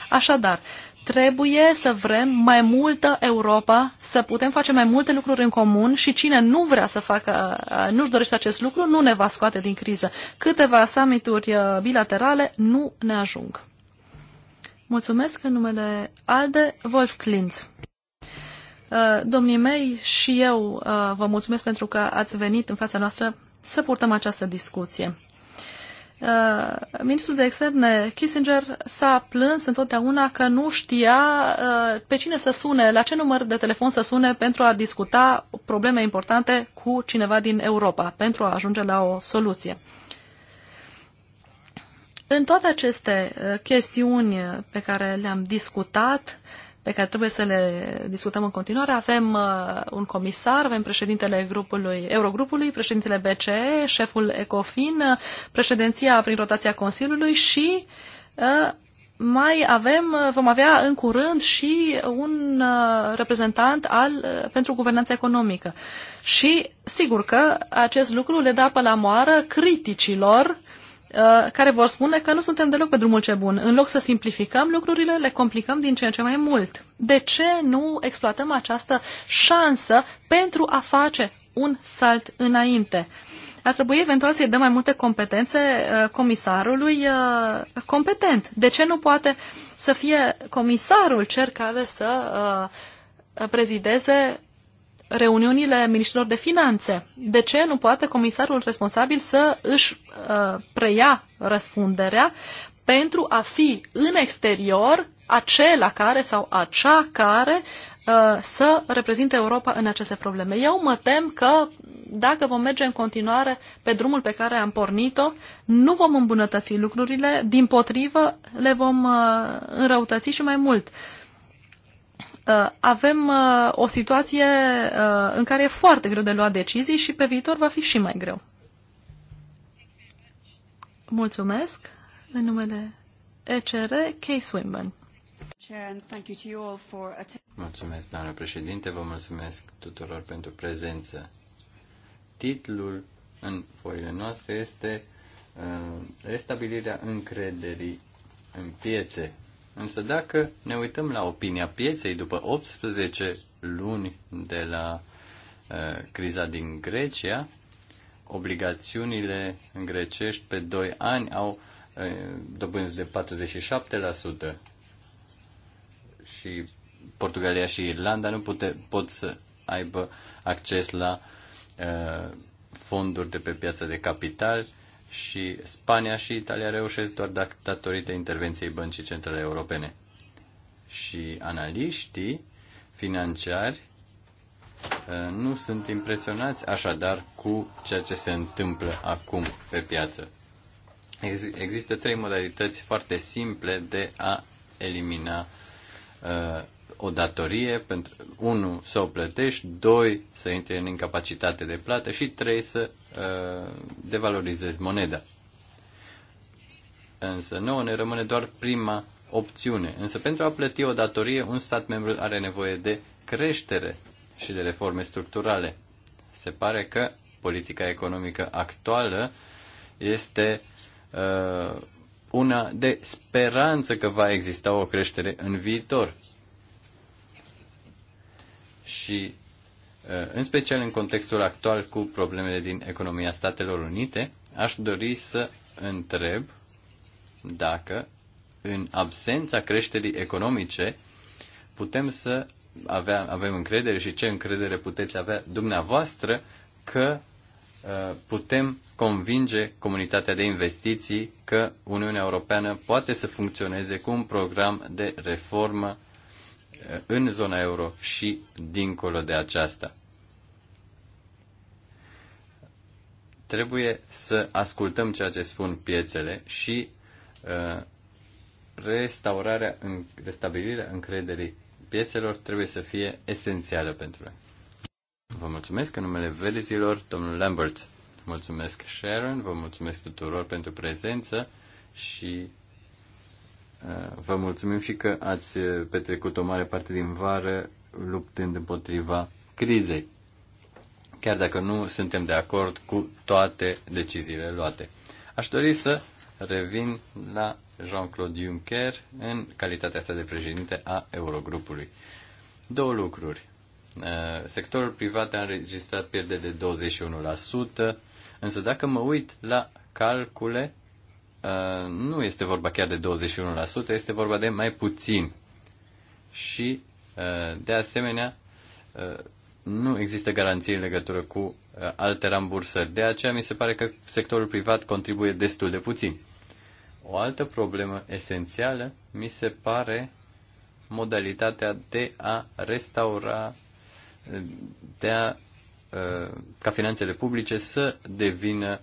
Așadar, trebuie să vrem mai multă Europa, să putem face mai multe lucruri în comun și cine nu vrea să facă, uh, nu-și dorește acest lucru, nu ne va scoate din criză. Câteva summituri uh, bilaterale nu ne ajung. Mulțumesc în numele ALDE, Wolf Klint. Uh, domnii mei și eu vă mulțumesc pentru că ați venit în fața noastră să purtăm această discuție. Uh, ministrul de externe Kissinger s-a plâns întotdeauna că nu știa uh, pe cine să sune, la ce număr de telefon să sune pentru a discuta probleme importante cu cineva din Europa, pentru a ajunge la o soluție. În toate aceste uh, chestiuni pe care le-am discutat, uh, pe care trebuie să le discutăm în continuare. Avem uh, un comisar, avem președintele grupului, Eurogrupului, președintele BCE, șeful ECOFIN, uh, președinția prin rotația Consiliului și uh, mai avem, vom avea în curând și un reprezentant al, pentru guvernanța economică. Și sigur că acest lucru le dă apă la moară criticilor Uh, care vor spune că nu suntem deloc pe drumul ce bun. În loc să simplificăm lucrurile, le complicăm din ce în ce mai mult. De ce nu exploatăm această șansă pentru a face un salt înainte? Ar trebui eventual să-i dăm mai multe competențe uh, comisarului uh, competent. De ce nu poate să fie comisarul cel care să prezideze reuniunile ministrilor de finanțe. De ce nu poate comisarul responsabil să își uh, preia răspunderea pentru a fi în exterior acela care sau acea care uh, să reprezinte Europa în aceste probleme. Eu mă tem că dacă vom merge în continuare pe drumul pe care am pornit-o, nu vom îmbunătăți lucrurile, din potrivă le vom uh, înrăutăți și mai mult. Uh, Uh, avem uh, o situație uh, în care e foarte greu de luat decizii și pe viitor va fi și mai greu. Mulțumesc. În numele ECR, Kay Swinburne. Mulțumesc, doamnă președinte, vă mulțumesc tuturor pentru prezență. Titlul în foile noastre este uh, Restabilirea încrederii în piețe. Însă dacă ne uităm la opinia pieței după 18 luni de la uh, criza din Grecia, obligațiunile grecești pe 2 ani au uh, dobânzi de 47% și Portugalia și Irlanda nu pute, pot să aibă acces la uh, fonduri de pe piața de capital și Spania și Italia reușesc doar datorită intervenției Băncii Centrale Europene. Și analiștii financiari uh, nu sunt impresionați așadar cu ceea ce se întâmplă acum pe piață. Există trei modalități foarte simple de a elimina uh, o datorie, pentru unu să o plătești, doi să intri în incapacitate de plată și trei să devalorizezi moneda. Însă nouă ne rămâne doar prima opțiune. Însă pentru a plăti o datorie, un stat membru are nevoie de creștere și de reforme structurale. Se pare că politica economică actuală este uh, una de speranță că va exista o creștere în viitor. Și Eh, în special în contextul actual cu problemele din economia Statelor Unite, aș dori să întreb dacă, în absența creșterii economice, putem să avea, avem încredere și ce încredere puteți avea dumneavoastră că eh, putem convinge comunitatea de investiții că Uniunea Europeană poate să funcționeze cu un program de reformă eh, în zona euro și dincolo de aceasta. Trebuie să ascultăm ceea ce spun piețele și uh, restaurarea, în, restabilirea încrederii piețelor trebuie să fie esențială pentru noi. Vă mulțumesc în numele velezilor, domnul Lambert. Mulțumesc, Sharon, vă mulțumesc tuturor pentru prezență și uh, vă mulțumim și că ați petrecut o mare parte din vară luptând împotriva crizei chiar dacă nu suntem de acord cu toate deciziile luate. Aș dori să revin la Jean-Claude Juncker în calitatea sa de președinte a Eurogrupului. Două lucruri. Uh, sectorul privat a înregistrat pierderi de 21%, însă dacă mă uit la calcule, uh, nu este vorba chiar de 21%, este vorba de mai puțin. Și, uh, de asemenea, nu există garanții în legătură cu uh, alte rambursări. De aceea mi se pare că sectorul privat contribuie destul de puțin. O altă problemă esențială mi se pare modalitatea de a restaura, uh, de a, uh, ca finanțele publice să devină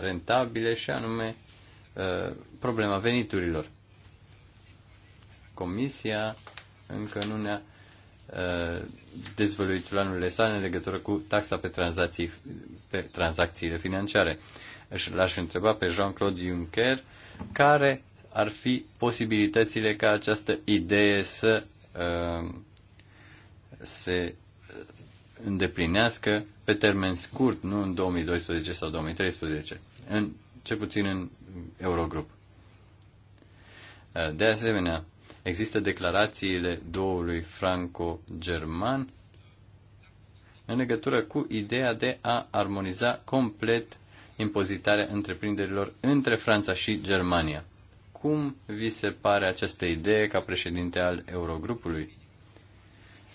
rentabile și anume problema veniturilor. Comisia încă nu ne-a Uh, dezvăluit planurile sale în legătură cu taxa pe, tranzacții, pe tranzacțiile financiare. L-aș întreba pe Jean-Claude Juncker care ar fi posibilitățile ca această idee să uh, se îndeplinească pe termen scurt, nu în 2012 sau 2013, în, cel puțin în Eurogrup. Uh, de asemenea, Există declarațiile doului franco-german în legătură cu ideea de a armoniza complet impozitarea întreprinderilor între Franța și Germania. Cum vi se pare această idee ca președinte al Eurogrupului?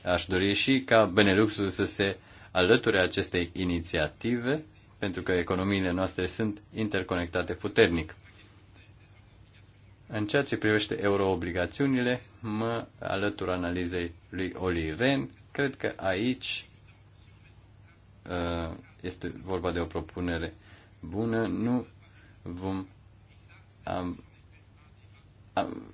Aș dori și ca Beneluxul să se alăture acestei inițiative, pentru că economiile noastre sunt interconectate puternic. În ceea ce privește euroobligațiunile, mă alătur analizei lui Oli Ren. Cred că aici uh, este vorba de o propunere bună. Nu vom am, am,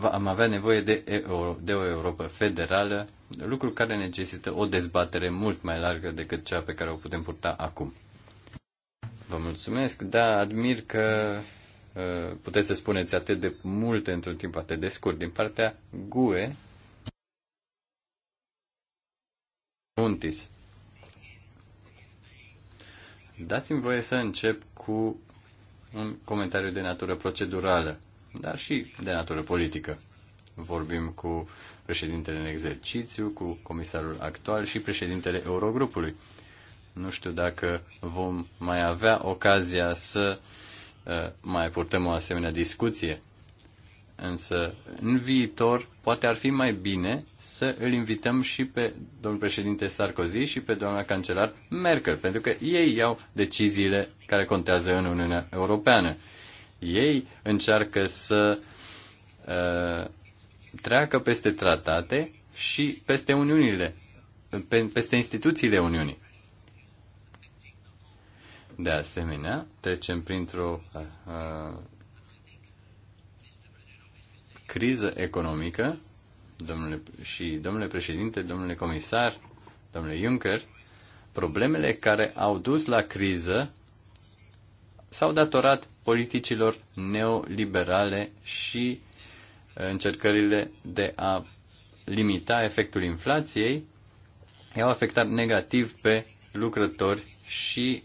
am avea nevoie de, Euro, de o Europa federală, lucru care necesită o dezbatere mult mai largă decât cea pe care o putem purta acum. Vă mulțumesc, da, admir că Eh, puteți să spuneți atât de multe într-un timp atât de scurt. Din partea GUE, Muntis. Dați-mi voie să încep cu un comentariu de natură procedurală, dar și de natură politică. Vorbim cu președintele în exercițiu, cu comisarul actual și președintele Eurogrupului. Nu știu dacă vom mai avea ocazia să uh, Eh, mai purtăm o asemenea discuție. Însă, în viitor, poate ar fi mai bine să îl invităm și pe domnul președinte Sarkozy și pe doamna cancelar Merkel, pentru că ei iau deciziile care contează în Uniunea Europeană. Ei încearcă să uh, treacă peste tratate și peste Uniunile, pe, peste instituțiile Uniunii. De asemenea, trecem printr-o uh, criză economică domnule, și domnule președinte, domnule comisar, domnule Juncker, problemele care au dus la criză s-au datorat politicilor neoliberale și uh, încercările de a limita efectul inflației, i-au afectat negativ pe lucrători și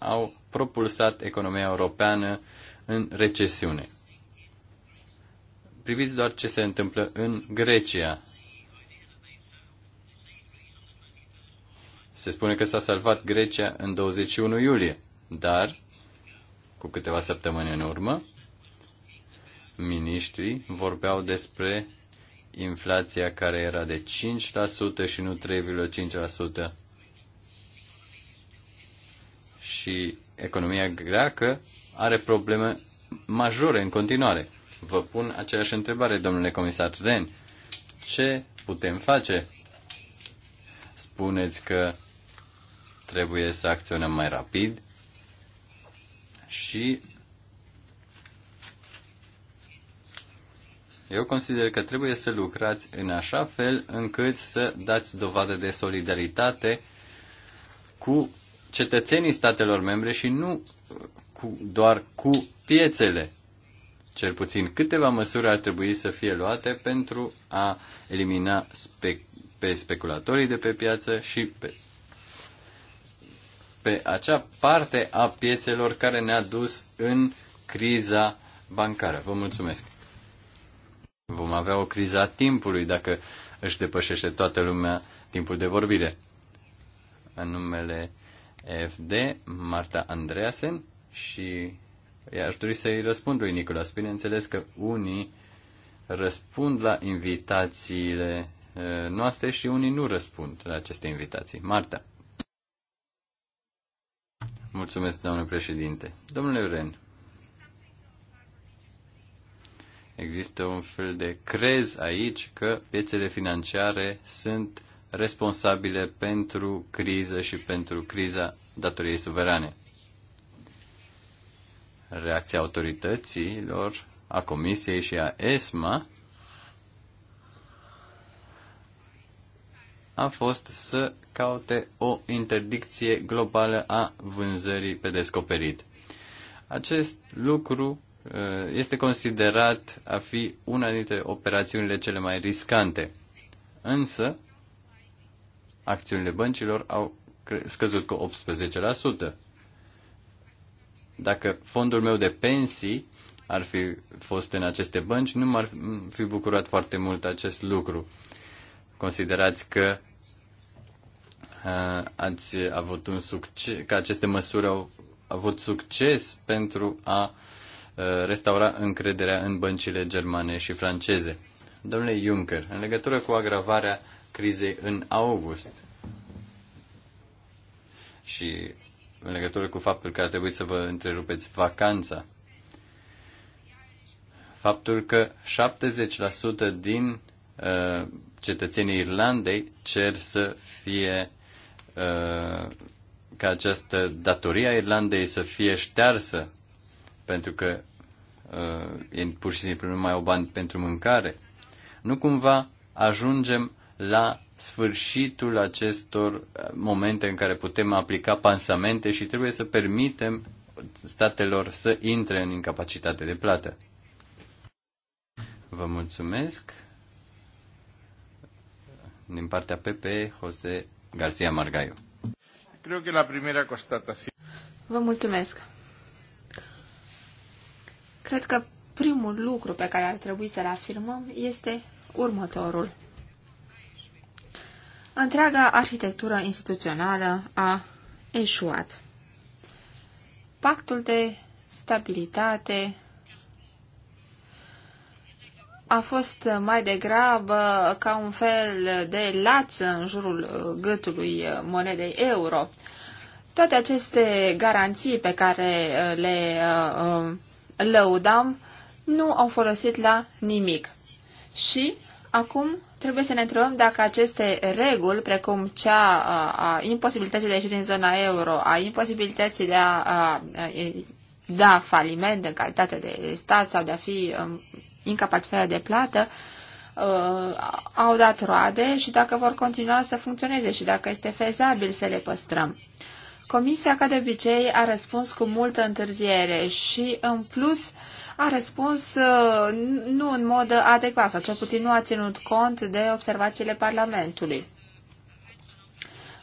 au propulsat economia europeană în recesiune. Priviți doar ce se întâmplă în Grecia. Se spune că s-a salvat Grecia în 21 iulie, dar cu câteva săptămâni în urmă, miniștrii vorbeau despre inflația care era de 5% și nu și economia greacă are probleme majore în continuare. Vă pun aceeași întrebare, domnule comisar Ren. Ce putem face? Spuneți că trebuie să acționăm mai rapid și Eu consider că trebuie să lucrați în așa fel încât să dați dovadă de solidaritate cu cetățenii statelor membre și nu cu, doar cu piețele. Cel puțin câteva măsuri ar trebui să fie luate pentru a elimina spe, pe speculatorii de pe piață și pe, pe acea parte a piețelor care ne-a dus în criza bancară. Vă mulțumesc! Vom avea o criză a timpului dacă își depășește toată lumea timpul de vorbire. În numele EFD, Marta Andreasen și aș dori să-i răspund lui Nicolas. Bineînțeles că unii răspund la invitațiile eh, noastre și unii nu răspund la aceste invitații. Marta. Mulțumesc, domnule președinte. Domnule Ren, există un fel de crez aici că piețele financiare sunt responsabile pentru criză și pentru criza datoriei suverane. Reacția autorităților, a Comisiei și a ESMA a fost să caute o interdicție globală a vânzării pe descoperit. Acest lucru uh, este considerat a fi una dintre operațiunile cele mai riscante. Însă, acțiunile băncilor au scăzut cu 18%. Dacă fondul meu de pensii ar fi fost în aceste bănci, nu m-ar fi bucurat foarte mult acest lucru. Considerați că uh, ați avut un succes, că aceste măsuri au avut succes pentru a uh, restaura încrederea în băncile germane și franceze. Domnule Juncker, în legătură cu agravarea crizei în august. Și în legătură cu faptul că a trebuit să vă întrerupeți vacanța. Faptul că 70% din uh, cetățenii Irlandei cer să fie uh, ca această datorie a Irlandei să fie ștearsă, pentru că uh, e pur și simplu nu mai au bani pentru mâncare. Nu cumva ajungem la sfârșitul acestor eh, momente în care putem aplica pansamente și trebuie să permitem statelor să intre în incapacitate de plată. Vă mulțumesc. Din partea PP, José García Margaio. Cred că la prima constatație. Vă mulțumesc. Cred că primul lucru pe care ar trebui să-l afirmăm este următorul întreaga arhitectură instituțională a eșuat. Pactul de stabilitate a fost mai degrabă ca un fel de lață în jurul gâtului monedei euro. Toate aceste garanții pe care uh, le uh, um, lăudam nu au folosit la nimic. Și acum Trebuie să ne întrebăm dacă aceste reguli, precum cea a, uh, a imposibilității de a ieși din zona euro, a imposibilității de a, a, a da faliment în calitate de stat sau de a fi um, incapacitatea de plată, uh, au dat roade și dacă vor continua să funcționeze și dacă este fezabil să le păstrăm. Comisia, ca de obicei, a răspuns cu multă întârziere și, în plus, uh, a răspuns uh, nu în mod adecvat, sau cel puțin nu a ținut cont de observațiile Parlamentului.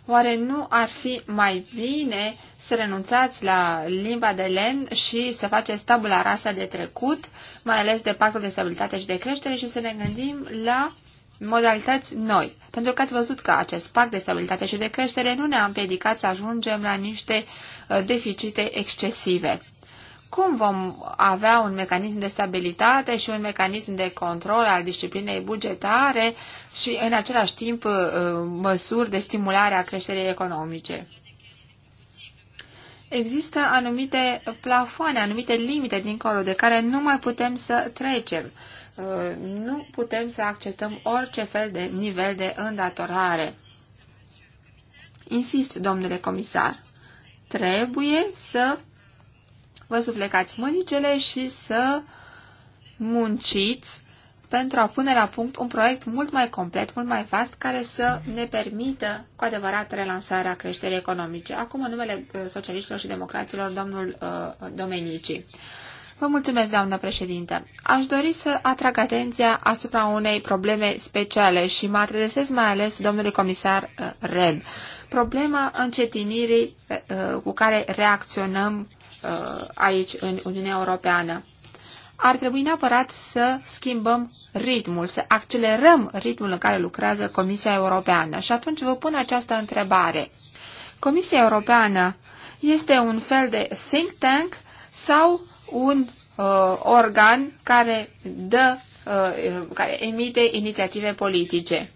Oare nu ar fi mai bine să renunțați la limba de lemn și să faceți tabula rasa de trecut, mai ales de pactul de stabilitate și de creștere și să ne gândim la modalități noi? Pentru că ați văzut că acest pact de stabilitate și de creștere nu ne-a împiedicat să ajungem la niște uh, deficite excesive cum vom avea un mecanism de stabilitate și un mecanism de control al disciplinei bugetare și în același timp uh, măsuri de stimulare a creșterii economice. Există anumite plafoane, anumite limite dincolo de care nu mai putem să trecem. Uh, nu putem să acceptăm orice fel de nivel de îndatorare. Insist, domnule comisar, trebuie să vă suflecați mânicele și să munciți pentru a pune la punct un proiect mult mai complet, mult mai vast, care să ne permită cu adevărat relansarea creșterii economice. Acum, în numele uh, socialiștilor și democraților, domnul uh, Domenici. Vă mulțumesc, doamnă președinte. Aș dori să atrag atenția asupra unei probleme speciale și mă adresez mai ales domnului comisar uh, Ren. Problema încetinirii uh, cu care reacționăm Uh, aici în Uniunea Europeană. Ar trebui neapărat să schimbăm ritmul, să accelerăm ritmul în care lucrează Comisia Europeană. Și atunci vă pun această întrebare. Comisia Europeană este un fel de think tank sau un uh, organ care dă, uh, care emite inițiative politice.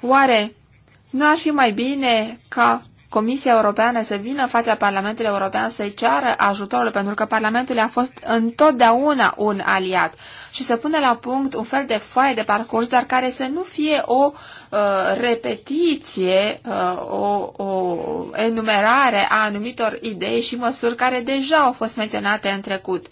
Oare nu ar fi mai bine ca Comisia Europeană să vină în fața Parlamentului European să-i ceară ajutorul, pentru că Parlamentul a fost întotdeauna un aliat și să pună la punct un fel de foaie de parcurs, dar care să nu fie o uh, repetiție, uh, o, o enumerare a anumitor idei și măsuri care deja au fost menționate în trecut.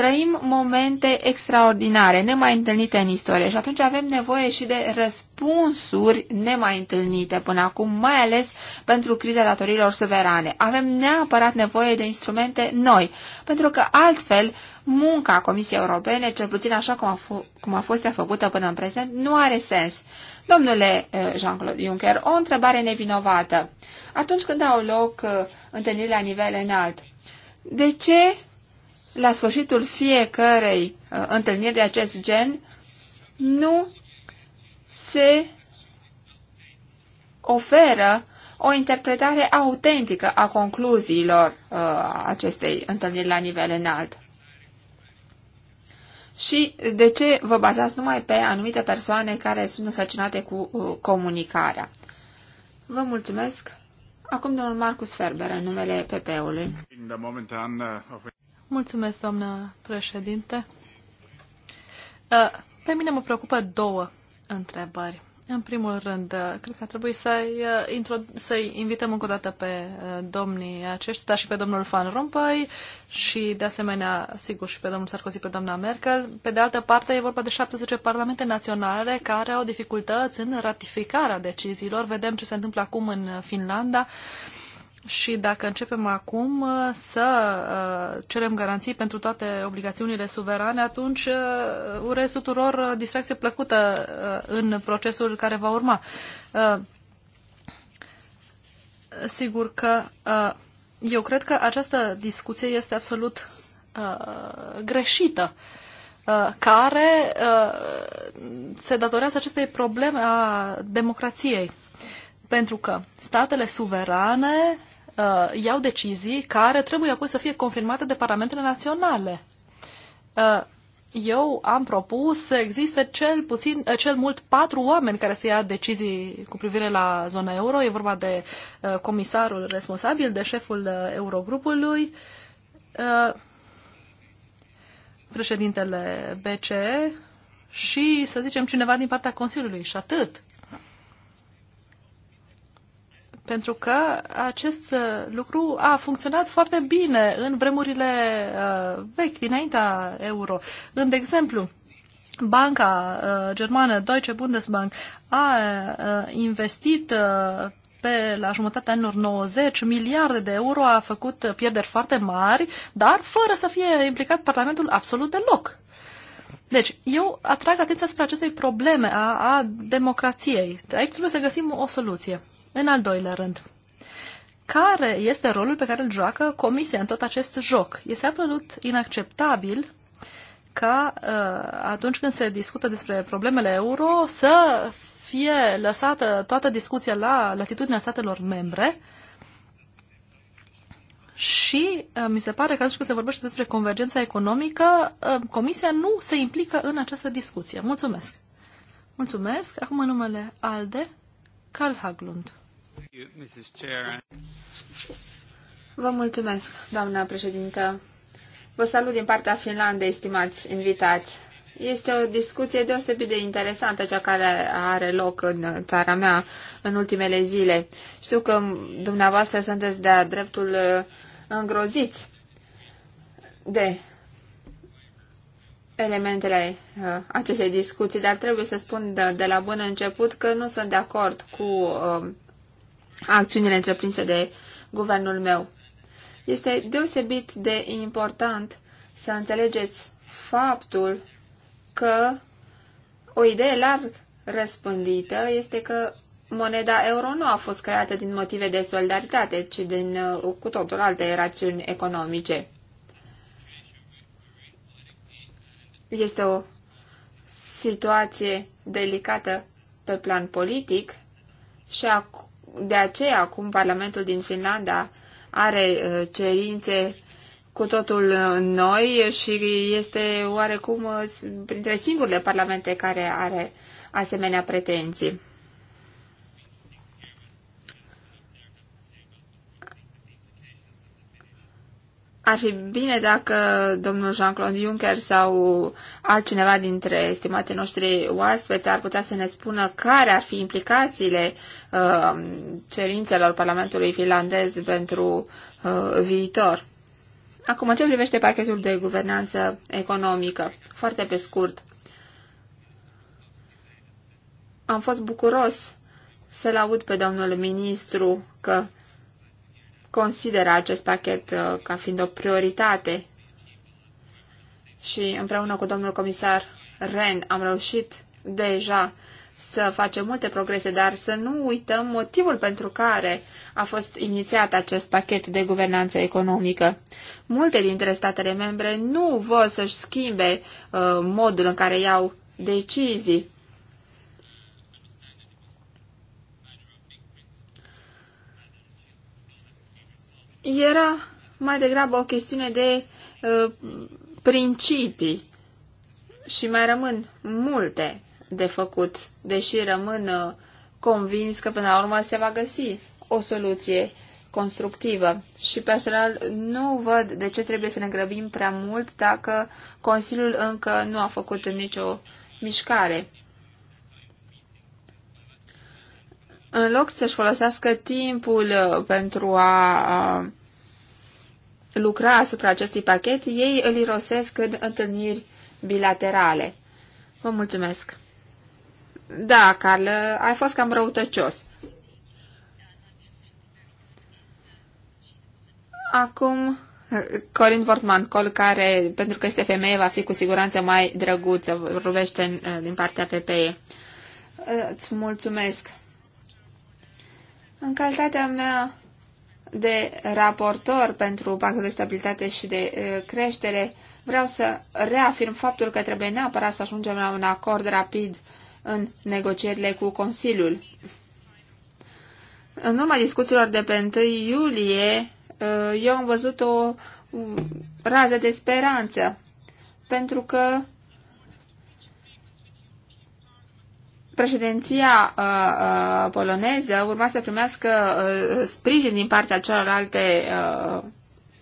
Trăim momente extraordinare, nemai întâlnite în istorie și atunci avem nevoie și de răspunsuri nemai întâlnite până acum, mai ales pentru criza datorilor suverane. Avem neapărat nevoie de instrumente noi, pentru că altfel munca Comisiei Europene, cel puțin așa cum a, cum a fost ea făcută până în prezent, nu are sens. Domnule eh, Jean-Claude Juncker, o întrebare nevinovată. Atunci când au loc eh, întâlnirile la nivel înalt, de ce la sfârșitul fiecărei uh, întâlniri de acest gen, nu se oferă o interpretare autentică a concluziilor uh, acestei întâlniri la nivel înalt. Și de ce vă bazați numai pe anumite persoane care sunt însărcinate cu uh, comunicarea? Vă mulțumesc! Acum domnul Marcus Ferber, în numele PP-ului. Mulțumesc, doamnă președinte. Uh, pe mine mă preocupă două întrebări. În primul rând, uh, cred că ar trebui să-i, uh, să invităm încă o dată pe domnii aceștia, dar și pe domnul Van Rompuy și, de asemenea, sigur, și pe domnul Sarkozy, pe doamna Merkel. Pe de altă parte, e vorba de 17 parlamente naționale care au dificultăți în ratificarea deciziilor. Vedem ce se întâmplă acum în Finlanda. Uh, și dacă începem acum uh, să uh, cerem garanții pentru toate obligațiunile suverane, atunci uh, urez tuturor distracție plăcută în procesul care va urma. Sigur că eu cred că această discuție este absolut greșită care se datorează acestei probleme a democrației pentru că statele suverane uh, iau decizii care trebuie apoi să fie confirmate de parlamentele naționale. Uh, eu am propus să existe cel puțin, uh, cel mult patru oameni care să ia decizii cu privire la zona euro. E vorba de uh, comisarul responsabil, de șeful uh, Eurogrupului, uh, președintele BCE și, să zicem, cineva din partea Consiliului și atât. Pentru că acest uh, lucru a funcționat foarte bine în vremurile uh, vechi, dinaintea euro. În, de exemplu, banca uh, germană Deutsche Bundesbank a investit pe la jumătatea anilor 90 miliarde de euro, a făcut pierderi foarte mari, dar fără să fie implicat Parlamentul absolut deloc. Deci, eu atrag atenția spre acestei probleme a, a democrației. Aici trebuie să găsim o soluție. În al doilea rând, care este rolul pe care îl joacă Comisia în tot acest joc? Este absolut inacceptabil ca uh, atunci când se discută despre problemele euro să fie lăsată toată discuția la latitudinea statelor membre și uh, mi se pare că atunci când se vorbește despre convergența economică, uh, Comisia nu se implică în această discuție. Mulțumesc! Mulțumesc! Acum numele ALDE, Karl Haglund. Vă mulțumesc, doamna președintă. Vă salut din partea Finlandei, stimați invitați. Este o discuție deosebit de interesantă cea care are loc în țara mea în ultimele zile. Știu că dumneavoastră sunteți de-a dreptul uh, îngroziți de elementele uh, acestei discuții, dar trebuie să spun de la bun început că nu sunt de acord cu uh, acțiunile întreprinse de guvernul meu. Este deosebit de important să înțelegeți faptul că o idee larg răspândită este că moneda euro nu a fost creată din motive de solidaritate, ci din uh, cu totul alte rațiuni economice. Este o situație delicată pe plan politic și acum de aceea acum Parlamentul din Finlanda are uh, cerințe cu totul uh, noi și este oarecum uh, printre singurele parlamente care are asemenea pretenții. ar fi bine dacă domnul Jean-Claude Juncker sau altcineva dintre estimații noștri oaspeți ar putea să ne spună care ar fi implicațiile uh, cerințelor Parlamentului finlandez pentru uh, viitor. Acum, în ce privește pachetul de guvernanță economică, foarte pe scurt, am fost bucuros să-l aud pe domnul ministru că consideră acest pachet uh, ca fiind o prioritate și împreună cu domnul comisar Ren am reușit deja să facem multe progrese, dar să nu uităm motivul pentru care a fost inițiat acest pachet de guvernanță economică. Multe dintre statele membre nu vor să-și schimbe uh, modul în care iau decizii Era mai degrabă o chestiune de uh, principii și mai rămân multe de făcut, deși rămân uh, convins că până la urmă se va găsi o soluție constructivă și personal nu văd de ce trebuie să ne grăbim prea mult dacă Consiliul încă nu a făcut nicio mișcare. în loc să-și folosească timpul uh, pentru a lucra asupra acestui pachet, ei îl irosesc în întâlniri bilaterale. Vă mulțumesc. Da, Carl, ai fost cam răutăcios. Acum, Corin Vortman, col care, pentru că este femeie, va fi cu siguranță mai drăguță, rubește uh, din partea PPE. Uh, îți mulțumesc. În calitatea mea de raportor pentru Pactul de Stabilitate și de Creștere, vreau să reafirm faptul că trebuie neapărat să ajungem la un acord rapid în negocierile cu Consiliul. În urma discuțiilor de pe 1 iulie, eu am văzut o rază de speranță, pentru că Președinția uh, uh, poloneză urma să primească uh, sprijin din partea celorlalte uh,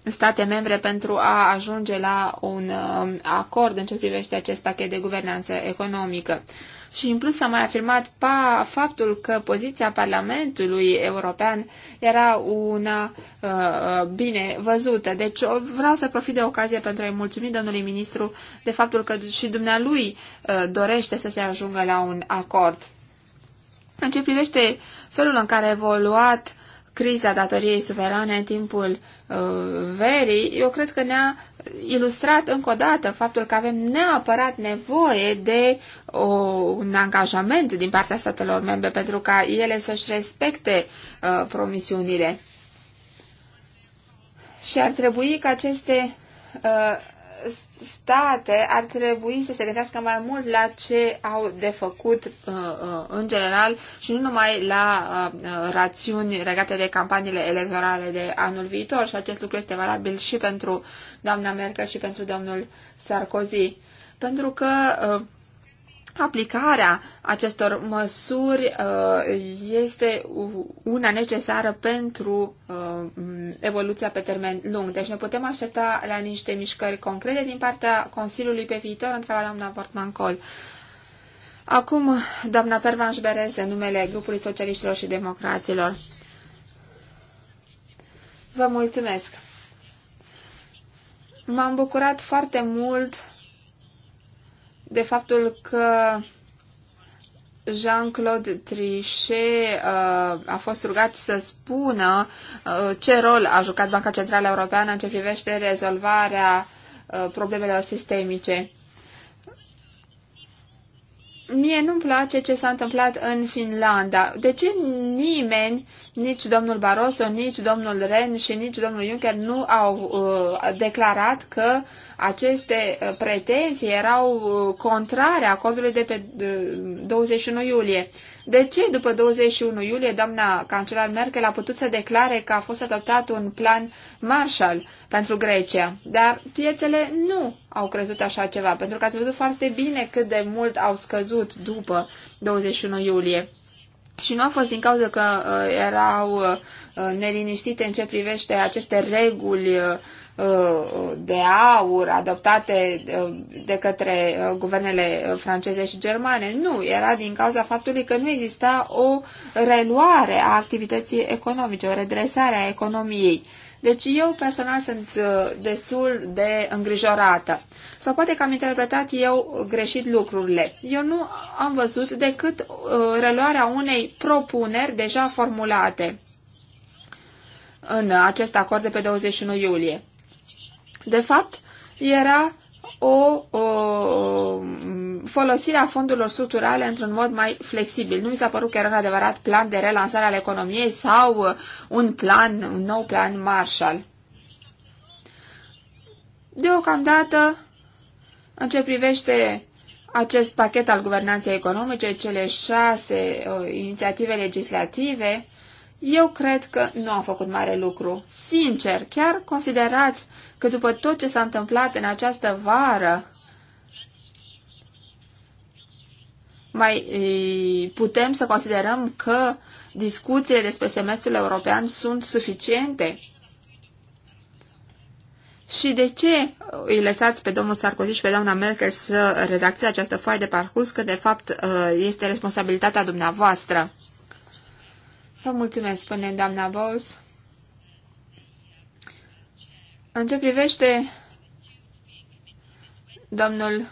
state membre pentru a ajunge la un uh, acord în ce privește acest pachet de guvernanță economică. Uh, și în plus a mai afirmat pa faptul că poziția Parlamentului European era una uh, uh bine văzută. Deci vreau să profit de ocazie pentru a-i mulțumi domnului ministru de faptul că și dumnealui uh, dorește să se ajungă la un acord. În ce privește felul în care a evoluat criza datoriei suverane în timpul uh, verii, eu cred că ne-a ilustrat încă o dată faptul că avem neapărat nevoie de o, un angajament din partea statelor membre pentru ca ele să-și respecte uh, promisiunile. Și ar trebui ca aceste uh, state ar trebui să se gândească mai mult la ce au de făcut uh, uh, în general și nu numai la uh, uh rațiuni legate de campaniile electorale de anul viitor și acest lucru este valabil și pentru doamna Merkel și pentru domnul Sarkozy. Pentru că uh, aplicarea acestor măsuri uh, este una necesară pentru uh, evoluția pe termen lung. Deci ne putem aștepta la niște mișcări concrete din partea Consiliului pe viitor, întreba doamna Portman-Col. Acum, doamna Pervanș Berez, în numele grupului socialiștilor și democraților. Vă mulțumesc! M-am bucurat foarte mult de faptul că Jean-Claude Trichet uh, a fost rugat să spună uh, ce rol a jucat Banca Centrală Europeană în ce privește rezolvarea uh, problemelor sistemice. Mie nu-mi place ce s-a întâmplat în Finlanda. De ce nimeni, nici domnul Barroso, nici domnul Ren și nici domnul Juncker nu au uh, declarat că aceste uh, pretenții erau uh, contrare acordului de pe 21 uh, iulie. De ce după 21 iulie doamna cancelar Merkel a putut să declare că a fost adoptat un plan Marshall pentru Grecia? Dar piețele nu au crezut așa ceva, pentru că ați văzut foarte bine cât de mult au scăzut după 21 iulie. Și nu a fost din cauza că erau neliniștite în ce privește aceste reguli uh, de aur adoptate uh, de către uh, guvernele franceze și germane. Nu, era din cauza faptului că nu exista o reluare a activității economice, o redresare a economiei. Deci eu personal sunt uh, destul de îngrijorată. Sau poate că am interpretat eu greșit lucrurile. Eu nu am văzut decât reluarea unei propuneri deja formulate în acest acord de pe 21 iulie. De fapt, era o, o folosire a fondurilor structurale într-un mod mai flexibil. Nu mi s-a părut că era un adevărat plan de relansare al economiei sau uh, un plan, un nou plan Marshall. Deocamdată, în ce privește acest pachet al guvernanței economice, cele șase o, uh, inițiative legislative, eu cred că nu am făcut mare lucru. Sincer, chiar considerați că după tot ce s-a întâmplat în această vară, mai putem să considerăm că discuțiile despre semestrul european sunt suficiente? Și de ce îi lăsați pe domnul Sarkozy și pe doamna Merkel să redacteze această foaie de parcurs, că de fapt ă, este responsabilitatea dumneavoastră? Vă mulțumesc, spune doamna Bowles. În ce privește domnul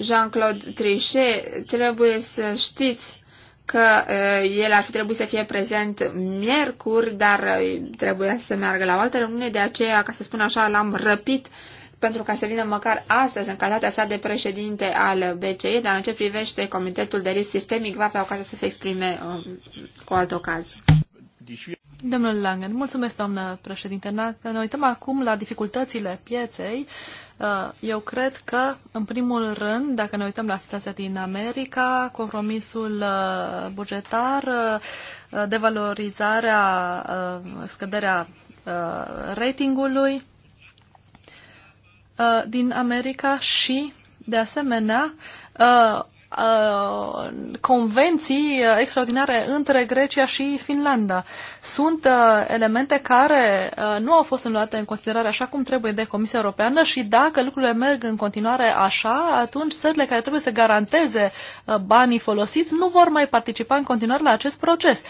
Jean-Claude Trichet, trebuie să știți că uh, el ar fi trebuit să fie prezent miercuri, dar uh, trebuia să meargă la o altă reuniune, de aceea, ca să spun așa, l-am răpit pentru ca să vină măcar astăzi în calitatea sa de președinte al BCE, dar în ce privește Comitetul de Risc Sistemic va avea ocazia să se exprime uh, cu altă ocazie. Domnul Langen, mulțumesc, doamnă președinte. Dacă ne uităm acum la dificultățile pieței, uh, eu cred că, în primul rând, dacă ne uităm la situația din America, compromisul uh, bugetar, uh, devalorizarea, scăderea ratingului din America și, de asemenea, Uh, convenții uh, extraordinare între Grecia și Finlanda. Sunt uh, elemente care nu au fost luate în considerare așa cum trebuie de Comisia Europeană și dacă lucrurile merg în continuare așa, atunci țările care trebuie să garanteze banii folosiți nu vor mai participa în continuare la acest proces.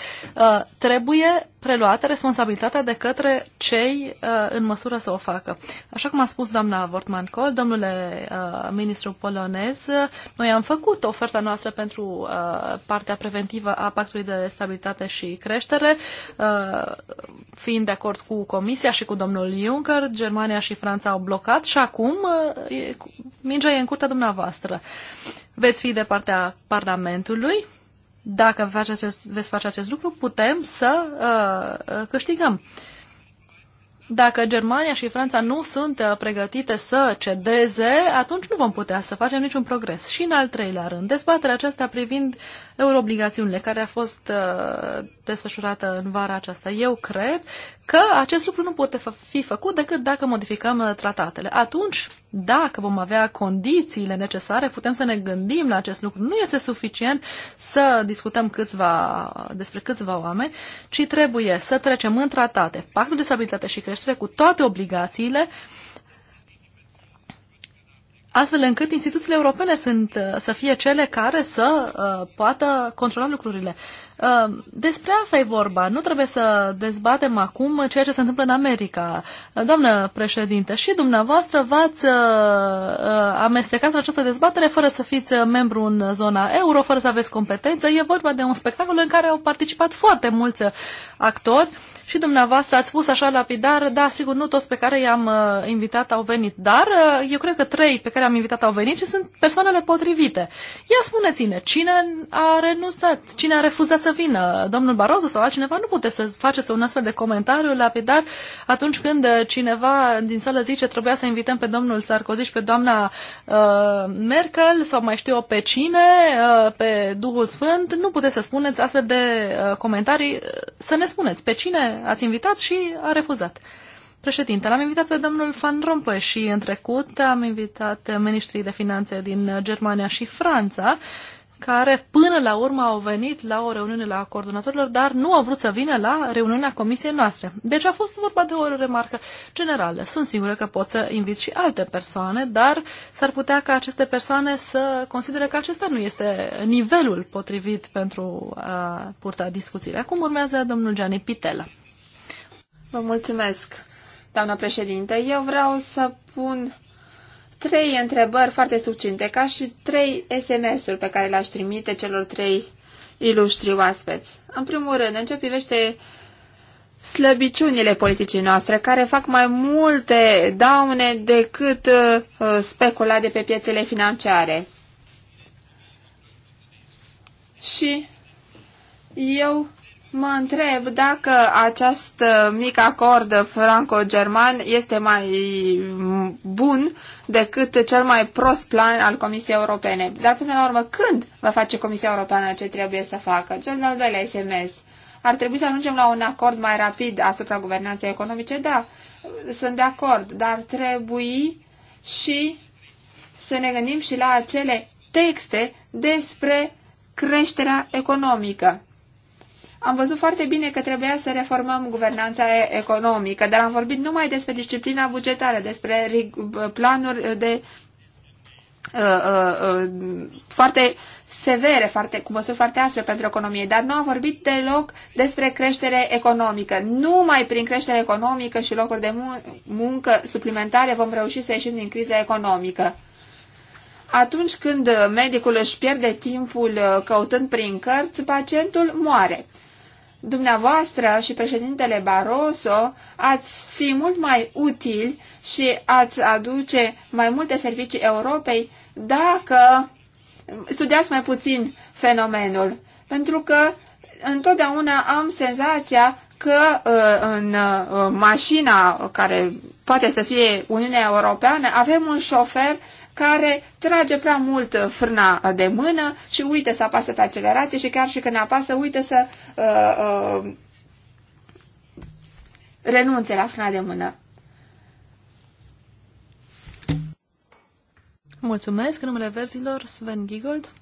trebuie preluată responsabilitatea de către cei uh, în măsură să o facă. Așa cum a spus doamna Vortman Col, domnule uh, ministru polonez, noi am făcut oferta noastră pentru uh, partea preventivă a Pactului de Stabilitate și Creștere, uh, fiind de acord cu Comisia și cu domnul Juncker, Germania și Franța au blocat și acum uh, mingea e în curtea dumneavoastră. Veți fi de partea Parlamentului, dacă face acest, veți face acest lucru, putem să uh, uh câștigăm. Dacă Germania și Franța nu sunt uh, pregătite să cedeze, atunci nu vom putea să facem niciun progres. Și în al treilea rând, dezbaterea aceasta privind euroobligațiunile care a fost uh, desfășurată în vara aceasta. Eu cred că acest lucru nu poate fi făcut decât dacă modificăm uh, tratatele. Atunci, dacă vom avea condițiile necesare, putem să ne gândim la acest lucru. Nu este suficient să discutăm câțiva, despre câțiva oameni, ci trebuie să trecem în tratate pactul de stabilitate și creștere cu toate obligațiile astfel încât instituțiile europene sunt, uh, să fie cele care să uh, poată controla lucrurile. Uh, Uh, despre asta e vorba. Nu trebuie să dezbatem acum ceea ce se întâmplă în America. Uh, doamnă președinte, și dumneavoastră v-ați uh, amestecat în această dezbatere fără să fiți membru în zona euro, fără să aveți competență. E vorba de un spectacol în care au participat foarte mulți actori și dumneavoastră ați spus așa lapidar, da, sigur, nu toți pe care i-am invitat au venit, dar eu cred că trei pe care am invitat au venit și sunt persoanele potrivite. Ia spuneți-ne, cine a renunțat, cine a refuzat să să vină domnul Barroso sau altcineva, nu puteți să faceți un astfel de comentariu lapidar atunci când uh, cineva din sală zice trebuia să invităm pe domnul Sarkozy și pe doamna uh, Merkel sau mai știu eu pe cine, uh, pe Duhul Sfânt, nu puteți să spuneți astfel de uh, comentarii, să ne spuneți pe cine ați invitat și a refuzat. Președinte, l-am invitat pe domnul Van Rompuy și în trecut am invitat ministrii de finanțe din Germania și Franța care până la urmă au venit la o reuniune la coordonatorilor, dar nu au vrut să vină la reuniunea comisiei noastre. Deci a fost vorba de o remarcă generală. Sunt sigură că pot să invit și alte persoane, dar s-ar putea ca aceste persoane să considere că acesta nu este nivelul potrivit pentru a purta discuțiile. Acum urmează domnul Gianni Pitela. Vă mulțumesc, doamna președinte. Eu vreau să pun trei întrebări foarte succinte, ca și trei SMS-uri pe care le-aș trimite celor trei ilustri oaspeți. În primul rând, în ce privește slăbiciunile politicii noastre, care fac mai multe daune decât uh, specula de pe piețele financiare. Și eu Mă întreb dacă acest mic acord franco-german este mai bun decât cel mai prost plan al Comisiei Europene. Dar până la urmă, când va face Comisia Europeană ce trebuie să facă? Cel de-al doilea SMS. Ar trebui să ajungem la un acord mai rapid asupra guvernanței economice? Da, sunt de acord, dar trebuie și să ne gândim și la acele texte despre creșterea economică am văzut foarte bine că trebuia să reformăm guvernanța economică, dar am vorbit numai despre disciplina bugetară, despre planuri de uh, uh, uh, foarte severe, foarte, cu măsuri foarte aspre pentru economie, dar nu am vorbit deloc despre creștere economică. Numai prin creștere economică și locuri de mun- muncă suplimentare vom reuși să ieșim din criza economică. Atunci când medicul își pierde timpul uh, căutând prin cărți, pacientul moare dumneavoastră și președintele Barroso ați fi mult mai utili și ați aduce mai multe servicii Europei dacă studiați mai puțin fenomenul. Pentru că întotdeauna am senzația că uh, în uh, mașina care poate să fie Uniunea Europeană avem un șofer care trage prea mult uh, frâna uh, de mână și uite să apasă pe accelerație și chiar și când apasă, uite să uh, uh, renunțe la frâna de mână. Mulțumesc. numele verzilor, Sven Giegold.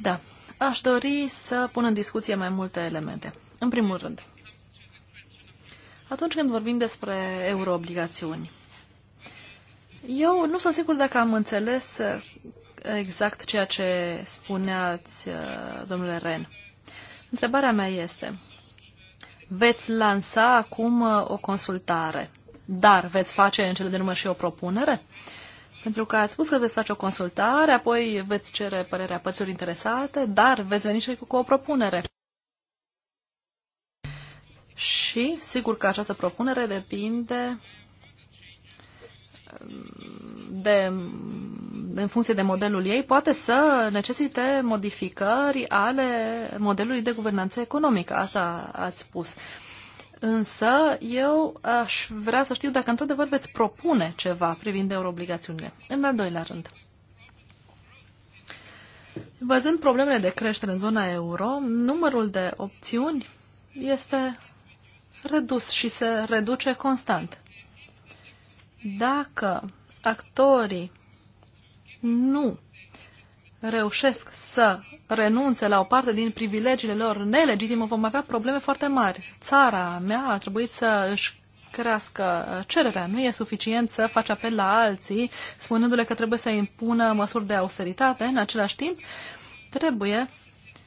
Da. Aș dori să pun în discuție mai multe elemente. În primul rând, atunci când vorbim despre euroobligațiuni, eu nu sunt sigur dacă am înțeles exact ceea ce spuneați, uh, domnule Ren. Întrebarea mea este, veți lansa acum uh, o consultare, dar veți face în cele din urmă și o propunere? Pentru că ați spus că veți face o consultare, apoi veți cere părerea părților interesate, dar veți veni și cu o propunere. Și sigur că această propunere depinde um, de, în funcție de modelul ei, poate să necesite modificări ale modelului de guvernanță economică. Asta ați spus. Însă eu aș vrea să știu dacă într-adevăr veți propune ceva privind euroobligațiunile. În al doilea rând. Văzând problemele de creștere în zona euro, numărul de opțiuni este redus și se reduce constant. Dacă actorii nu reușesc să renunțe la o parte din privilegiile lor nelegitime, vom avea probleme foarte mari. Țara mea a trebuit să își crească cererea. Nu e suficient să faci apel la alții, spunându-le că trebuie să impună măsuri de austeritate. În același timp, trebuie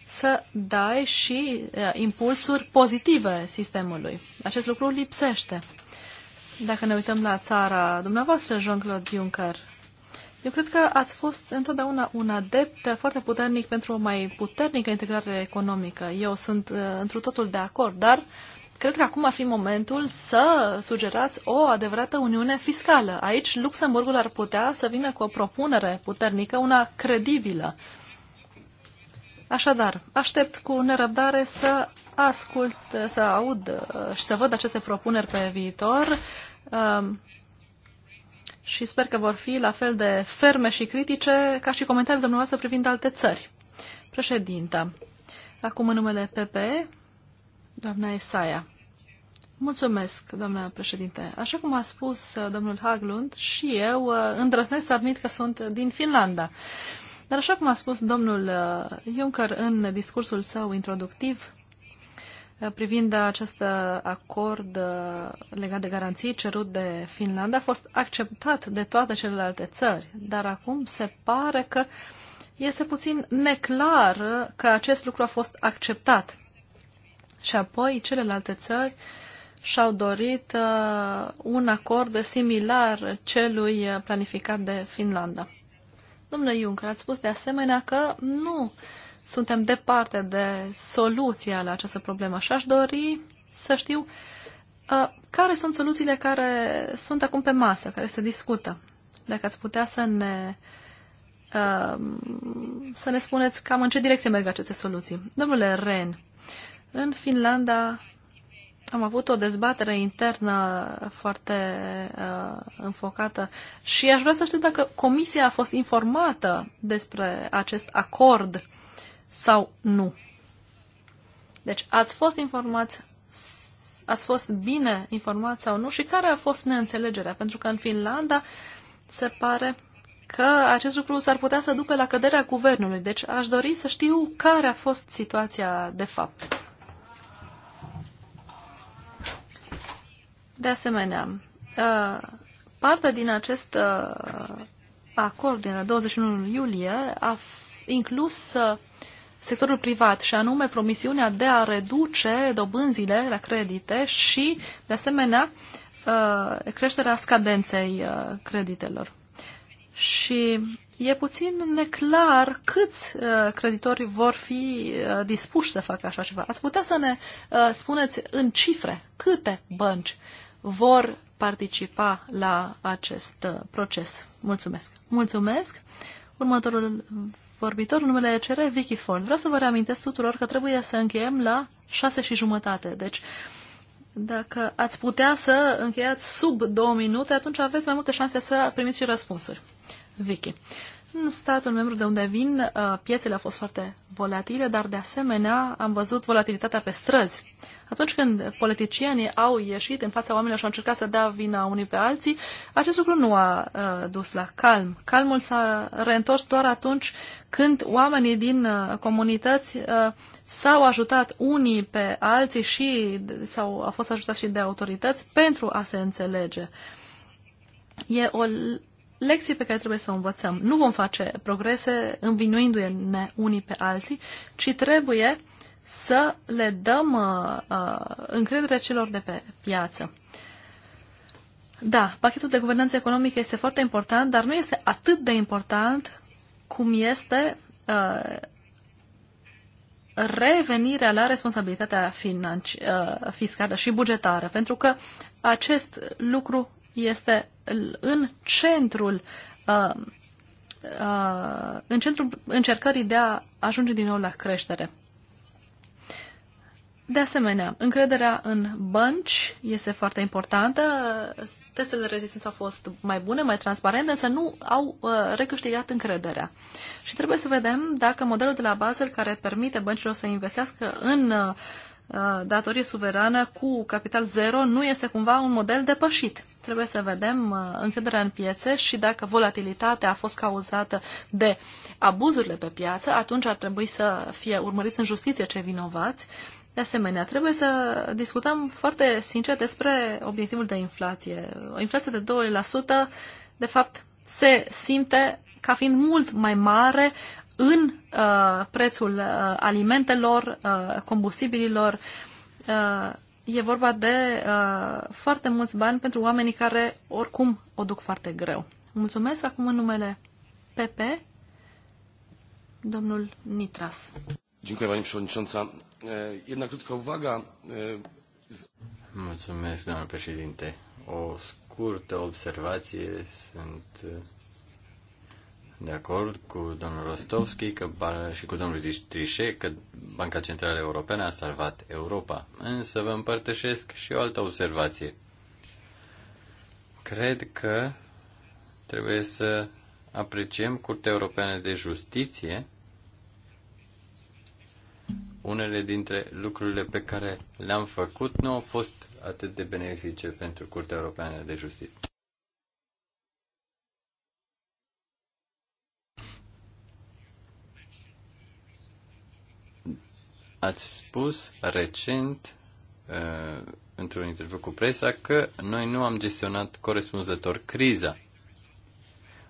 să dai și impulsuri pozitive sistemului. Acest lucru lipsește. Dacă ne uităm la țara dumneavoastră, Jean-Claude Juncker, eu cred că ați fost întotdeauna un adept foarte puternic pentru o mai puternică integrare economică. Eu sunt uh, întru totul de acord, dar cred că acum ar fi momentul să sugerați o adevărată uniune fiscală. Aici Luxemburgul ar putea să vină cu o propunere puternică, una credibilă. Uh, Așadar, aștept cu nerăbdare să ascult, să aud uh, și să văd aceste propuneri pe viitor um, și sper că vor fi la fel de ferme și critice ca și comentariile dumneavoastră privind alte țări. Președinta, acum în numele PPE, doamna Esaia. Mulțumesc, doamna președinte. Așa cum a spus uh, domnul Haglund, și eu uh, îndrăznesc să admit că sunt din Finlanda. Uh, dar așa cum a spus domnul uh, Juncker în discursul său introductiv, uh, privind acest acord uh, legat de garanții cerut de Finlanda, a fost acceptat de toate celelalte țări, dar acum se pare că este puțin neclar că acest lucru a fost acceptat. Și apoi celelalte țări și-au dorit un acord similar celui planificat de Finlanda. Domnule Juncker, ați spus de asemenea că nu suntem departe de soluția la această problemă și aș dori să știu uh, care sunt soluțiile care sunt acum pe masă, care se discută. Dacă ați putea să ne uh, să ne spuneți cam în ce direcție merg aceste soluții. Domnule Ren, în Finlanda am avut o dezbatere internă foarte uh, înfocată și aș vrea să știu dacă comisia a fost informată despre acest acord sau nu. Deci ați fost informați, ați fost bine informați sau nu și care a fost neînțelegerea? Pentru că în Finlanda se pare că acest lucru s-ar putea să ducă la căderea guvernului. Deci aș dori să știu care a fost situația de fapt. De asemenea, uh, parte din acest uh, acord din 21 iulie a inclus uh, sectorul privat și anume promisiunea de a reduce dobânzile la credite și, de asemenea, creșterea scadenței creditelor. Și e puțin neclar câți creditori vor fi dispuși să facă așa ceva. Ați putea să ne spuneți în cifre câte bănci vor participa la acest uh, proces. Mulțumesc! Mulțumesc! Următorul vorbitor, numele CR, Vicky Fon. Vreau să vă reamintesc tuturor că trebuie să încheiem la șase și jumătate. Deci, dacă ați putea să încheiați sub două minute, atunci aveți mai multe șanse să primiți și răspunsuri. Vicky. În statul membru de unde vin, uh, piețele au fost foarte volatile, dar de asemenea am văzut volatilitatea pe străzi. Atunci când politicienii au ieșit în fața oamenilor și au încercat să dea vina unii pe alții, acest lucru nu a uh, dus la calm. Calmul s-a reîntors doar atunci când oamenii din uh, comunități s-au ajutat unii pe alții și sau au fost ajutați și de autorități pentru a se înțelege. E o lecții pe care trebuie să o învățăm. Nu vom face progrese învinuindu-ne unii pe alții, ci trebuie să le dăm uh, uh, încredere celor de pe piață. Da, pachetul de guvernanță economică este foarte important, dar nu este atât de important cum este uh, revenirea la responsabilitatea financi, uh, fiscală și bugetară, pentru că acest lucru este în centrul uh, uh, în centrul încercării de a ajunge din nou la creștere. De asemenea, încrederea în bănci este foarte importantă. Testele de rezistență au fost mai bune, mai transparente, însă nu au uh, recâștigat încrederea. Și trebuie să vedem dacă modelul de la Basel, care permite băncilor să investească în uh, Uh, datorie suverană cu capital zero nu este cumva un model depășit. Trebuie să vedem uh, încrederea în piețe și dacă volatilitatea a fost cauzată de abuzurile pe piață, atunci ar trebui să fie urmăriți în justiție cei vinovați. De asemenea, trebuie să discutăm foarte sincer despre obiectivul de inflație. O inflație de 2%, de fapt, se simte ca fiind mult mai mare în uh, prețul uh, alimentelor, uh, combustibililor. Uh, e vorba de uh, foarte mulți bani pentru oamenii care oricum o duc foarte greu. Mulțumesc acum în numele PP, domnul Nitras. Dziękuję Pani Przewodnicząca. Jedna krótka uwaga. Mulțumesc, doamnă președinte. O scurtă observație. Sunt de acord cu domnul Rostovski că, și cu domnul Trișe că Banca Centrală Europeană a salvat Europa. Însă vă împărtășesc și o altă observație. Cred că trebuie să apreciem Curtea Europeană de Justiție unele dintre lucrurile pe care le-am făcut nu au fost atât de benefice pentru Curtea Europeană de Justiție. Ați spus recent, uh, într-un interviu cu presa, că noi nu am gestionat corespunzător criza.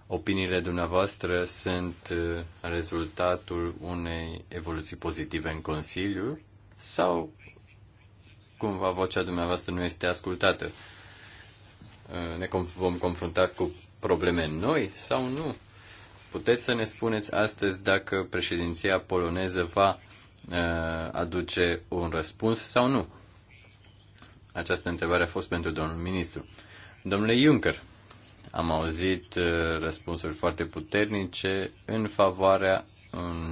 Opiniile dumneavoastră sunt uh, rezultatul unei evoluții pozitive în Consiliu sau cumva vocea dumneavoastră nu este ascultată? Uh, ne vom confrunta cu probleme noi sau nu? Puteți să ne spuneți astăzi dacă președinția poloneză va Uh, aduce un răspuns sau nu? Această întrebare a fost pentru domnul ministru. Domnule Juncker, am auzit uh, răspunsuri foarte puternice în favoarea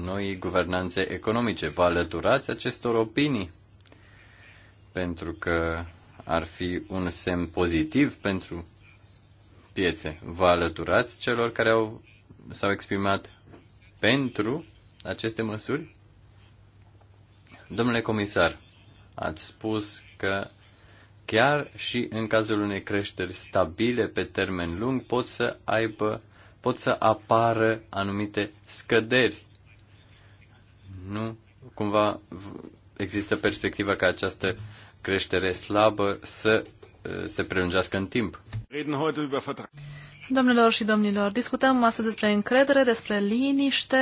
noii guvernanțe economice. Vă alăturați acestor opinii? Pentru că ar fi un semn pozitiv pentru piețe. Vă alăturați celor care au, s-au exprimat pentru aceste măsuri? Domnule comisar, ați spus că chiar și în cazul unei creșteri stabile pe termen lung pot să aibă, pot să apară anumite scăderi. Nu cumva există perspectiva ca această creștere slabă să uh, se prelungească în timp. Domnilor și domnilor, discutăm astăzi despre încredere, despre liniște,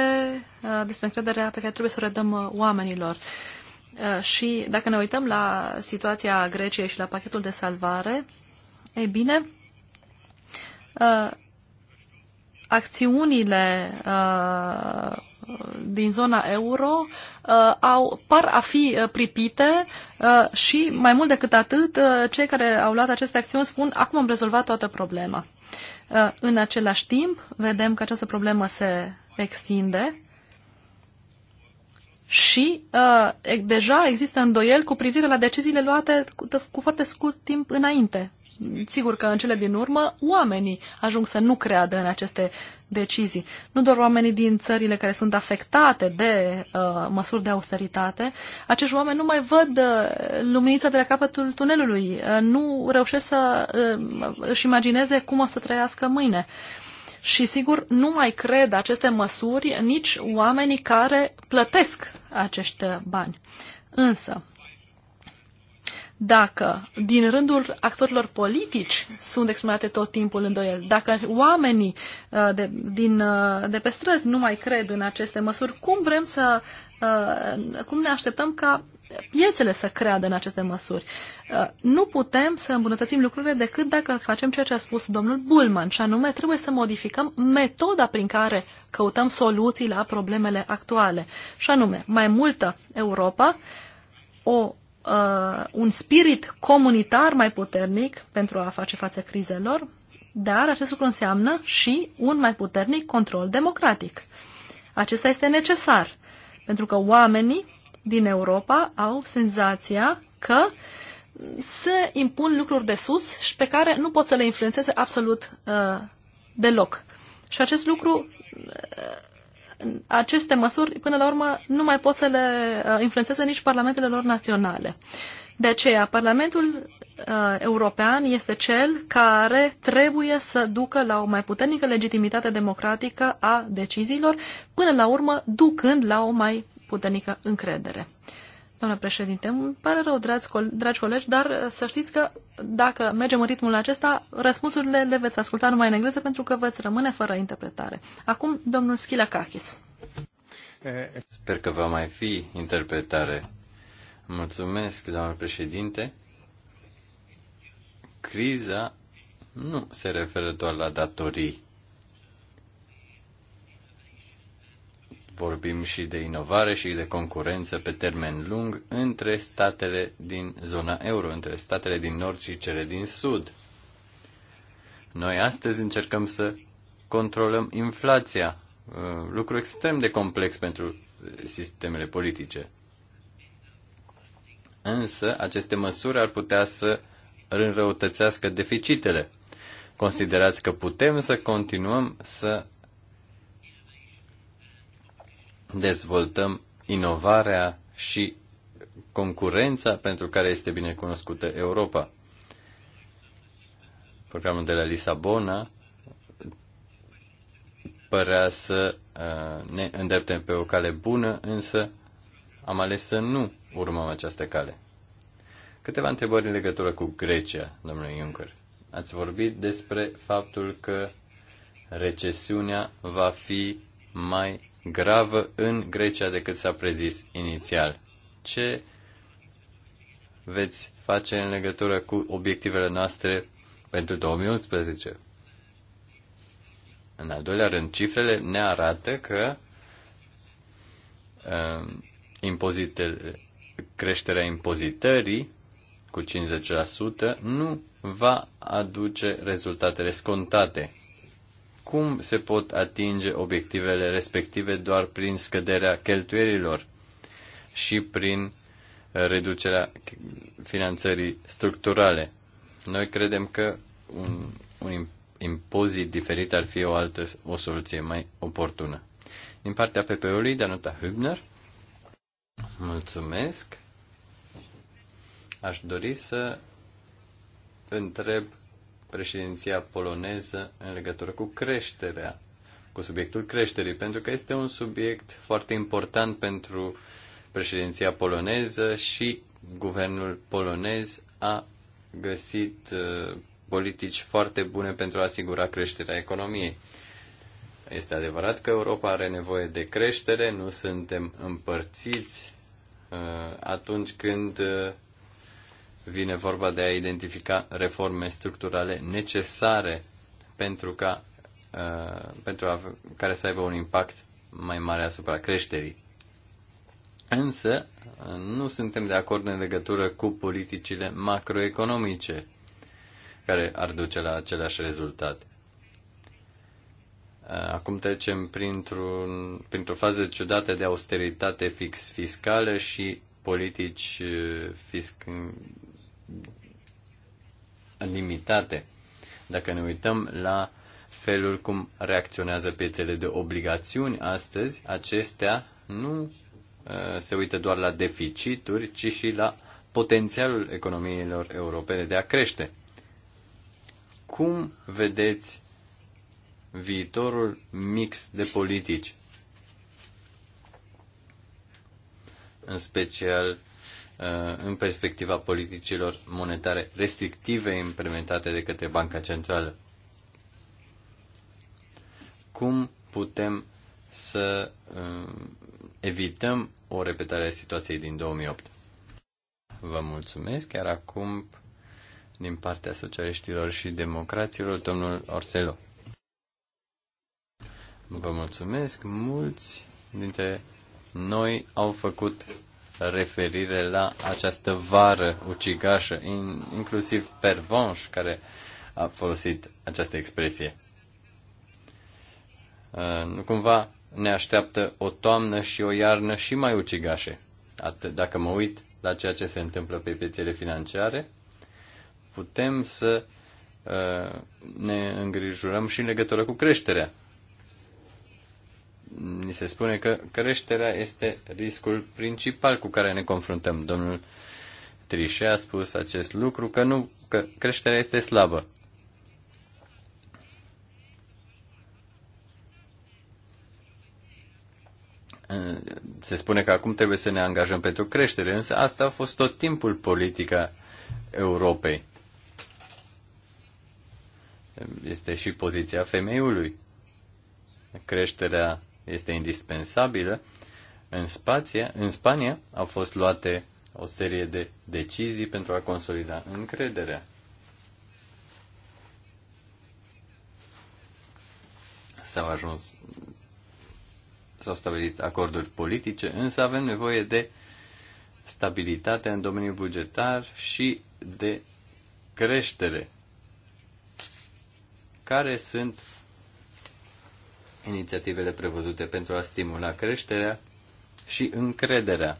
uh, despre încrederea pe care trebuie să o redăm uh, oamenilor. Uh, și dacă ne uităm la situația Greciei și la pachetul de salvare, e bine, uh, acțiunile uh, din zona euro au, par a fi pripite și mai mult decât atât, cei care au luat aceste acțiuni spun acum am rezolvat toată problema. În același timp, vedem că această problemă se extinde și uh, deja există îndoieli cu privire la deciziile luate cu, cu foarte scurt timp înainte. Sigur că în cele din urmă oamenii ajung să nu creadă în aceste decizii. Nu doar oamenii din țările care sunt afectate de uh, măsuri de austeritate, acești oameni nu mai văd uh, luminița de la capătul tunelului, uh, nu reușesc să uh, își imagineze cum o să trăiască mâine. Uh, și sigur, nu mai cred aceste măsuri nici oamenii care plătesc acești bani. Însă, dacă din rândul actorilor politici sunt exprimate tot timpul îndoieli, dacă oamenii uh, de, din, uh, de pe străzi nu mai cred în aceste măsuri, cum vrem să, uh, cum ne așteptăm ca piețele să creadă în aceste măsuri. Uh, nu putem să îmbunătățim lucrurile decât dacă facem ceea ce a spus domnul Bullman, și anume trebuie să modificăm metoda prin care căutăm soluții la problemele actuale. Și anume, mai multă Europa, o, uh, un spirit comunitar mai puternic pentru a face față crizelor, dar acest lucru înseamnă și un mai puternic control democratic. Acesta este necesar, pentru că oamenii din Europa au senzația că se impun lucruri de sus și pe care nu pot să le influențeze absolut uh, deloc. Și acest lucru, uh, aceste măsuri, până la urmă, nu mai pot să le uh, influențeze nici parlamentele lor naționale. De aceea, Parlamentul uh, European este cel care trebuie să ducă la o mai puternică legitimitate democratică a deciziilor, până la urmă ducând la o mai puternică încredere. Doamna președinte, îmi pare rău, dragi, dragi colegi, dar uh, să știți că dacă mergem în ritmul acesta, răspunsurile le veți asculta numai în engleză pentru că veți rămâne fără interpretare. Acum, domnul Schilakakis. Sper că va mai fi interpretare. Mulțumesc, doamna președinte. Criza nu se referă doar la datorii. vorbim și de inovare și de concurență pe termen lung între statele din zona euro, între statele din nord și cele din sud. Noi astăzi încercăm să controlăm inflația, uh, lucru extrem de complex pentru sistemele politice. Însă, aceste măsuri ar putea să înrăutățească deficitele. Considerați că putem să continuăm să dezvoltăm inovarea și concurența pentru care este bine cunoscută Europa. Programul de la Lisabona părea să uh, ne îndreptem pe o cale bună, însă am ales să nu urmăm această cale. Câteva întrebări în legătură cu Grecia, domnule Juncker. Ați vorbit despre faptul că recesiunea va fi mai gravă în Grecia decât s-a prezis inițial. Ce veți face în legătură cu obiectivele noastre pentru 2011? În al doilea rând, cifrele ne arată că uh, um, impozitele, creșterea impozitării cu 50% nu va aduce rezultatele scontate cum se pot atinge obiectivele respective doar prin scăderea cheltuierilor și prin uh, reducerea finanțării structurale. Noi credem că un, un impozit diferit ar fi o altă o soluție mai oportună. Din partea PP-ului, Danuta Hübner, mulțumesc. Aș dori să întreb președinția poloneză în legătură cu creșterea, cu subiectul creșterii, pentru că este un subiect foarte important pentru președinția poloneză și guvernul polonez a găsit uh, politici foarte bune pentru a asigura creșterea economiei. Este adevărat că Europa are nevoie de creștere, nu suntem împărțiți uh, atunci când uh, vine vorba de a identifica reforme structurale necesare pentru ca uh, pentru a, care să aibă un impact mai mare asupra creșterii. Însă, nu suntem de acord în legătură cu politicile macroeconomice care ar duce la același rezultat. Uh, acum trecem printr-o printr fază ciudată de austeritate fix fiscală și politici uh, fisc, limitate. Dacă ne uităm la felul cum reacționează piețele de obligațiuni astăzi, acestea nu uh, se uită doar la deficituri, ci și la potențialul economiilor europene de a crește. Cum vedeți viitorul mix de politici? În special Uh, în perspectiva politicilor monetare restrictive implementate de către Banca Centrală. Cum putem să uh, evităm o repetare a situației din 2008? Vă mulțumesc, iar acum din partea socialiștilor și democraților, domnul Orselo. Vă mulțumesc, mulți dintre noi au făcut referire la această vară ucigașă, in, inclusiv Pervonș, care a folosit această expresie. Nu uh, cumva ne așteaptă o toamnă și o iarnă și mai ucigașe. Atât, dacă mă uit la ceea ce se întâmplă pe piețele financiare, putem să uh, ne îngrijorăm și în legătură cu creșterea ni se spune că creșterea este riscul principal cu care ne confruntăm. Domnul Trișe a spus acest lucru, că, nu, că creșterea este slabă. Se spune că acum trebuie să ne angajăm pentru creștere, însă asta a fost tot timpul politica Europei. Este și poziția femeiului. Creșterea este indispensabilă, în, spație, în Spania au fost luate o serie de decizii pentru a consolida încrederea. S-au ajuns s-au stabilit acorduri politice, însă avem nevoie de stabilitate în domeniul bugetar și de creștere. Care sunt inițiativele prevăzute pentru a stimula creșterea și încrederea.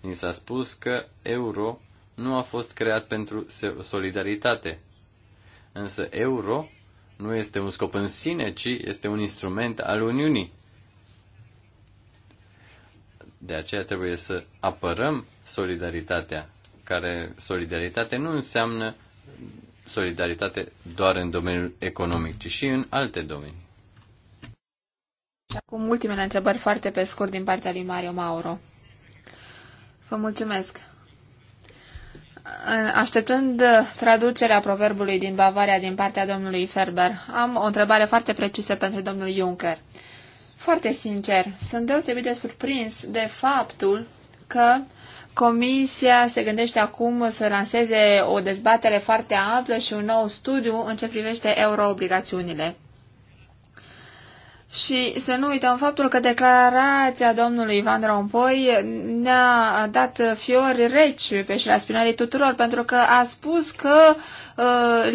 Ni s-a spus că euro nu a fost creat pentru solidaritate. Însă euro nu este un scop în sine, ci este un instrument al Uniunii. De aceea trebuie să apărăm solidaritatea, care solidaritate nu înseamnă solidaritate doar în domeniul economic, ci și în alte domenii. Și acum ultimele întrebări foarte pe scurt din partea lui Mario Mauro. Vă mulțumesc. Așteptând traducerea proverbului din Bavaria din partea domnului Ferber, am o întrebare foarte precisă pentru domnul Juncker. Foarte sincer, sunt deosebit de surprins de faptul că Comisia se gândește acum să lanseze o dezbatere foarte amplă și un nou studiu în ce privește euroobligațiunile. Și să nu uităm faptul că declarația domnului Ivan Rompoi ne-a dat fiori reci pe șirea spinării tuturor, pentru că a spus că uh,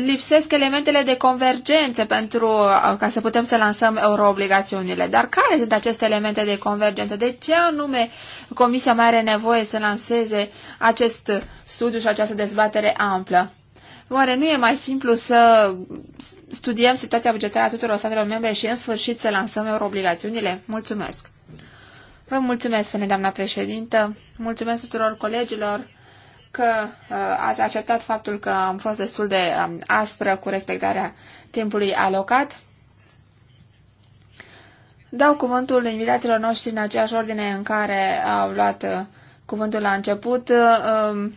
lipsesc elementele de convergență pentru uh, ca să putem să lansăm euroobligațiunile. Dar care sunt aceste elemente de convergență? De ce anume Comisia mai are nevoie să lanseze acest studiu și această dezbatere amplă? Oare nu e mai simplu să studiem situația bugetară a tuturor statelor membre și în sfârșit să lansăm euroobligațiunile? Mulțumesc! Vă mulțumesc, spune doamna președintă, mulțumesc tuturor colegilor că uh, ați acceptat faptul că am fost destul de um, aspră cu respectarea timpului alocat. Dau cuvântul invitațiilor noștri în aceeași ordine în care au luat uh, cuvântul la început. Uh, um,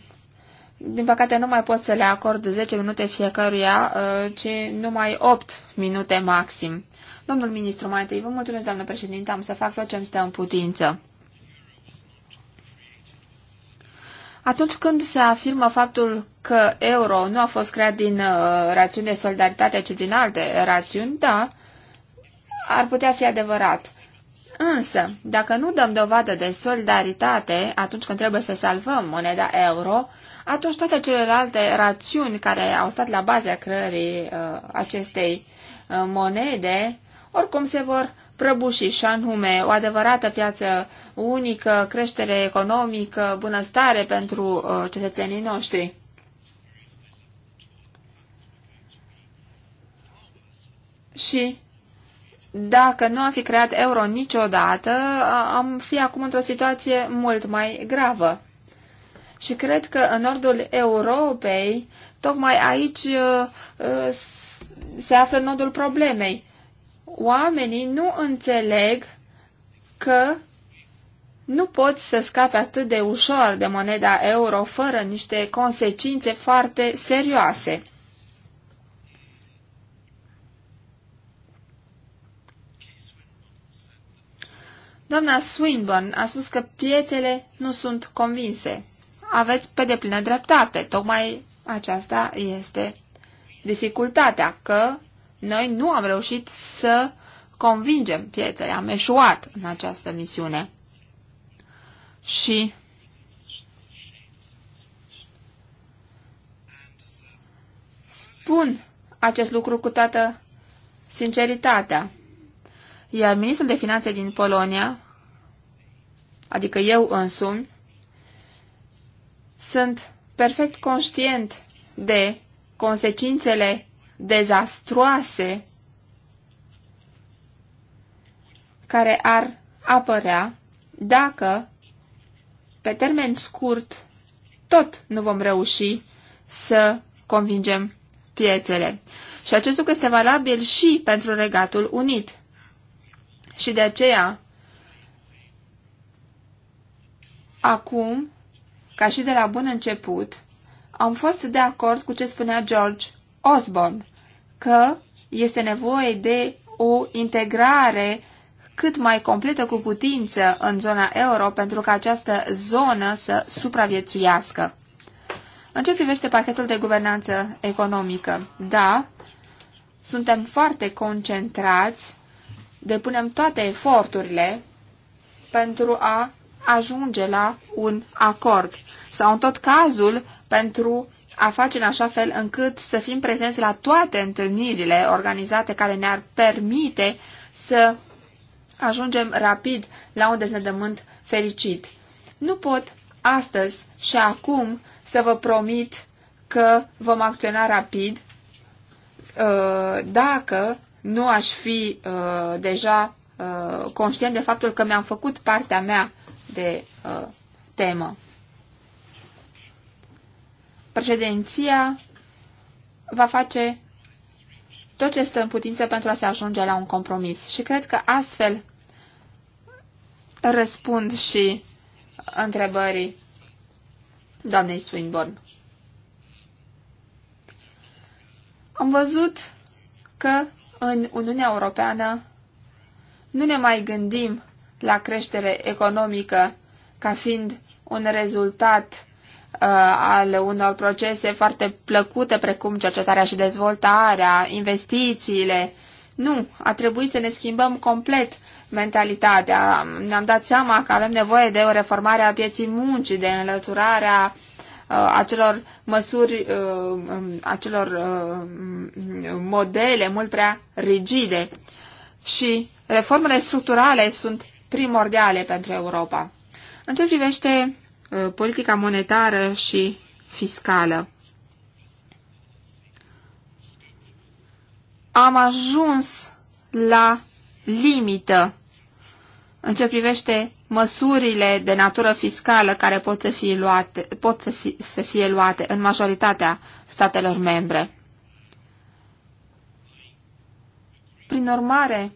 din păcate nu mai pot să le acord 10 minute fiecăruia, uh, ci numai 8 minute maxim. Domnul ministru, mai întâi, vă mulțumesc, doamnă președinte, am să fac tot ce îmi stă în putință. Atunci când se afirmă faptul că euro nu a fost creat din uh, rațiuni de solidaritate, ci din alte rațiuni, da, ar putea fi adevărat. Însă, dacă nu dăm dovadă de solidaritate atunci când trebuie să salvăm moneda euro, atunci toate celelalte rațiuni care au stat la baza creării uh, acestei uh, monede, oricum se vor prăbuși și anume o adevărată piață unică, creștere economică, bunăstare pentru uh, cetățenii noștri. Și dacă nu am fi creat euro niciodată, uh, am fi acum într-o situație mult mai gravă. Și cred că în nordul Europei, tocmai aici uh, uh, se află nodul problemei. Oamenii nu înțeleg că nu poți să scape atât de ușor de moneda euro fără niște consecințe foarte serioase. Doamna Swinburne a spus că piețele nu sunt convinse aveți pe deplină dreptate. Tocmai aceasta este dificultatea, că noi nu am reușit să convingem piețele, am eșuat în această misiune. Și spun acest lucru cu toată sinceritatea. Iar ministrul de finanțe din Polonia, adică eu însumi, sunt perfect conștient de consecințele dezastroase care ar apărea dacă, pe termen scurt, tot nu vom reuși să convingem piețele. Și acest lucru este valabil și pentru Regatul Unit. Și de aceea, acum, ca și de la bun început, am fost de acord cu ce spunea George Osborne, că este nevoie de o integrare cât mai completă cu putință în zona euro pentru ca această zonă să supraviețuiască. În ce privește pachetul de guvernanță economică, da, suntem foarte concentrați, depunem toate eforturile pentru a ajunge la un acord sau în tot cazul pentru a face în așa fel încât să fim prezenți la toate întâlnirile organizate care ne-ar permite să ajungem rapid la un deznădământ fericit. Nu pot astăzi și acum să vă promit că vom acționa rapid uh, dacă nu aș fi uh, deja uh, conștient de faptul că mi-am făcut partea mea de uh, temă. Președinția va face tot ce stă în putință pentru a se ajunge la un compromis și cred că astfel răspund și întrebării doamnei Swinburne. Am văzut că în Uniunea Europeană nu ne mai gândim la creștere economică ca fiind un rezultat uh, al unor procese foarte plăcute, precum cercetarea și dezvoltarea, investițiile. Nu, a trebuit să ne schimbăm complet mentalitatea. Ne-am dat seama că avem nevoie de o reformare a pieții muncii, de înlăturarea uh, acelor măsuri, uh, um, acelor uh, um, modele mult prea rigide. Și reformele structurale sunt primordiale pentru Europa. În ce privește uh, politica monetară și fiscală. Am ajuns la limită în ce privește măsurile de natură fiscală care pot să fie luate, pot să, fie, să fie luate în majoritatea statelor membre. Prin urmare,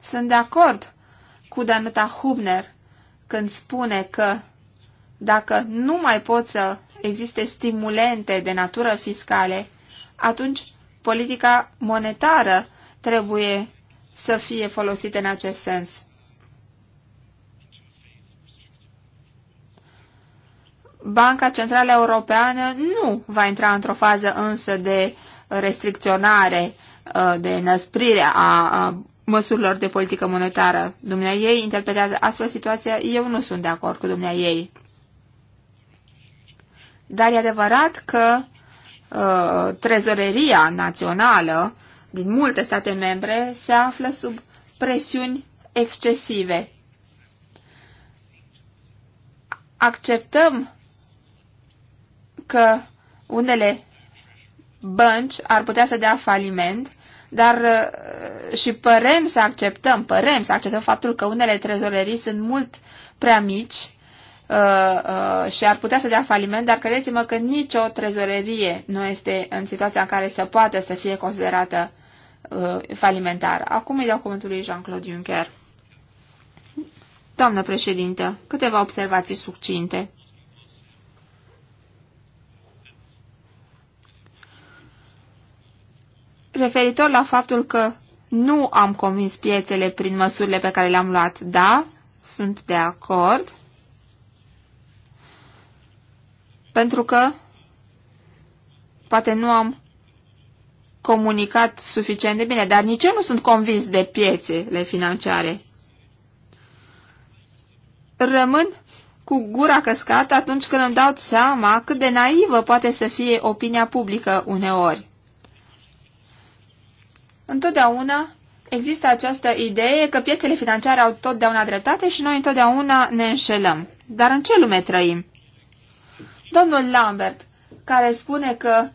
sunt de acord cu Danuta Hubner când spune că dacă nu mai pot să existe stimulente de natură fiscale, atunci politica monetară trebuie să fie folosită în acest sens. Banca Centrală Europeană nu va intra într-o fază însă de restricționare, uh, de năsprire a măsurilor de politică monetară. Dumnea ei interpretează astfel situația, eu nu sunt de acord cu dumnea ei. Dar e adevărat că uh, trezoreria națională din multe state membre se află sub presiuni excesive. Acceptăm că unele bănci ar putea să dea faliment, dar uh, și părem să acceptăm, părem să acceptăm faptul că unele trezorerii sunt mult prea mici uh, uh, și ar putea să dea faliment, dar credeți-mă că nicio trezorerie nu este în situația în care să poată să fie considerată falimentară. Acum îi dau cuvântul lui Jean-Claude Juncker. Doamnă președintă, câteva observații succinte. referitor la faptul că nu am convins piețele prin măsurile pe care le-am luat. Da, sunt de acord. Pentru că poate nu am comunicat suficient de bine, dar nici eu nu sunt convins de piețele financiare. Rămân cu gura căscată atunci când îmi dau seama cât de naivă poate să fie opinia publică uneori întotdeauna există această idee că piețele financiare au totdeauna dreptate și noi întotdeauna ne înșelăm. Dar în ce lume trăim? Domnul Lambert, care spune că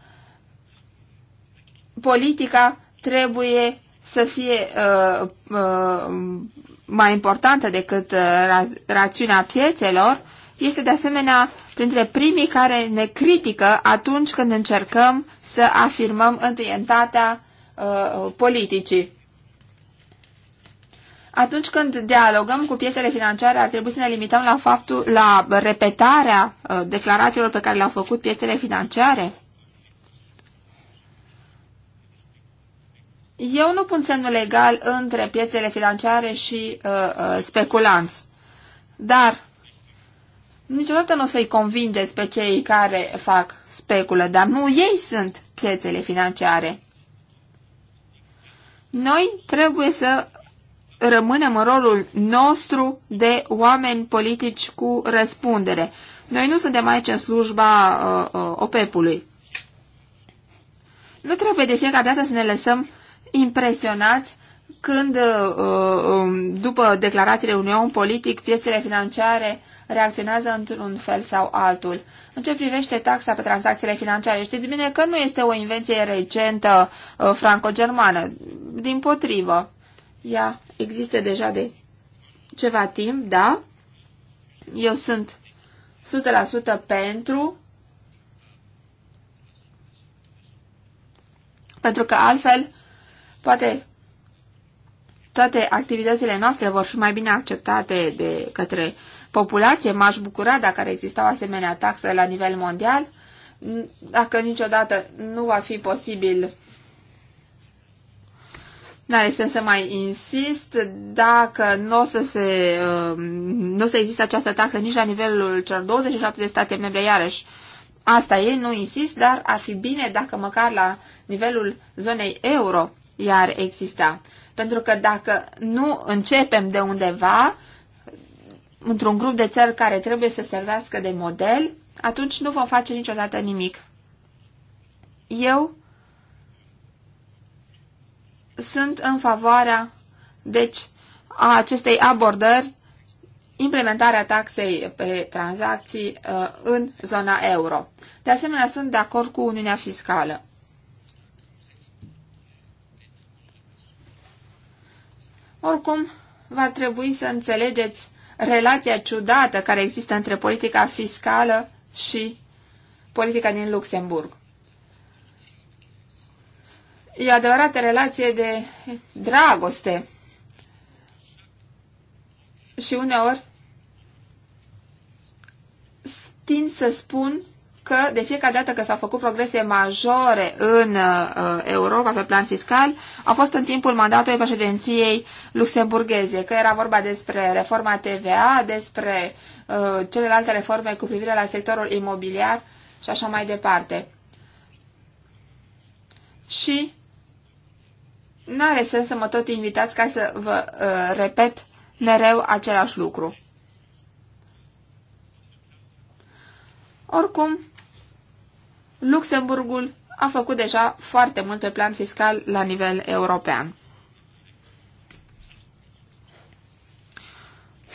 politica trebuie să fie uh, uh, mai importantă decât uh, ra rațiunea piețelor, este de asemenea printre primii care ne critică atunci când încercăm să afirmăm întâietatea Uh, politicii. Atunci când dialogăm cu piețele financiare, ar trebui să ne limităm la faptul, la repetarea uh, declarațiilor pe care le-au făcut piețele financiare? Eu nu pun semnul legal între piețele financiare și uh, uh, speculanți, dar niciodată nu o să-i convingeți pe cei care fac speculă, dar nu ei sunt piețele financiare. Noi trebuie să rămânem în rolul nostru de oameni politici cu răspundere. Noi nu suntem aici în slujba uh, uh, OPEP-ului. Nu trebuie de fiecare dată să ne lăsăm impresionați când, uh, uh, după declarațiile unui om politic, piețele financiare uh, reacționează într-un fel sau altul. În ce privește taxa pe tranzacțiile financiare, știți bine că nu este o invenție recentă uh, franco-germană. Din potrivă, ea există deja de ceva timp, da? Eu sunt 100% pentru, pentru că altfel poate toate activitățile noastre vor fi mai bine acceptate de către populație, m-aș bucura dacă ar exista o asemenea taxă la nivel mondial, dacă niciodată nu va fi posibil N-are sens să mai insist, dacă nu o să, se, um, nu o să există această taxă nici la nivelul celor 27 de state membre, iarăși, asta e, nu insist, dar ar fi bine dacă măcar la nivelul zonei euro iar exista. Pentru că dacă nu începem de undeva, într-un grup de țări care trebuie să servească de model, atunci nu vom face niciodată nimic. Eu sunt în favoarea, deci, a acestei abordări, implementarea taxei pe tranzacții uh, în zona euro. De asemenea, sunt de acord cu Uniunea Fiscală. Oricum, va trebui să înțelegeți relația ciudată care există între politica fiscală și politica din Luxemburg. E o adevărată relație de dragoste și uneori tind să spun că de fiecare dată că s-au făcut progrese majore în uh, Europa pe plan fiscal, a fost în timpul mandatului președinției luxemburgheze, că era vorba despre reforma TVA, despre uh, celelalte reforme cu privire la sectorul imobiliar și așa mai departe. Și nu are sens să mă tot invitați ca să vă uh, repet mereu același lucru. Oricum, Luxemburgul a făcut deja foarte mult pe plan fiscal la nivel european.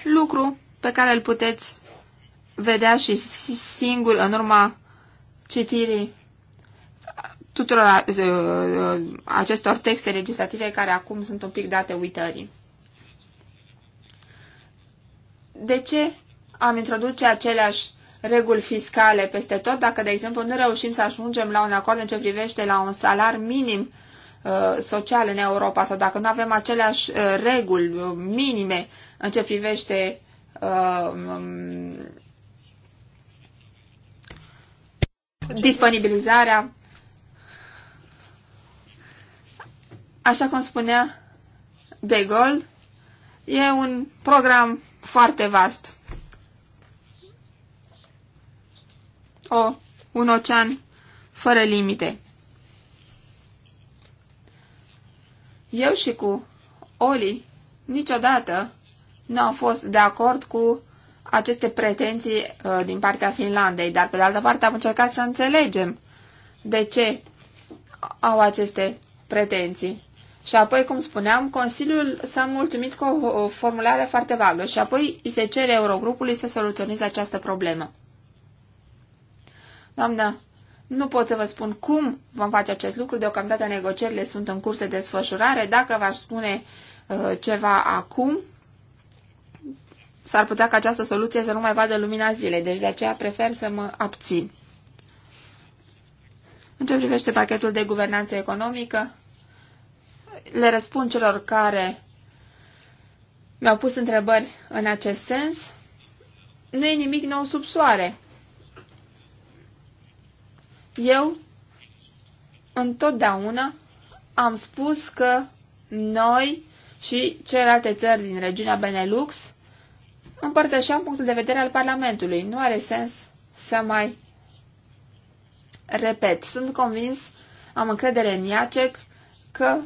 Lucru pe care îl puteți vedea și singur în urma citirii tuturor uh, uh, acestor texte legislative care acum sunt un pic date uitării. De ce am introduce aceleași reguli fiscale peste tot, dacă, de exemplu, nu reușim să ajungem la un acord în ce privește la un salar minim uh, social în Europa sau dacă nu avem aceleași uh, reguli uh, minime în ce privește uh, um, disponibilizarea. Așa cum spunea De Gaulle, e un program foarte vast. o, un ocean fără limite. Eu și cu Oli niciodată nu am fost de acord cu aceste pretenții uh, din partea Finlandei, dar pe de altă parte am încercat să înțelegem de ce au aceste pretenții. Și apoi, cum spuneam, Consiliul s-a mulțumit cu o, formulare foarte vagă și apoi îi se cere Eurogrupului să soluționeze această problemă. Doamnă, nu pot să vă spun cum vom face acest lucru, deocamdată negocierile sunt în curs de desfășurare. Dacă v-aș spune uh, ceva acum, s-ar putea ca această soluție să nu mai vadă lumina zilei, deci de aceea prefer să mă abțin. În ce privește pachetul de guvernanță economică, le răspund celor care mi-au pus întrebări în acest sens. Nu e nimic nou sub soare. Eu întotdeauna am spus că noi și celelalte țări din regiunea Benelux împărtășeam punctul de vedere al Parlamentului. Nu are sens să mai repet. Sunt convins, am încredere în Iacek, că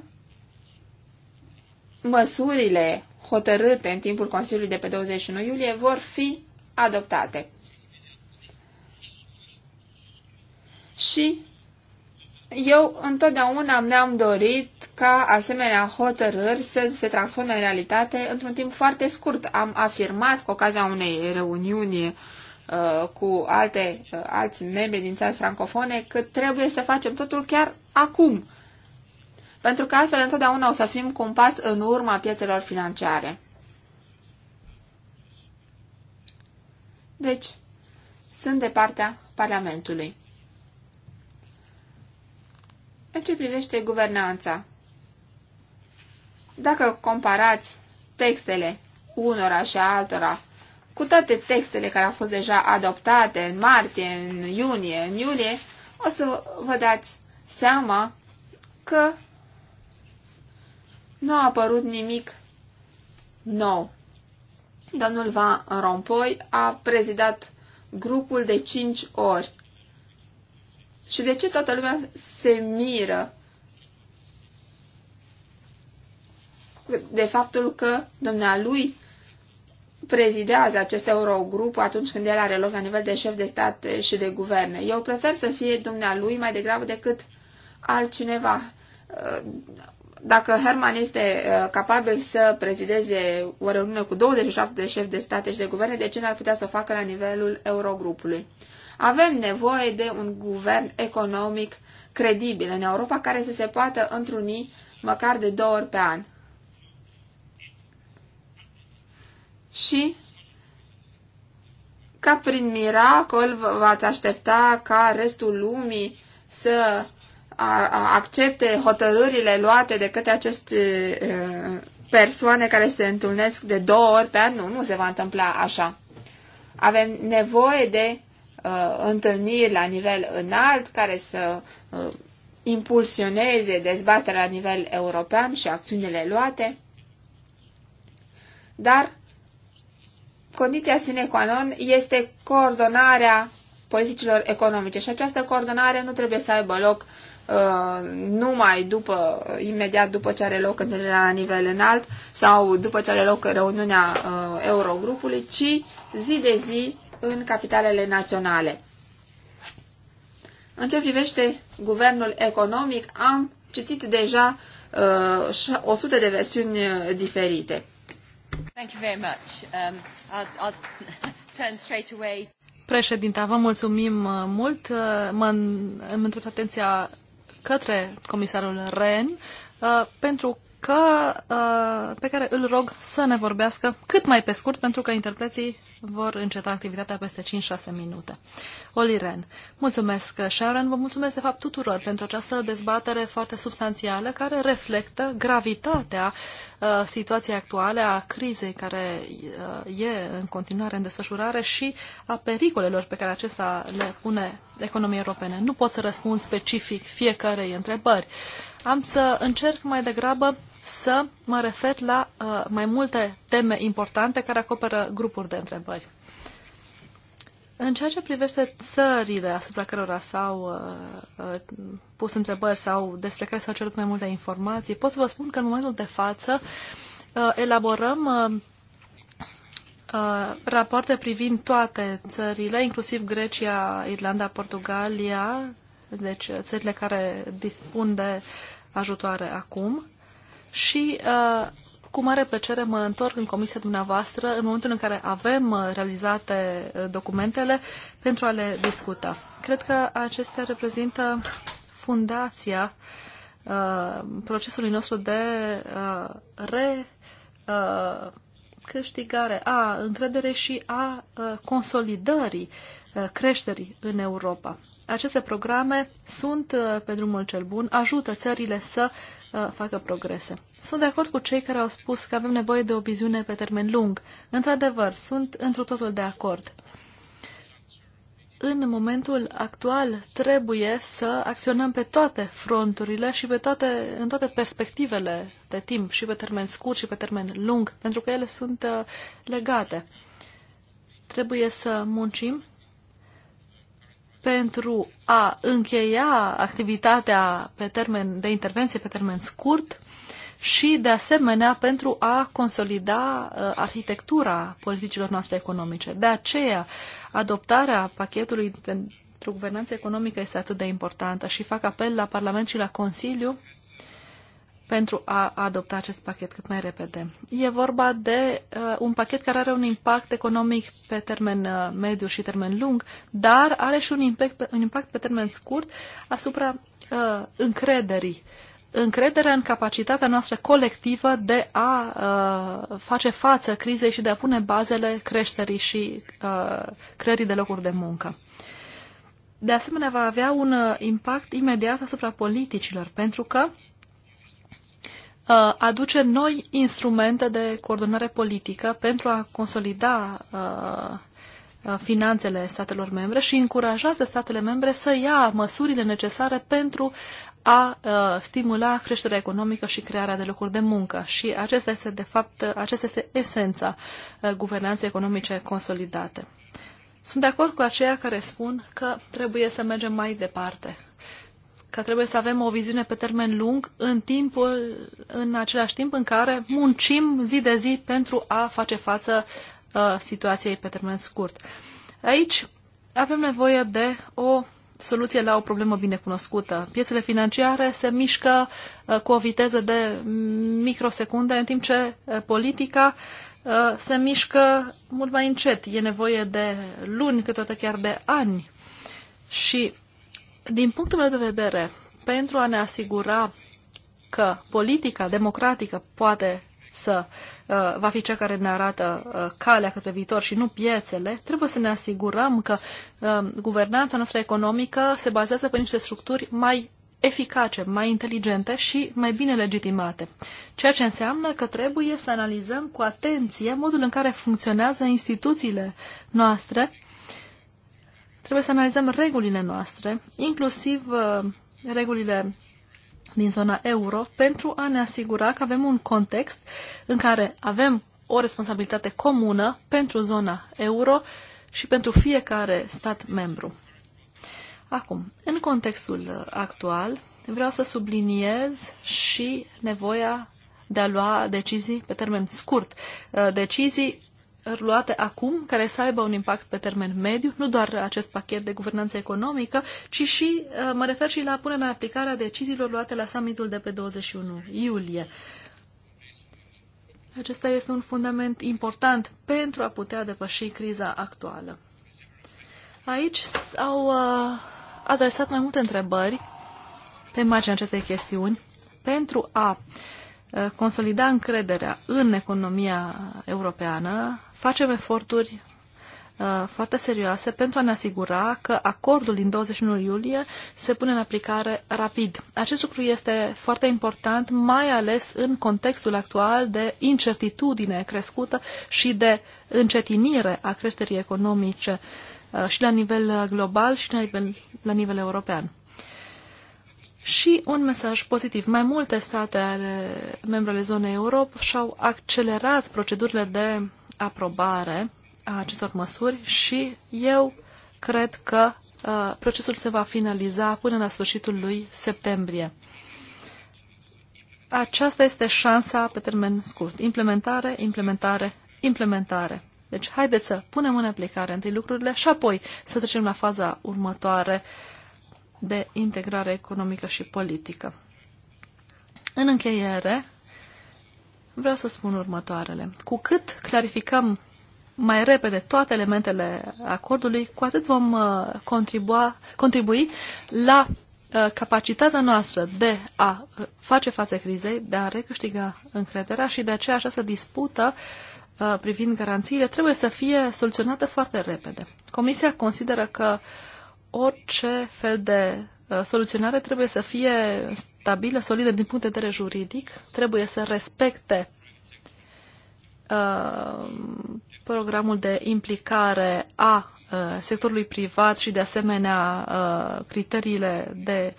măsurile hotărâte în timpul Consiliului de pe 21 iulie vor fi adoptate. și eu întotdeauna mi-am dorit ca asemenea hotărâri să se transforme în realitate într-un timp foarte scurt. Am afirmat cu ocazia unei reuniuni uh, cu alte, uh, alți membri din țări francofone că trebuie să facem totul chiar acum. Pentru că altfel întotdeauna o să fim cu un pas în urma piețelor financiare. Deci, sunt de partea Parlamentului. În ce privește guvernanța, dacă comparați textele unora și altora cu toate textele care au fost deja adoptate în martie, în iunie, în iulie, o să vă dați seama că nu a apărut nimic nou. Domnul Van Rompuy a prezidat grupul de cinci ori și de ce toată lumea se miră de faptul că dumnealui prezidează acest Eurogrup atunci când el are loc la nivel de șef de stat și de guverne. Eu prefer să fie dumnealui mai degrabă decât altcineva. Dacă Herman este uh, capabil să prezideze o reuniune cu 27 de șefi de state și de guverne, de ce n-ar putea să o facă la nivelul Eurogrupului? Avem nevoie de un guvern economic credibil în Europa care să se poată întruni măcar de două ori pe an. Și ca prin miracol v-ați aștepta ca restul lumii să accepte hotărârile luate de către aceste persoane care se întâlnesc de două ori pe an. Nu, nu se va întâmpla așa. Avem nevoie de Uh, întâlniri la nivel înalt care să uh, impulsioneze dezbaterea la nivel european și acțiunile luate, dar condiția sine qua non este coordonarea politicilor economice și această coordonare nu trebuie să aibă loc uh, numai după, imediat după ce are loc întâlnirea la nivel înalt sau după ce are loc reuniunea uh, Eurogrupului, ci zi de zi în capitalele naționale. În ce privește guvernul economic, am citit deja uh, 100 de versiuni uh, diferite. Thank you very much. Um, I'll, I'll (laughs) turn straight away. Președinta, vă mulțumim uh, mult. Uh, mă întreb atenția către comisarul Ren pentru că, uh, pe care îl rog să ne vorbească cât mai pe scurt, pentru că interpreții vor înceta activitatea peste 5-6 minute. Oliren, mulțumesc, Sharon, vă mulțumesc de fapt tuturor pentru această dezbatere foarte substanțială care reflectă gravitatea uh, situației actuale, a crizei care uh, e în continuare în desfășurare și a pericolelor pe care acesta le pune economia europene. Nu pot să răspund specific fiecarei întrebări. Am să încerc mai degrabă să mă refer la uh, mai multe teme importante care acoperă grupuri de întrebări. În ceea ce privește țările asupra cărora s-au uh, uh pus întrebări sau despre care s-au cerut mai multe informații, pot să vă spun că în momentul de față uh, elaborăm uh, uh rapoarte privind toate țările, inclusiv Grecia, Irlanda, Portugalia, deci țările care dispun de ajutoare acum și uh, cu mare plăcere mă întorc în comisia dumneavoastră în momentul în care avem uh, realizate uh, documentele pentru a le discuta. Cred că acestea reprezintă fundația procesului nostru de recâștigare a încrederei și a consolidării creșterii în Europa. Aceste programe sunt pe drumul cel bun, ajută țările să facă progrese. Sunt de acord cu cei care au spus că avem nevoie de o viziune pe termen lung. Într-adevăr, sunt într totul de acord. În momentul actual trebuie să acționăm pe toate fronturile și pe toate, în toate perspectivele de timp, și pe termen scurt și pe termen lung, pentru că ele sunt uh, legate. Trebuie să muncim pentru a încheia activitatea pe termen de intervenție pe termen scurt și, de asemenea, pentru a consolida uh, arhitectura politicilor noastre economice. De aceea, adoptarea pachetului pentru guvernanță economică este atât de importantă și fac apel la Parlament și la Consiliu pentru a adopta acest pachet cât mai repede. E vorba de uh, un pachet care are un impact economic pe termen uh, mediu și termen lung, dar are și un impact, un impact pe termen scurt asupra uh, încrederii. Încrederea în capacitatea noastră colectivă de a uh, face față crizei și de a pune bazele creșterii și uh, creării de locuri de muncă. De asemenea, va avea un uh, impact imediat asupra politicilor, pentru că uh, Uh, aduce noi instrumente de coordonare politică pentru a consolida uh, uh, finanțele statelor membre și încurajează statele membre să ia măsurile necesare pentru a stimula creșterea economică și crearea de locuri de muncă. Și acesta este, de fapt, acesta este esența guvernanței economice consolidate. Sunt de acord cu aceia care spun că trebuie să mergem mai departe că trebuie să avem o viziune pe termen lung în timpul, în același timp în care muncim zi de zi pentru a face față uh, situației pe termen scurt. Aici avem nevoie de o soluție la o problemă bine cunoscută. Piețele financiare se mișcă uh, cu o viteză de microsecunde, în timp ce uh, politica uh, se mișcă mult mai încet. E nevoie de luni, câteodată chiar de ani. Și din punctul meu de vedere, pentru a ne asigura că politica democratică poate să uh, va fi cea care ne arată uh, calea către viitor și nu piețele, trebuie să ne asigurăm că uh, guvernanța noastră economică se bazează pe niște structuri mai eficace, mai inteligente și mai bine legitimate. Ceea ce înseamnă că trebuie să analizăm cu atenție modul în care funcționează instituțiile noastre Trebuie să analizăm regulile noastre, inclusiv uh, regulile din zona euro, pentru a ne asigura că avem un context în care avem o responsabilitate comună pentru zona euro și pentru fiecare stat membru. Acum, în contextul uh, actual, vreau să subliniez și nevoia de a lua decizii pe termen scurt, uh, decizii luate acum, care să aibă un impact pe termen mediu, nu doar acest pachet de guvernanță economică, ci și, uh, mă refer și la punerea în aplicare a deciziilor luate la summitul de pe 21 iulie. Acesta este un fundament important pentru a putea depăși criza actuală. Aici au uh, adresat mai multe întrebări pe marginea acestei chestiuni pentru a uh, Uh, consolida încrederea în economia europeană, facem eforturi uh, foarte serioase pentru a ne asigura că acordul din 21 iulie se pune în aplicare rapid. Acest lucru este foarte important, mai ales în contextul actual de incertitudine crescută și de încetinire a creșterii economice uh, și la nivel global și la nivel, la nivel european și un mesaj pozitiv. Mai multe state ale membrele zonei Europa și-au accelerat procedurile de aprobare a acestor măsuri și eu cred că uh, procesul se va finaliza până la sfârșitul lui septembrie. Aceasta este șansa pe termen scurt. Implementare, implementare, implementare. Deci haideți să punem în aplicare întâi lucrurile și apoi să trecem la faza următoare uh, de integrare economică și politică. În încheiere, vreau să spun următoarele. Cu cât clarificăm mai repede toate elementele acordului, cu atât vom uh, contribua, contribui la uh, capacitatea noastră de a uh, face față crizei, de a recâștiga încrederea și de aceea această dispută privind garanțiile trebuie să fie soluționată foarte repede. Comisia consideră că uh, orice fel de uh, soluționare trebuie să fie stabilă, solidă din punct de vedere juridic, trebuie să respecte uh, programul de implicare a uh, sectorului privat și de asemenea criteriile de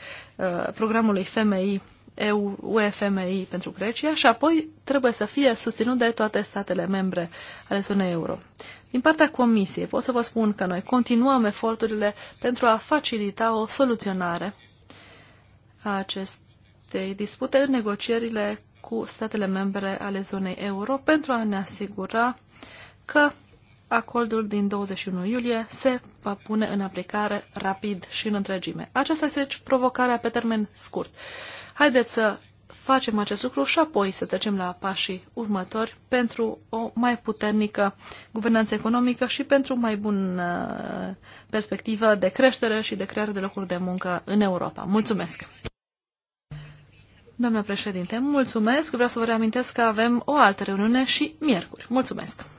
programului FMI EU, UFMI pentru Grecia și apoi trebuie să fie susținut de toate statele membre ale zonei euro. Din partea Comisiei pot să vă spun că noi continuăm eforturile pentru a facilita o soluționare a acestei dispute în negocierile cu statele membre ale zonei euro pentru a ne asigura că acordul din 21 iulie se va pune în aplicare rapid și în întregime. Aceasta este deci, provocarea pe termen scurt. Haideți să facem acest lucru și apoi să trecem la pașii următori pentru o mai puternică guvernanță economică și pentru o mai bună uh, perspectivă de creștere și de creare de locuri de muncă în Europa. Mulțumesc! Doamna președinte, mulțumesc! Vreau să vă reamintesc că avem o altă reuniune și miercuri. Mulțumesc!